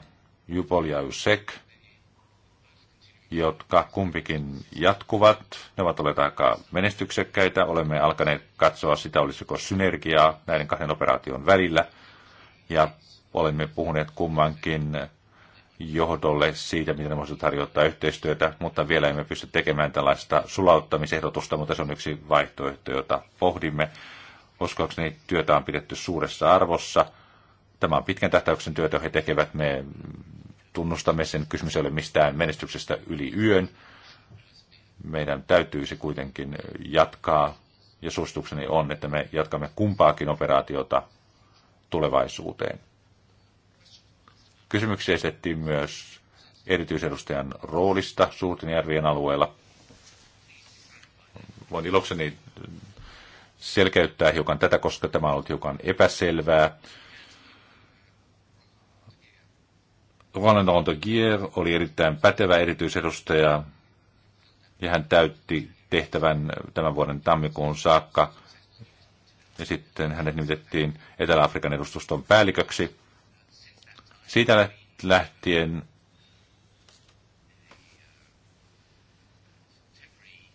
Jupol ja USEC, jotka kumpikin jatkuvat. Ne ovat olleet aika menestyksekkäitä. Olemme alkaneet katsoa sitä, olisiko synergiaa näiden kahden operaation välillä. Ja olemme puhuneet kummankin johdolle siitä, miten voisi harjoittaa yhteistyötä, mutta vielä emme pysty tekemään tällaista sulauttamisehdotusta, mutta se on yksi vaihtoehto, jota pohdimme. Uskoakseni työtä on pidetty suuressa arvossa. Tämä on pitkän tähtäyksen työtä, he tekevät. Me tunnustamme sen, kysymys ei ole mistään menestyksestä yli yön. Meidän täytyisi kuitenkin jatkaa, ja suositukseni on, että me jatkamme kumpaakin operaatiota tulevaisuuteen. Kysymyksiä esitettiin myös erityisedustajan roolista suurten alueella. Voin ilokseni selkeyttää hiukan tätä, koska tämä on ollut hiukan epäselvää. Roland Rondegier oli erittäin pätevä erityisedustaja ja hän täytti tehtävän tämän vuoden tammikuun saakka. Ja sitten hänet nimitettiin Etelä-Afrikan edustuston päälliköksi. Siitä lähtien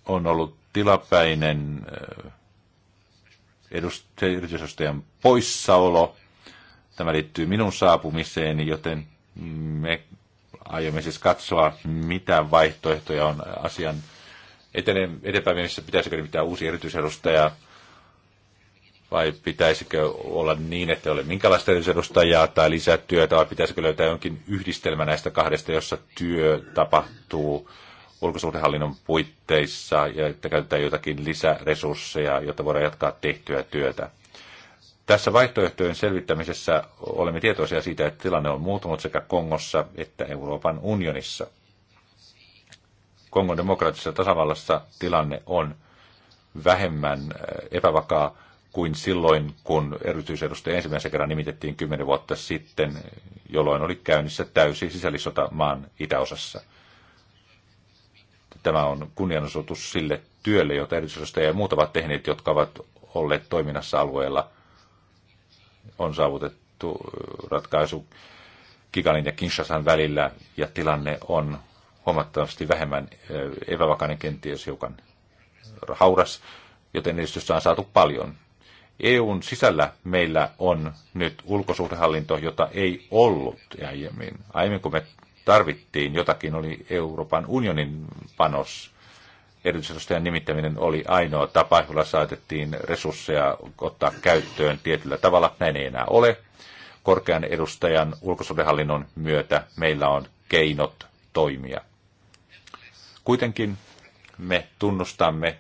on ollut tilapäinen yritysostajan äh, poissaolo. Tämä liittyy minun saapumiseeni, joten me aiomme siis katsoa, mitä vaihtoehtoja on asian eteenpäin mennessä. Pitäisikö mitään uusi erityisedustaja vai pitäisikö olla niin, että ei ole minkälaista edustajaa tai lisätyötä, vai pitäisikö löytää jonkin yhdistelmä näistä kahdesta, jossa työ tapahtuu ulkosuhdehallinnon puitteissa ja että käytetään jotakin lisäresursseja, jotta voidaan jatkaa tehtyä työtä. Tässä vaihtoehtojen selvittämisessä olemme tietoisia siitä, että tilanne on muuttunut sekä Kongossa että Euroopan unionissa. Kongon demokraattisessa tasavallassa tilanne on vähemmän epävakaa kuin silloin, kun erityisedustaja ensimmäisen kerran nimitettiin kymmenen vuotta sitten, jolloin oli käynnissä täysi sisällissota maan itäosassa. Tämä on kunnianosoitus sille työlle, jota erityisedustaja ja muut ovat tehneet, jotka ovat olleet toiminnassa alueella. On saavutettu äh, ratkaisu Kigalin ja Kinshasan välillä, ja tilanne on huomattavasti vähemmän äh, epävakainen, kenties hiukan hauras, joten edistystä on saatu paljon. EUn sisällä meillä on nyt ulkosuhdehallinto, jota ei ollut aiemmin. Aiemmin kun me tarvittiin jotakin, oli Euroopan unionin panos. Erityisedustajan nimittäminen oli ainoa tapa, jolla saatettiin resursseja ottaa käyttöön tietyllä tavalla. Näin ei enää ole. Korkean edustajan ulkosuhdehallinnon myötä meillä on keinot toimia. Kuitenkin me tunnustamme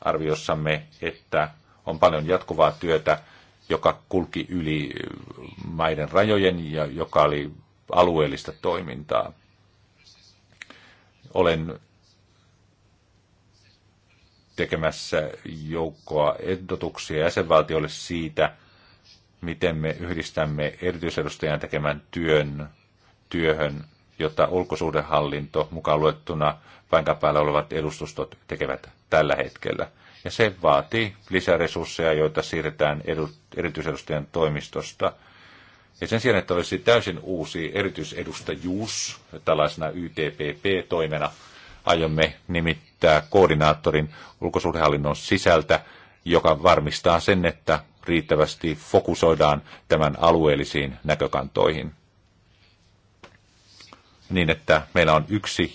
arviossamme, että on paljon jatkuvaa työtä, joka kulki yli maiden rajojen ja joka oli alueellista toimintaa. Olen tekemässä joukkoa ehdotuksia jäsenvaltioille siitä, miten me yhdistämme erityisedustajan tekemän työn työhön, jota ulkosuhdehallinto mukaan luettuna paikan päällä olevat edustustot tekevät tällä hetkellä ja se vaatii lisäresursseja, joita siirretään erityisedustajan toimistosta. Ja sen sijaan, että olisi täysin uusi erityisedustajuus tällaisena YTPP-toimena, aiomme nimittää koordinaattorin ulkosuhdehallinnon sisältä, joka varmistaa sen, että riittävästi fokusoidaan tämän alueellisiin näkökantoihin niin, että meillä on yksi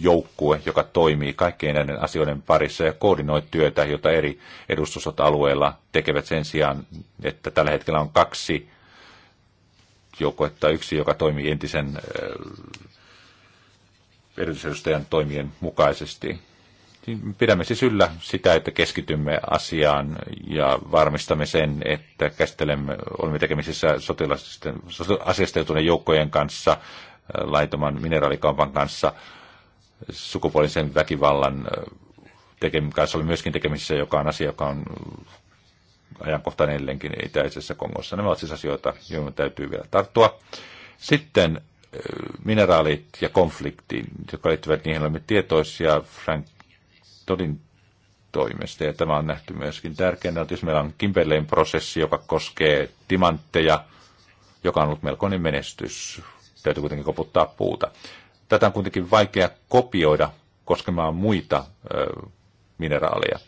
joukkue, joka toimii kaikkien näiden asioiden parissa ja koordinoi työtä, jota eri edustusot alueella tekevät sen sijaan, että tällä hetkellä on kaksi joukkuetta, yksi, joka toimii entisen äh, erityisedustajan toimien mukaisesti. Niin pidämme siis yllä sitä, että keskitymme asiaan ja varmistamme sen, että käsittelemme, olemme tekemisissä sotilasten, joukkojen kanssa laitoman mineraalikaupan kanssa, sukupuolisen väkivallan kanssa oli myöskin tekemisissä, joka on asia, joka on ajankohtainen edelleenkin itäisessä Kongossa. Nämä ovat siis asioita, joihin täytyy vielä tarttua. Sitten mineraalit ja konflikti, jotka liittyvät niihin, olemme tietoisia Frank Todin toimesta. Ja tämä on nähty myöskin tärkeänä, että jos meillä on Kimberleyn prosessi, joka koskee timantteja, joka on ollut melkoinen menestys täytyy kuitenkin koputtaa puuta. Tätä on kuitenkin vaikea kopioida koskemaan muita ö, mineraaleja.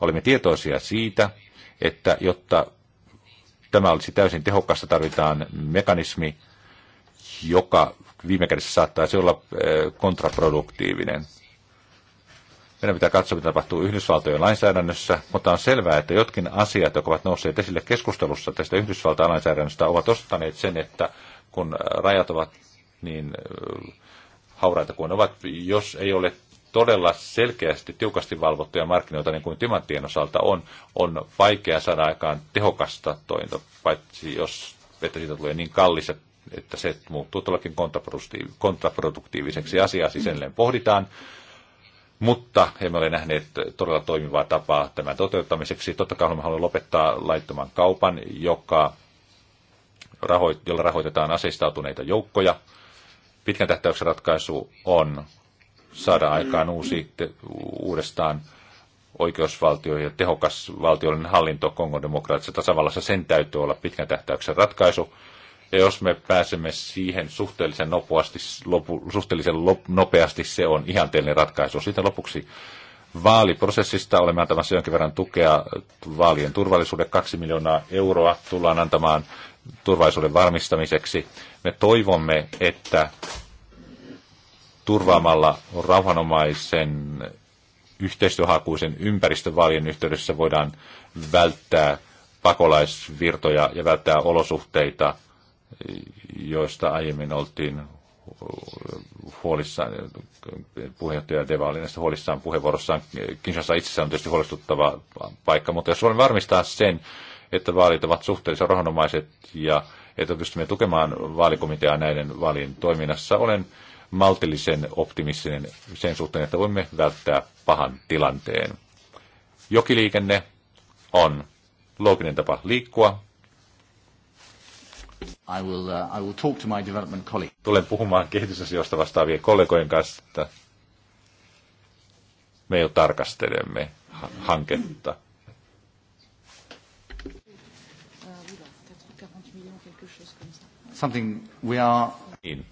Olemme tietoisia siitä, että jotta tämä olisi täysin tehokasta, tarvitaan mekanismi, joka viime kädessä saattaisi olla kontraproduktiivinen. Meidän pitää katsoa, mitä tapahtuu Yhdysvaltojen lainsäädännössä, mutta on selvää, että jotkin asiat, jotka ovat nousseet esille keskustelussa tästä Yhdysvaltain lainsäädännöstä, ovat ostaneet sen, että kun rajat ovat niin hauraita kuin ovat, jos ei ole todella selkeästi, tiukasti valvottuja markkinoita, niin kuin timanttien osalta on, on vaikea saada aikaan tehokasta tointa, paitsi jos että siitä tulee niin kallis, että se muuttuu todellakin kontraproduktiiviseksi. Asiaa siis pohditaan, mutta emme ole nähneet todella toimivaa tapaa tämän toteuttamiseksi. Totta kai me haluamme lopettaa laittoman kaupan, joka rahoit- jolla rahoitetaan aseistautuneita joukkoja. Pitkän tähtäyksen ratkaisu on saada aikaan uusi, te, uudestaan oikeusvaltio ja tehokas valtiollinen hallinto Kongon demokraattisessa tasavallassa, sen täytyy olla pitkän tähtäyksen ratkaisu. Ja jos me pääsemme siihen suhteellisen nopeasti, lopu, suhteellisen lop, nopeasti se on ihanteellinen ratkaisu. Sitten lopuksi vaaliprosessista olemme antamassa jonkin verran tukea vaalien turvallisuuden. Kaksi miljoonaa euroa tullaan antamaan turvallisuuden varmistamiseksi. Me toivomme, että turvaamalla rauhanomaisen yhteistyöhakuisen ympäristövalien yhteydessä voidaan välttää pakolaisvirtoja ja välttää olosuhteita, joista aiemmin oltiin huolissaan, puheenjohtaja Deva oli näistä huolissaan puheenvuorossaan. Kinshasa itsessään on tietysti huolestuttava paikka, mutta jos voin varmistaa sen, että vaalit ovat suhteellisen rahanomaiset ja että pystymme tukemaan vaalikomiteaa näiden vaalien toiminnassa. Olen maltillisen optimistinen sen suhteen, että voimme välttää pahan tilanteen. Jokiliikenne on looginen tapa liikkua. I will, uh, I will talk to my development colleague. Tulen puhumaan kehitysasioista vastaavien kollegojen kanssa, että me jo tarkastelemme hanketta. something we are... Niin.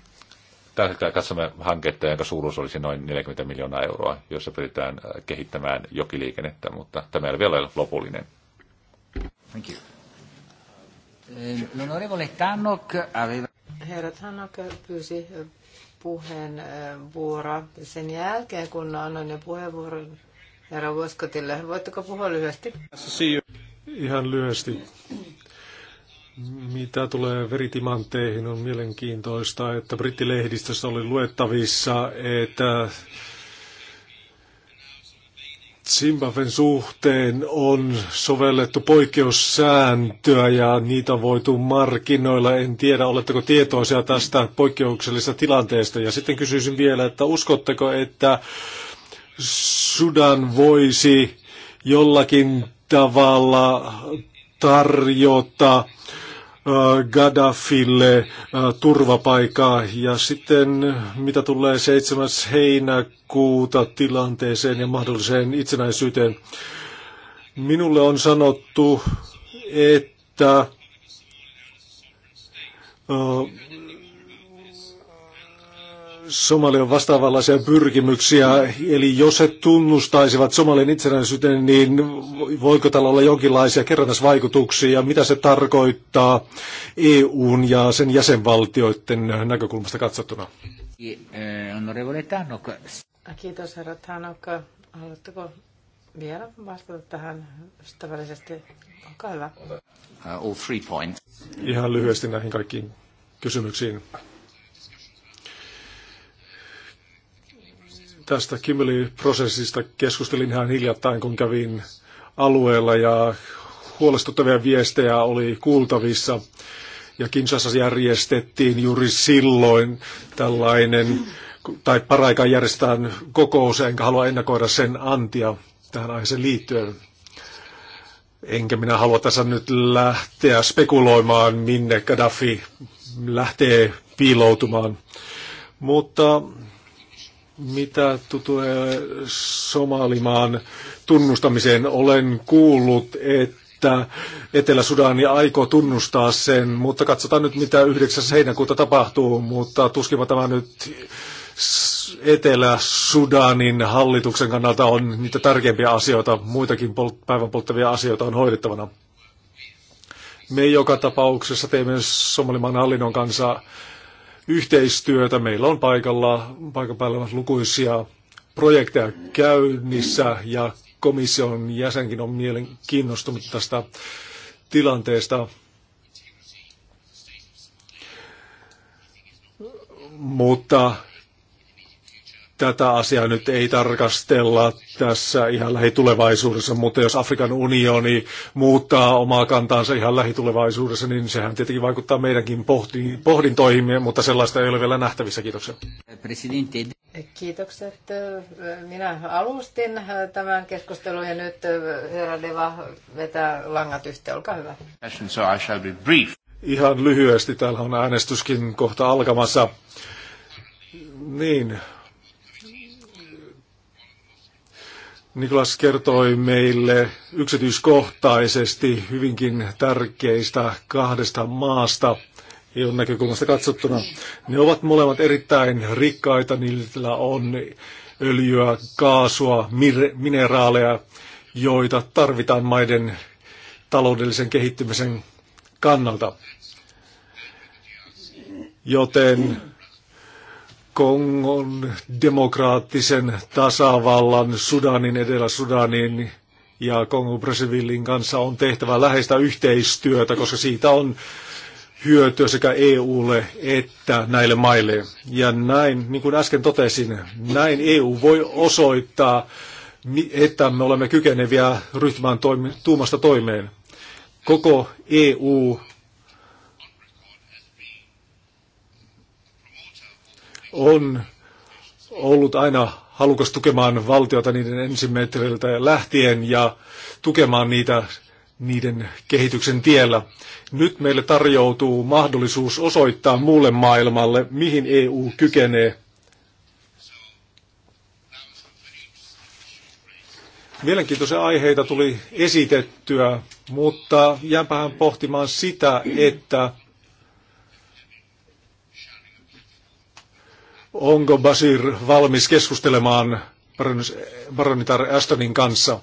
Tällä hetkellä katsomme hanketta, jonka suuruus olisi noin 40 miljoonaa euroa, jossa pyritään äh, kehittämään jokiliikennettä, mutta tämä ei ole vielä lopullinen. Thank you. Eh, l'onorevole Tannock aveva... Herra Tannock pyysi äh, puheenvuoroa äh, sen jälkeen, kun annoin jo puheenvuoron herra Voskotille. Voitteko puhua lyhyesti? Ihan lyhyesti. Mitä tulee veritimanteihin, on mielenkiintoista, että brittilehdistössä oli luettavissa, että Zimbabwen suhteen on sovellettu poikkeussääntöä ja niitä voitu markkinoilla. En tiedä, oletteko tietoisia tästä poikkeuksellisesta tilanteesta. Ja sitten kysyisin vielä, että uskotteko, että Sudan voisi jollakin tavalla tarjota Äh, Gaddafille äh, turvapaikaa. Ja sitten mitä tulee 7. heinäkuuta tilanteeseen ja mahdolliseen itsenäisyyteen. Minulle on sanottu, että äh, Somalian vastaavanlaisia pyrkimyksiä, eli jos he tunnustaisivat Somalian itsenäisyyden, niin voiko tällä olla jonkinlaisia kerrannasvaikutuksia, ja mitä se tarkoittaa EUn ja sen jäsenvaltioiden näkökulmasta katsottuna? Kiitos herra Tanoka. Haluatteko vielä vastata tähän ystävällisesti? Olkaa hyvä. Uh, all three points. Ihan lyhyesti näihin kaikkiin kysymyksiin. Tästä Kimberley-prosessista keskustelin ihan hiljattain, kun kävin alueella ja huolestuttavia viestejä oli kuultavissa. Ja Kinshasa järjestettiin juuri silloin tällainen, tai paraikaan järjestetään kokous, enkä halua ennakoida sen antia tähän aiheeseen liittyen. Enkä minä halua tässä nyt lähteä spekuloimaan, minne Gaddafi lähtee piiloutumaan. Mutta mitä tutuja Somalimaan tunnustamiseen, olen kuullut, että Etelä-Sudani aikoo tunnustaa sen, mutta katsotaan nyt, mitä 9. heinäkuuta tapahtuu, mutta tuskinpa tämä nyt Etelä-Sudanin hallituksen kannalta on niitä tärkeimpiä asioita, muitakin päivän polttavia asioita on hoidettavana. Me joka tapauksessa teemme Somalimaan hallinnon kanssa yhteistyötä. Meillä on paikalla, paikan päällä lukuisia projekteja käynnissä ja komission jäsenkin on mielenkiinnostunut tästä tilanteesta. Mutta tätä asiaa nyt ei tarkastella tässä ihan lähitulevaisuudessa, mutta jos Afrikan unioni muuttaa omaa kantaansa ihan lähitulevaisuudessa, niin sehän tietenkin vaikuttaa meidänkin pohdintoihimme, mutta sellaista ei ole vielä nähtävissä. Kiitoksia. Presidentti. Kiitokset. Minä alustin tämän keskustelun ja nyt herra Deva vetää langat yhteen. Olkaa hyvä. So I shall be brief. Ihan lyhyesti, täällä on äänestyskin kohta alkamassa. Niin, Niklas kertoi meille yksityiskohtaisesti hyvinkin tärkeistä kahdesta maasta, EUn näkökulmasta katsottuna. Ne ovat molemmat erittäin rikkaita, niillä on öljyä, kaasua, mineraaleja, joita tarvitaan maiden taloudellisen kehittymisen kannalta. Joten Kongon demokraattisen tasavallan, Sudanin, edellä sudanin ja Kongon Brasilin kanssa on tehtävä läheistä yhteistyötä, koska siitä on hyötyä sekä EUlle että näille maille. Ja näin, niin kuin äsken totesin, näin EU voi osoittaa, että me olemme kykeneviä ryhtymään toimi, tuumasta toimeen. Koko EU on ollut aina halukas tukemaan valtiota niiden ensimetreiltä lähtien ja tukemaan niitä niiden kehityksen tiellä. Nyt meille tarjoutuu mahdollisuus osoittaa muulle maailmalle, mihin EU kykenee. Mielenkiintoisia aiheita tuli esitettyä, mutta jäänpähän pohtimaan sitä, että onko Basir valmis keskustelemaan baronitar Astonin kanssa.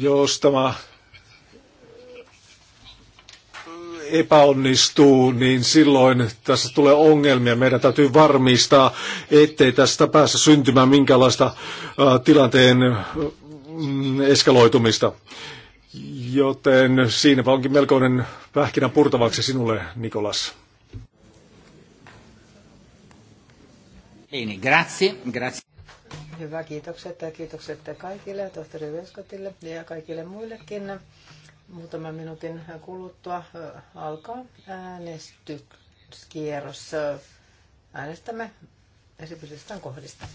Jos tämä epäonnistuu, niin silloin tässä tulee ongelmia. Meidän täytyy varmistaa, ettei tästä päässä syntymään minkälaista tilanteen mm, eskaloitumista. Joten siinä onkin melkoinen pähkinä purtavaksi sinulle, Nikolas. Niin, grazie, grazie. Hyvä, kiitokset ja kiitokset kaikille, tohtori Veskotille ja kaikille muillekin. Muutaman minuutin kuluttua äh, alkaa äänestyskierros. Äänestämme esityslistan kohdista.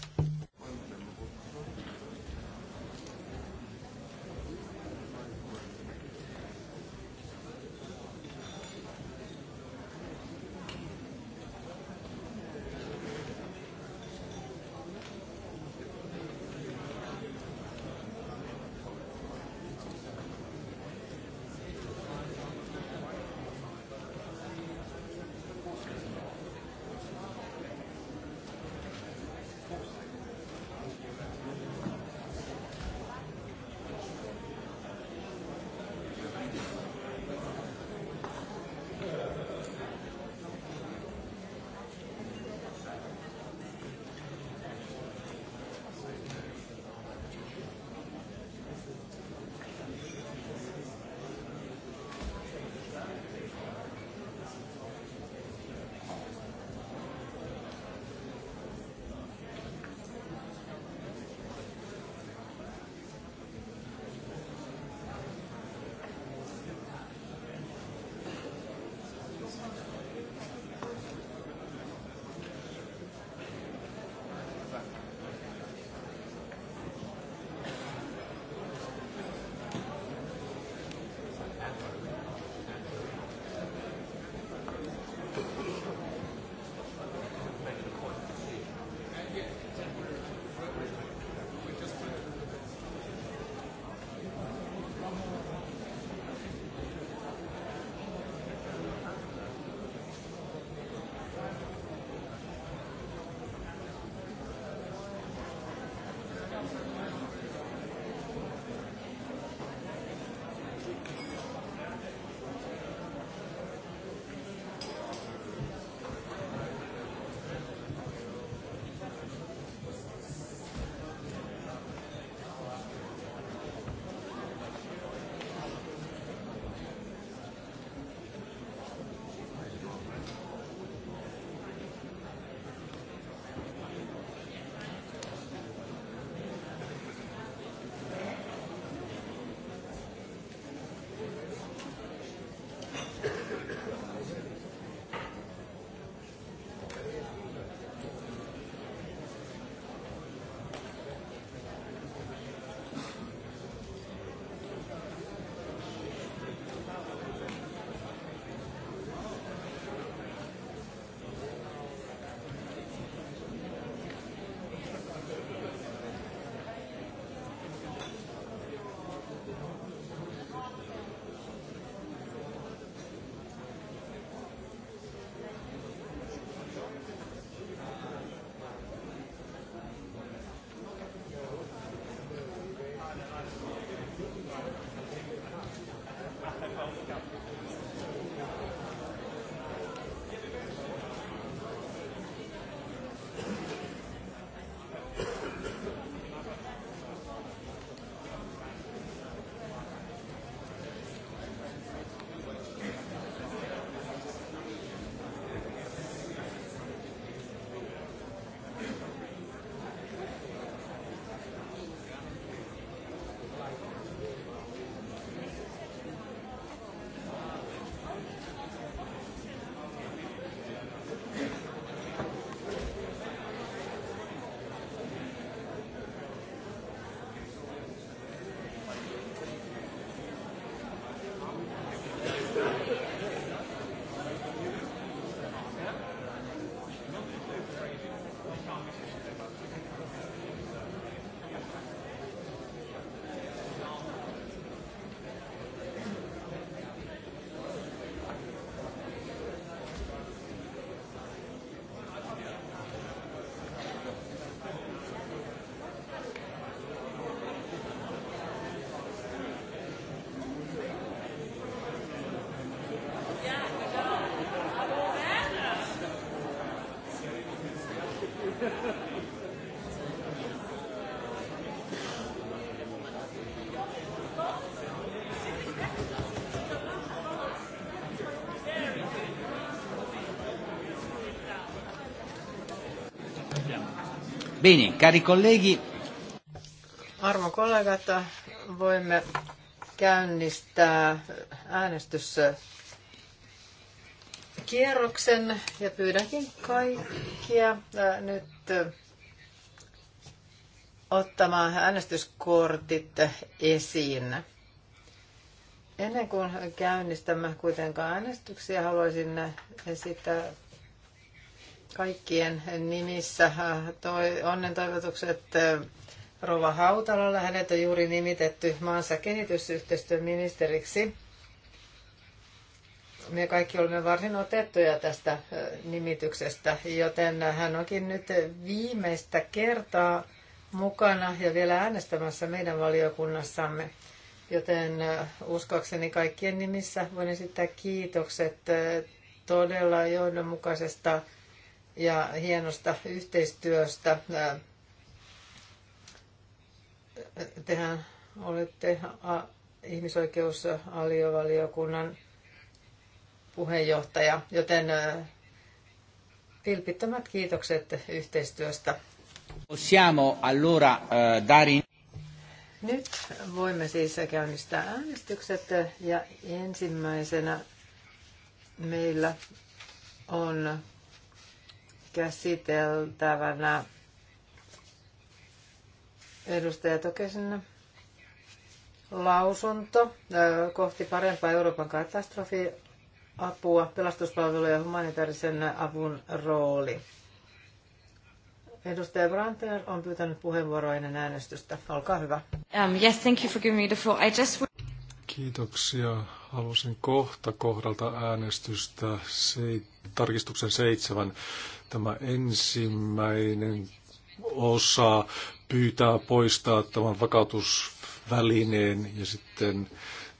Bene, cari colleghi. Arvon kollegat, voimme käynnistää äänestyskierroksen ja pyydänkin kaikkia nyt ottamaan äänestyskortit esiin. Ennen kuin käynnistämme kuitenkaan äänestyksiä, haluaisin esittää kaikkien nimissä toi onnen toivotukset Rova Hautalalla. Hänet on juuri nimitetty maansa ministeriksi. Me kaikki olemme varsin otettuja tästä nimityksestä, joten hän onkin nyt viimeistä kertaa mukana ja vielä äänestämässä meidän valiokunnassamme. Joten uskoakseni kaikkien nimissä voin esittää kiitokset todella johdonmukaisesta ja hienosta yhteistyöstä. Tehän olette ihmisoikeusvaliokunnan puheenjohtaja, joten vilpittömät kiitokset yhteistyöstä. Possiamo allora dare nyt voimme siis käynnistää äänestykset ja ensimmäisenä meillä on käsiteltävänä edustaja Tokesin lausunto kohti parempaa Euroopan katastrofiapua, pelastuspalveluja ja humanitaarisen avun rooli. Edustaja Branter on pyytänyt puheenvuoroa ennen äänestystä. Olkaa hyvä. Um, yes, thank you for giving me the floor. I just... Kiitoksia. Halusin kohta kohdalta äänestystä se, tarkistuksen seitsemän. Tämä ensimmäinen osa pyytää poistaa tämän vakautusvälineen ja sitten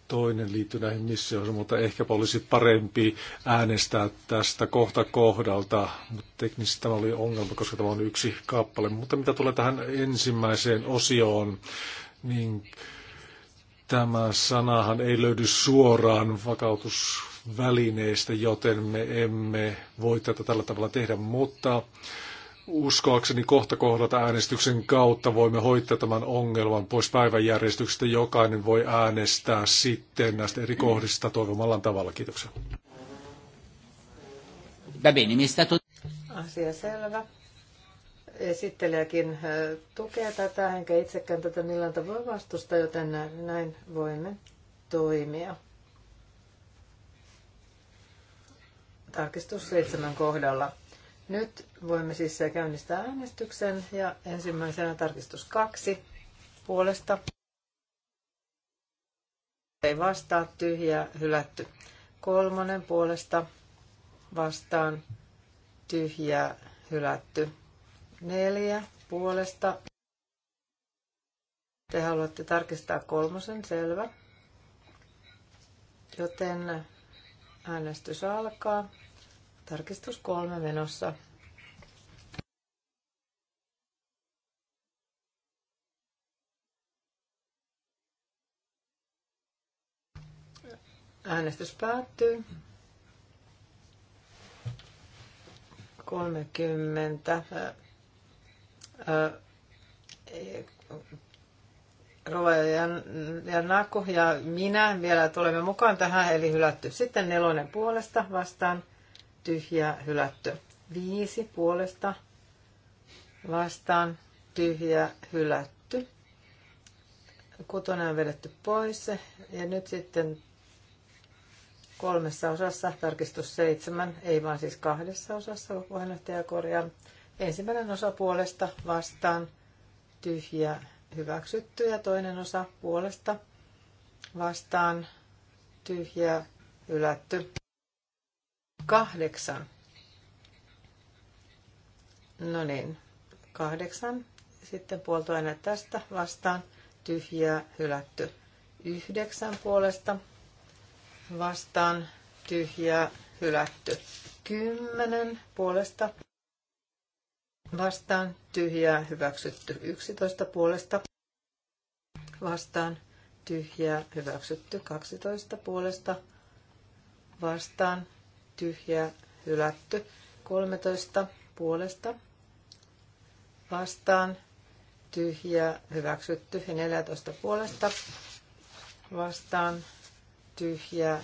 toinen liittyy näihin missioihin, mutta ehkäpä olisi parempi äänestää tästä kohta kohdalta. Mutta teknisesti tämä oli ongelma, koska tämä on yksi kappale. Mutta mitä tulee tähän ensimmäiseen osioon, niin Tämä sanahan ei löydy suoraan vakautusvälineistä, joten me emme voi tätä tällä tavalla tehdä, mutta uskoakseni kohta kohdata äänestyksen kautta voimme hoitaa tämän ongelman pois päiväjärjestyksestä. Jokainen voi äänestää sitten näistä eri kohdista toivomallaan tavalla. Kiitoksia. Asia selvä esittelijäkin äh, tukee tätä, enkä itsekään tätä millään tavoin vastusta, joten näin voimme toimia. Tarkistus seitsemän kohdalla. Nyt voimme siis käynnistää äänestyksen ja ensimmäisenä tarkistus kaksi puolesta. Ei vastaa, tyhjä, hylätty. Kolmonen puolesta vastaan, tyhjä, hylätty neljä puolesta. Te haluatte tarkistaa kolmosen, selvä. Joten äänestys alkaa. Tarkistus kolme menossa. Äänestys päättyy. 30 Rova ja Nako ja minä vielä tulemme mukaan tähän, eli hylätty. Sitten nelonen puolesta vastaan, tyhjä, hylätty. Viisi puolesta vastaan, tyhjä, hylätty. Kutonen on vedetty pois. Ja nyt sitten kolmessa osassa, tarkistus seitsemän, ei vaan siis kahdessa osassa, kun puheenjohtaja korjaa Ensimmäinen osa puolesta vastaan tyhjä hyväksytty ja toinen osa puolesta vastaan tyhjä hylätty. Kahdeksan. No niin, kahdeksan. Sitten puoltoaine tästä vastaan tyhjää hylätty. Yhdeksän puolesta vastaan tyhjää hylätty. Kymmenen puolesta vastaan tyhjää hyväksytty 11 puolesta vastaan tyhjää hyväksytty 12 puolesta vastaan tyhjää hylätty 13 puolesta vastaan tyhjää hyväksytty 14 puolesta vastaan tyhjää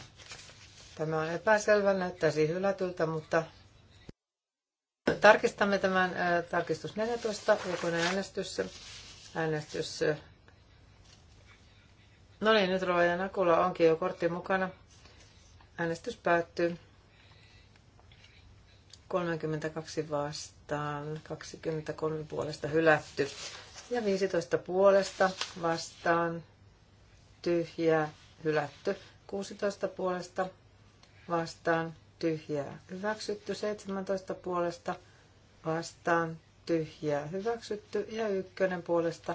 Tämä on epäselvä, näyttäisi hylätyltä, mutta Tarkistamme tämän tarkistus 14, jokunen äänestys. Äänestys. No niin, nyt Roja Nakula onkin jo kortti mukana. Äänestys päättyy. 32 vastaan, 23 puolesta hylätty ja 15 puolesta vastaan, tyhjää, hylätty. 16 puolesta vastaan, tyhjää, hyväksytty. 17 puolesta vastaan tyhjää hyväksytty ja ykkönen puolesta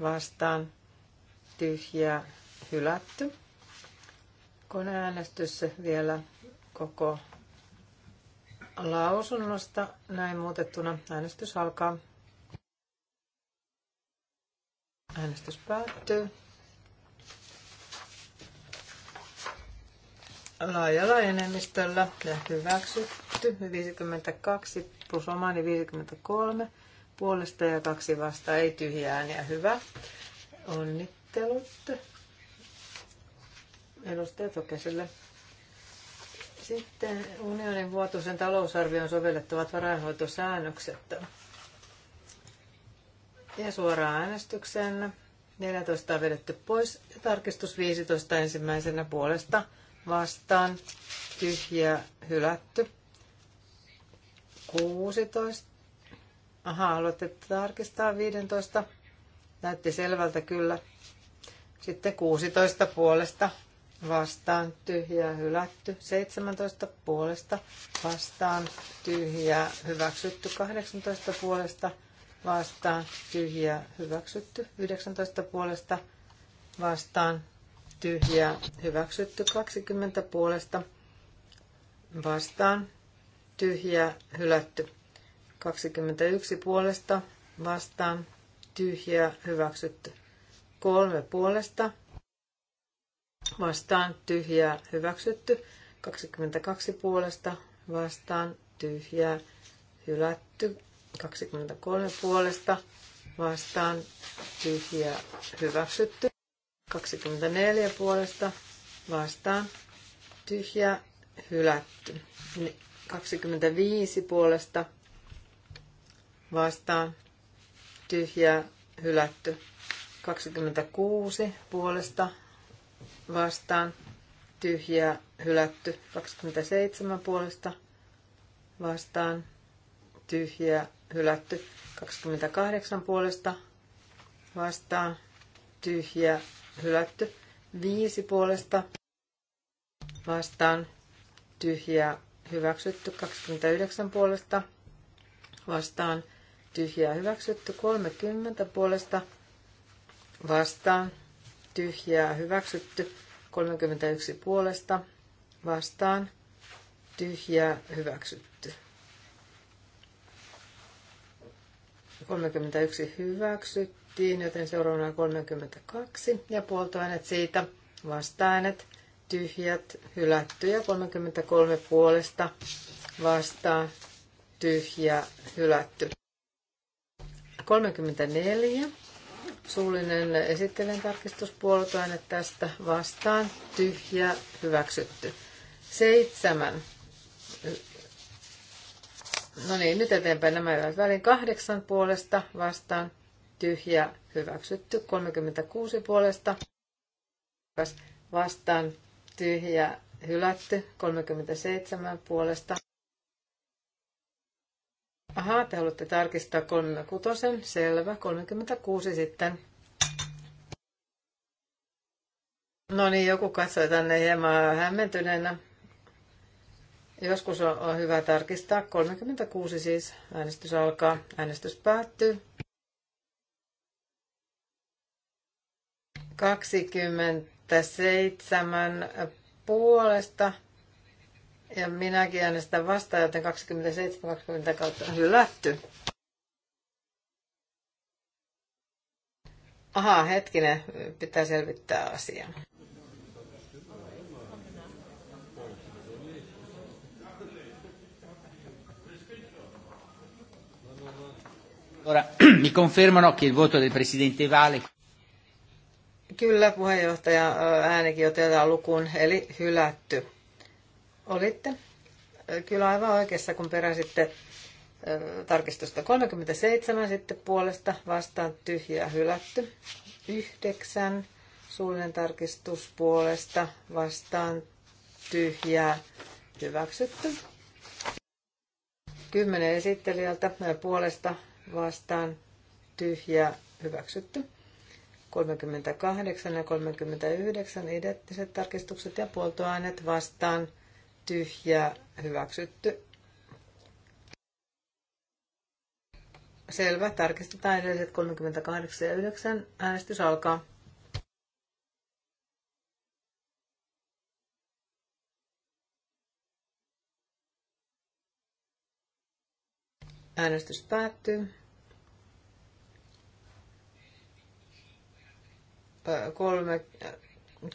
vastaan tyhjää hylätty. Koneäänestys vielä koko lausunnosta näin muutettuna. Äänestys alkaa. Äänestys päättyy. Laajalla enemmistöllä ja hyväksytty tehty, 52 plus omani 53 puolesta ja kaksi vasta, Ei tyhjää ääniä. Hyvä. Onnittelut edustaja Tokeselle. Sitten unionin vuotuisen talousarvion sovellettavat varainhoitosäännökset. Ja suoraan äänestykseen 14 on vedetty pois ja tarkistus 15 ensimmäisenä puolesta vastaan tyhjä hylätty. 16. Aha, haluatte tarkistaa 15. Näytti selvältä kyllä. Sitten 16 puolesta vastaan tyhjää hylätty. 17 puolesta vastaan tyhjää hyväksytty. 18 puolesta vastaan tyhjää hyväksytty. 19 puolesta vastaan tyhjää hyväksytty. 20 puolesta vastaan tyhjää, hylätty. 21 puolesta vastaan, tyhjää, hyväksytty. 3 puolesta vastaan, tyhjää, hyväksytty. 22 puolesta vastaan, tyhjää, hylätty. 23 puolesta vastaan, tyhjää, hyväksytty. 24 puolesta vastaan, tyhjää, hylätty. Niin, 25 puolesta vastaan tyhjää hylätty. 26 puolesta vastaan tyhjää hylätty. 27 puolesta vastaan tyhjää hylätty. 28 puolesta vastaan tyhjää hylätty. 5 puolesta vastaan tyhjää hyväksytty 29 puolesta vastaan, tyhjää hyväksytty 30 puolesta vastaan, tyhjää hyväksytty 31 puolesta vastaan, tyhjää hyväksytty. 31 hyväksyttiin, joten seuraavana 32 ja puoltoäänet siitä, vastaäänet tyhjät hylättyjä 33 puolesta vastaan tyhjä hylätty. 34. Suullinen esittelen tarkistuspuoltoaine tästä vastaan tyhjä hyväksytty. 7. No niin, nyt eteenpäin nämä eivät välin. 8 puolesta vastaan tyhjä hyväksytty. 36 puolesta vastaan tyhjä hylätty 37 puolesta. Ahaa, te haluatte tarkistaa 36, selvä, 36 sitten. No niin, joku katsoi tänne hieman hämmentyneenä. Joskus on, hyvä tarkistaa. 36 siis. Äänestys alkaa. Äänestys päättyy. 20 seitsemän puolesta ja minäkin äänestän vastaan, joten 27-20 kautta on hylätty. Ahaa, hetkinen, pitää selvittää asiaa. Ora mi confermano che il voto del Presidente vale. Kyllä, puheenjohtaja äänikin otetaan lukuun, eli hylätty. Olitte kyllä aivan oikeassa, kun peräsitte tarkistusta 37 sitten puolesta vastaan tyhjä hylätty. 9 suullinen tarkistus puolesta vastaan tyhjää hyväksytty. 10 esittelijältä puolesta vastaan tyhjää hyväksytty. 38 ja 39 identtiset tarkistukset ja puoltoaineet vastaan tyhjä hyväksytty. Selvä, tarkistetaan edelliset 38 ja 9. Äänestys alkaa. Äänestys päättyy. 31,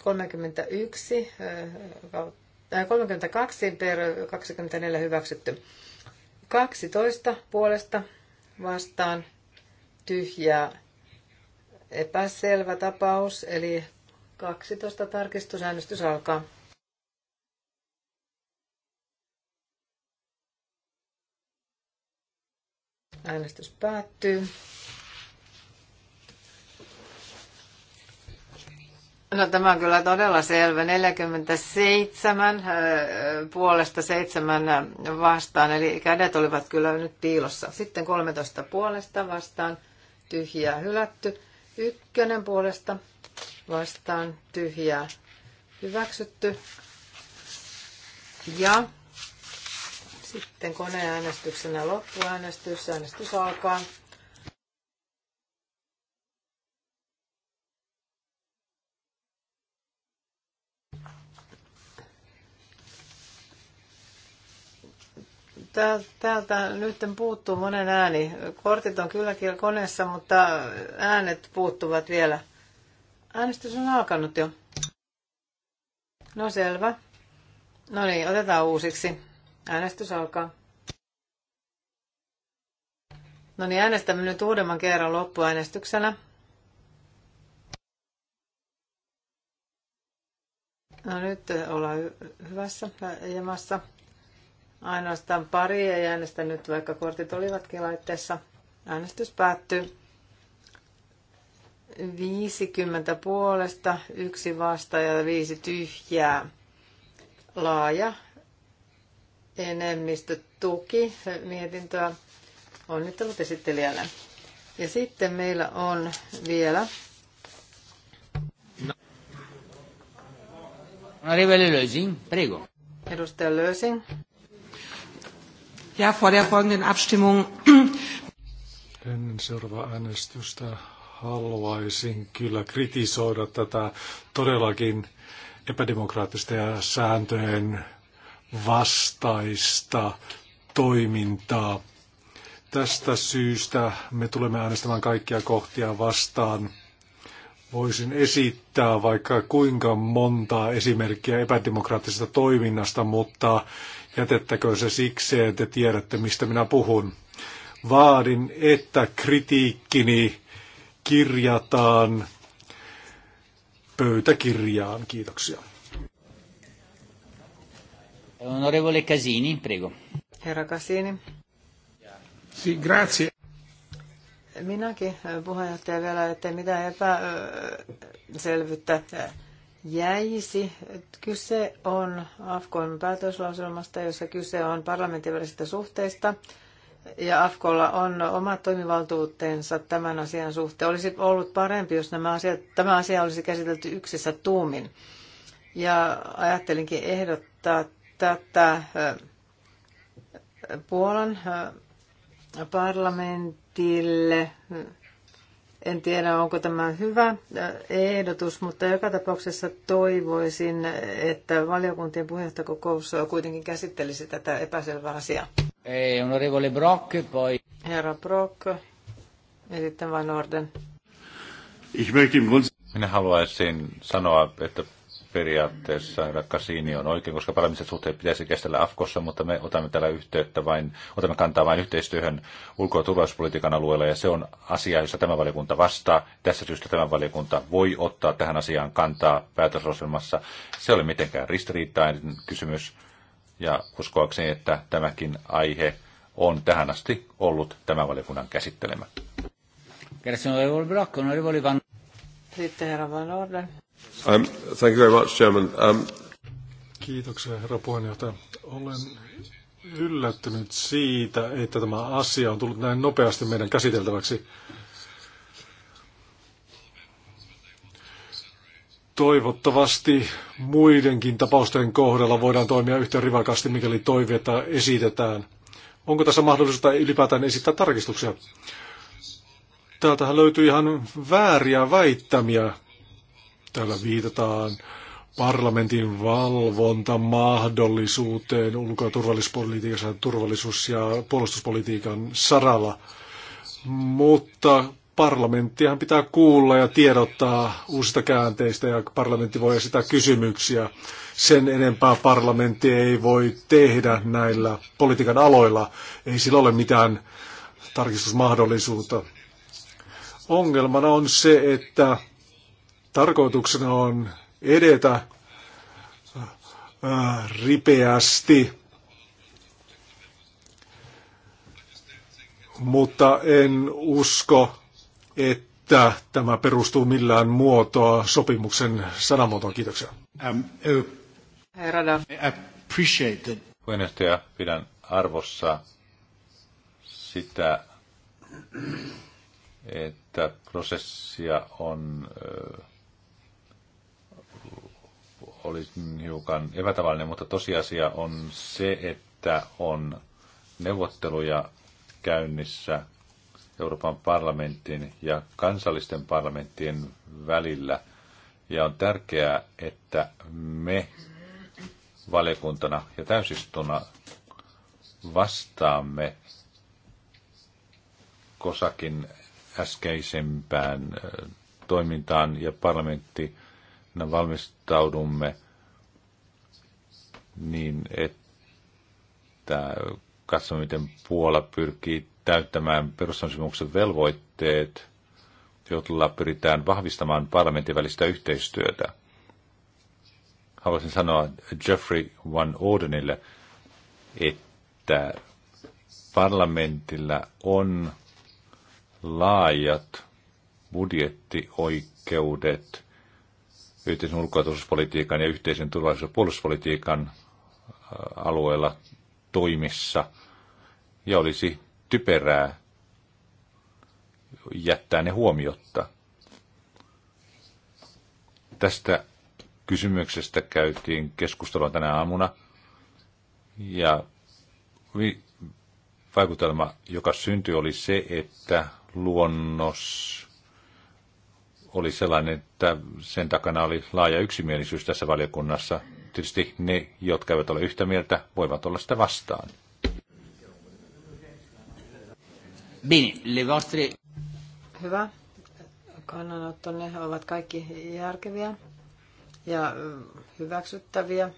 32 äh, äh, per 24 hyväksytty. 12 puolesta vastaan tyhjää epäselvä tapaus, eli 12 tarkistusäänestys alkaa. Äänestys päättyy. No tämä on kyllä todella selvä. 47 puolesta 7 vastaan, eli kädet olivat kyllä nyt piilossa. Sitten 13 puolesta vastaan, tyhjää hylätty. Ykkönen puolesta vastaan, tyhjää hyväksytty. Ja sitten koneäänestyksenä loppuäänestys. Äänestys alkaa. Täältä nyt puuttuu monen ääni. Kortit on kylläkin koneessa, mutta äänet puuttuvat vielä. Äänestys on alkanut jo. No selvä. No niin, otetaan uusiksi. Äänestys alkaa. No niin, äänestämme nyt uudemman kerran loppuäänestyksellä. No nyt ollaan hyvässä jamassa. Ainoastaan pari ei äänestänyt, vaikka kortit olivatkin laitteessa. Äänestys päättyy. 50 puolesta, yksi vasta ja viisi tyhjää. Laaja enemmistö tuki mietintöä. Onnittelut esittelijälle. Ja sitten meillä on vielä Onorevole Lösing, prego. Edustaja Lösing. Ja vor der folgenden Abstimmung. Ennen seuraavaa äänestystä haluaisin kyllä kritisoida tätä todellakin epädemokraattista ja sääntöjen vastaista toimintaa. Tästä syystä me tulemme äänestämään kaikkia kohtia vastaan. Voisin esittää vaikka kuinka monta esimerkkiä epädemokraattisesta toiminnasta, mutta jätettäköön se sikseen, te tiedätte mistä minä puhun. Vaadin, että kritiikkini kirjataan pöytäkirjaan. Kiitoksia. Onorevole Casini, prego. Herra Casini. Si, grazie. Minäkin eh, puheenjohtaja vielä, ettei mitään epäselvyyttä eh, jäisi. Kyse on AFKon päätöslauselmasta, jossa kyse on parlamentin välisistä suhteista. Ja AFKolla on omat toimivaltuutensa tämän asian suhteen. Olisi ollut parempi, jos nämä asiat, tämä asia olisi käsitelty yksissä tuumin. Ja ajattelinkin ehdottaa tätä Puolan parlamentille en tiedä, onko tämä hyvä äh, ehdotus, mutta joka tapauksessa toivoisin, että valiokuntien puheenjohtajakokous kuitenkin käsittelisi tätä epäselvää asiaa. Ei, eh, onorevole Brock, poi. Herra Brock, ja sitten vain Norden. Minä haluaisin sanoa, että periaatteessa Rakasini on oikein, koska parlamentin suhteet pitäisi kestellä Afkossa, mutta me otamme tällä yhteyttä vain, otamme kantaa vain yhteistyöhön ulko- ja turvallisuuspolitiikan alueella, ja se on asia, jossa tämä valiokunta vastaa. Tässä syystä tämä valiokunta voi ottaa tähän asiaan kantaa päätösohjelmassa. Se oli mitenkään ristiriitainen kysymys, ja uskoakseni, että tämäkin aihe on tähän asti ollut tämän valiokunnan käsittelemä. Sitten herra Van Orden. Um, thank you very much, Chairman. Um... Kiitoksia, herra puheenjohtaja. Olen yllättynyt siitä, että tämä asia on tullut näin nopeasti meidän käsiteltäväksi. Toivottavasti muidenkin tapausten kohdalla voidaan toimia yhtä rivakasti, mikäli toiveita esitetään. Onko tässä mahdollisuutta ylipäätään esittää tarkistuksia? Täältähän löytyy ihan vääriä väittämiä Täällä viitataan parlamentin valvonta mahdollisuuteen ulko- ja turvallisuuspolitiikassa, turvallisuus- ja puolustuspolitiikan saralla. Mutta parlamenttihan pitää kuulla ja tiedottaa uusista käänteistä ja parlamentti voi esittää kysymyksiä. Sen enempää parlamentti ei voi tehdä näillä politiikan aloilla. Ei sillä ole mitään tarkistusmahdollisuutta. Ongelmana on se, että Tarkoituksena on edetä ripeästi, mutta en usko, että tämä perustuu millään muotoa sopimuksen sanamuotoon. Kiitoksia. Um, oh. I Puheenjohtaja, pidän arvossa sitä, että prosessia on oli hiukan epätavallinen, mutta tosiasia on se, että on neuvotteluja käynnissä Euroopan parlamentin ja kansallisten parlamenttien välillä. Ja on tärkeää, että me valiokuntana ja täysistuna vastaamme kosakin äskeisempään toimintaan ja parlamentti valmistaudumme niin, että katsomme, miten Puola pyrkii täyttämään perustamisemuksen velvoitteet, jotta pyritään vahvistamaan parlamentin välistä yhteistyötä. Haluaisin sanoa Jeffrey Van Ordenille, että parlamentilla on laajat budjettioikeudet – yhteisen ulko- ja ja yhteisen turvallisuus- ja puolustuspolitiikan äh, alueella toimissa. Ja olisi typerää jättää ne huomiotta. Tästä kysymyksestä käytiin keskustelua tänä aamuna. Ja vaikutelma, joka syntyi, oli se, että luonnos oli sellainen, että sen takana oli laaja yksimielisyys tässä valiokunnassa. Tietysti ne, jotka eivät ole yhtä mieltä, voivat olla sitä vastaan. Bene, le vostre... Hyvä. Kannanottonne ovat kaikki järkeviä ja hyväksyttäviä.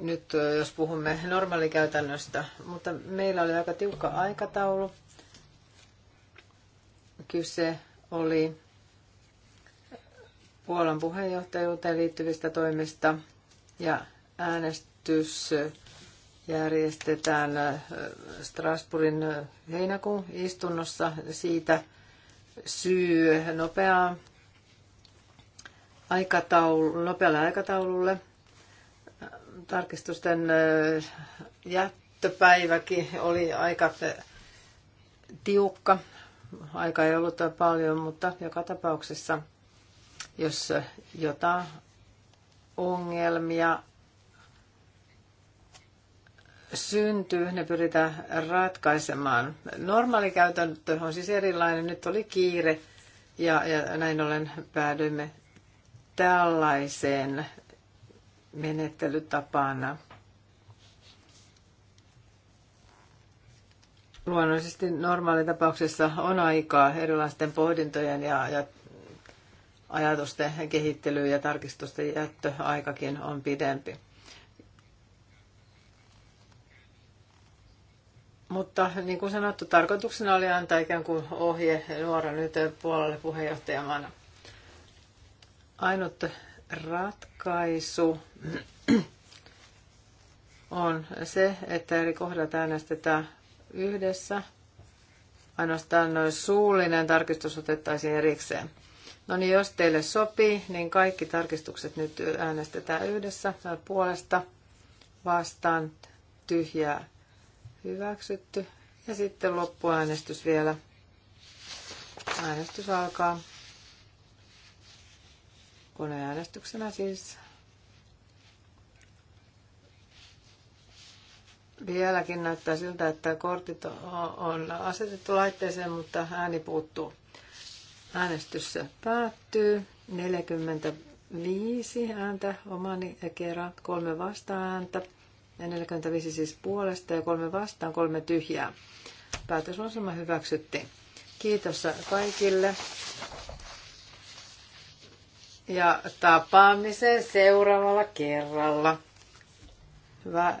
Nyt jos puhumme normaalikäytännöstä, mutta meillä oli aika tiukka aikataulu. Kyse oli Puolan puheenjohtajuuteen liittyvistä toimista ja äänestys järjestetään äh, Strasbourgin äh, heinäkuun istunnossa. Siitä syy nopeaa aikataulu, nopealle aikataululle. Tarkistusten äh, jättöpäiväkin oli aika tiukka Aika ei ollut paljon, mutta joka tapauksessa, jos jotain ongelmia syntyy, ne pyritään ratkaisemaan. Normaali käytäntö on siis erilainen, nyt oli kiire ja, ja näin ollen päädyimme tällaiseen menettelytapaan. Luonnollisesti normaalitapauksessa on aikaa erilaisten pohdintojen ja, ja ajatusten kehittelyyn ja tarkistusten jättöaikakin on pidempi. Mutta niin kuin sanottu, tarkoituksena oli antaa ikään kuin ohje nuoren nyt puolelle puheenjohtajamana. Ainut ratkaisu on se, että eri kohdat äänestetään yhdessä. Ainoastaan noin suullinen tarkistus otettaisiin erikseen. No niin, jos teille sopii, niin kaikki tarkistukset nyt äänestetään yhdessä puolesta vastaan tyhjää hyväksytty. Ja sitten loppuäänestys vielä. Äänestys alkaa. Koneäänestyksenä siis. Vieläkin näyttää siltä, että kortit on asetettu laitteeseen, mutta ääni puuttuu. Äänestys päättyy. 45 ääntä omani kerran, kolme vasta-ääntä. Ja 45 siis puolesta ja kolme vastaan, kolme tyhjää. Päätöslauselma hyväksyttiin. Kiitos kaikille. Ja tapaamiseen seuraavalla kerralla. Hyvää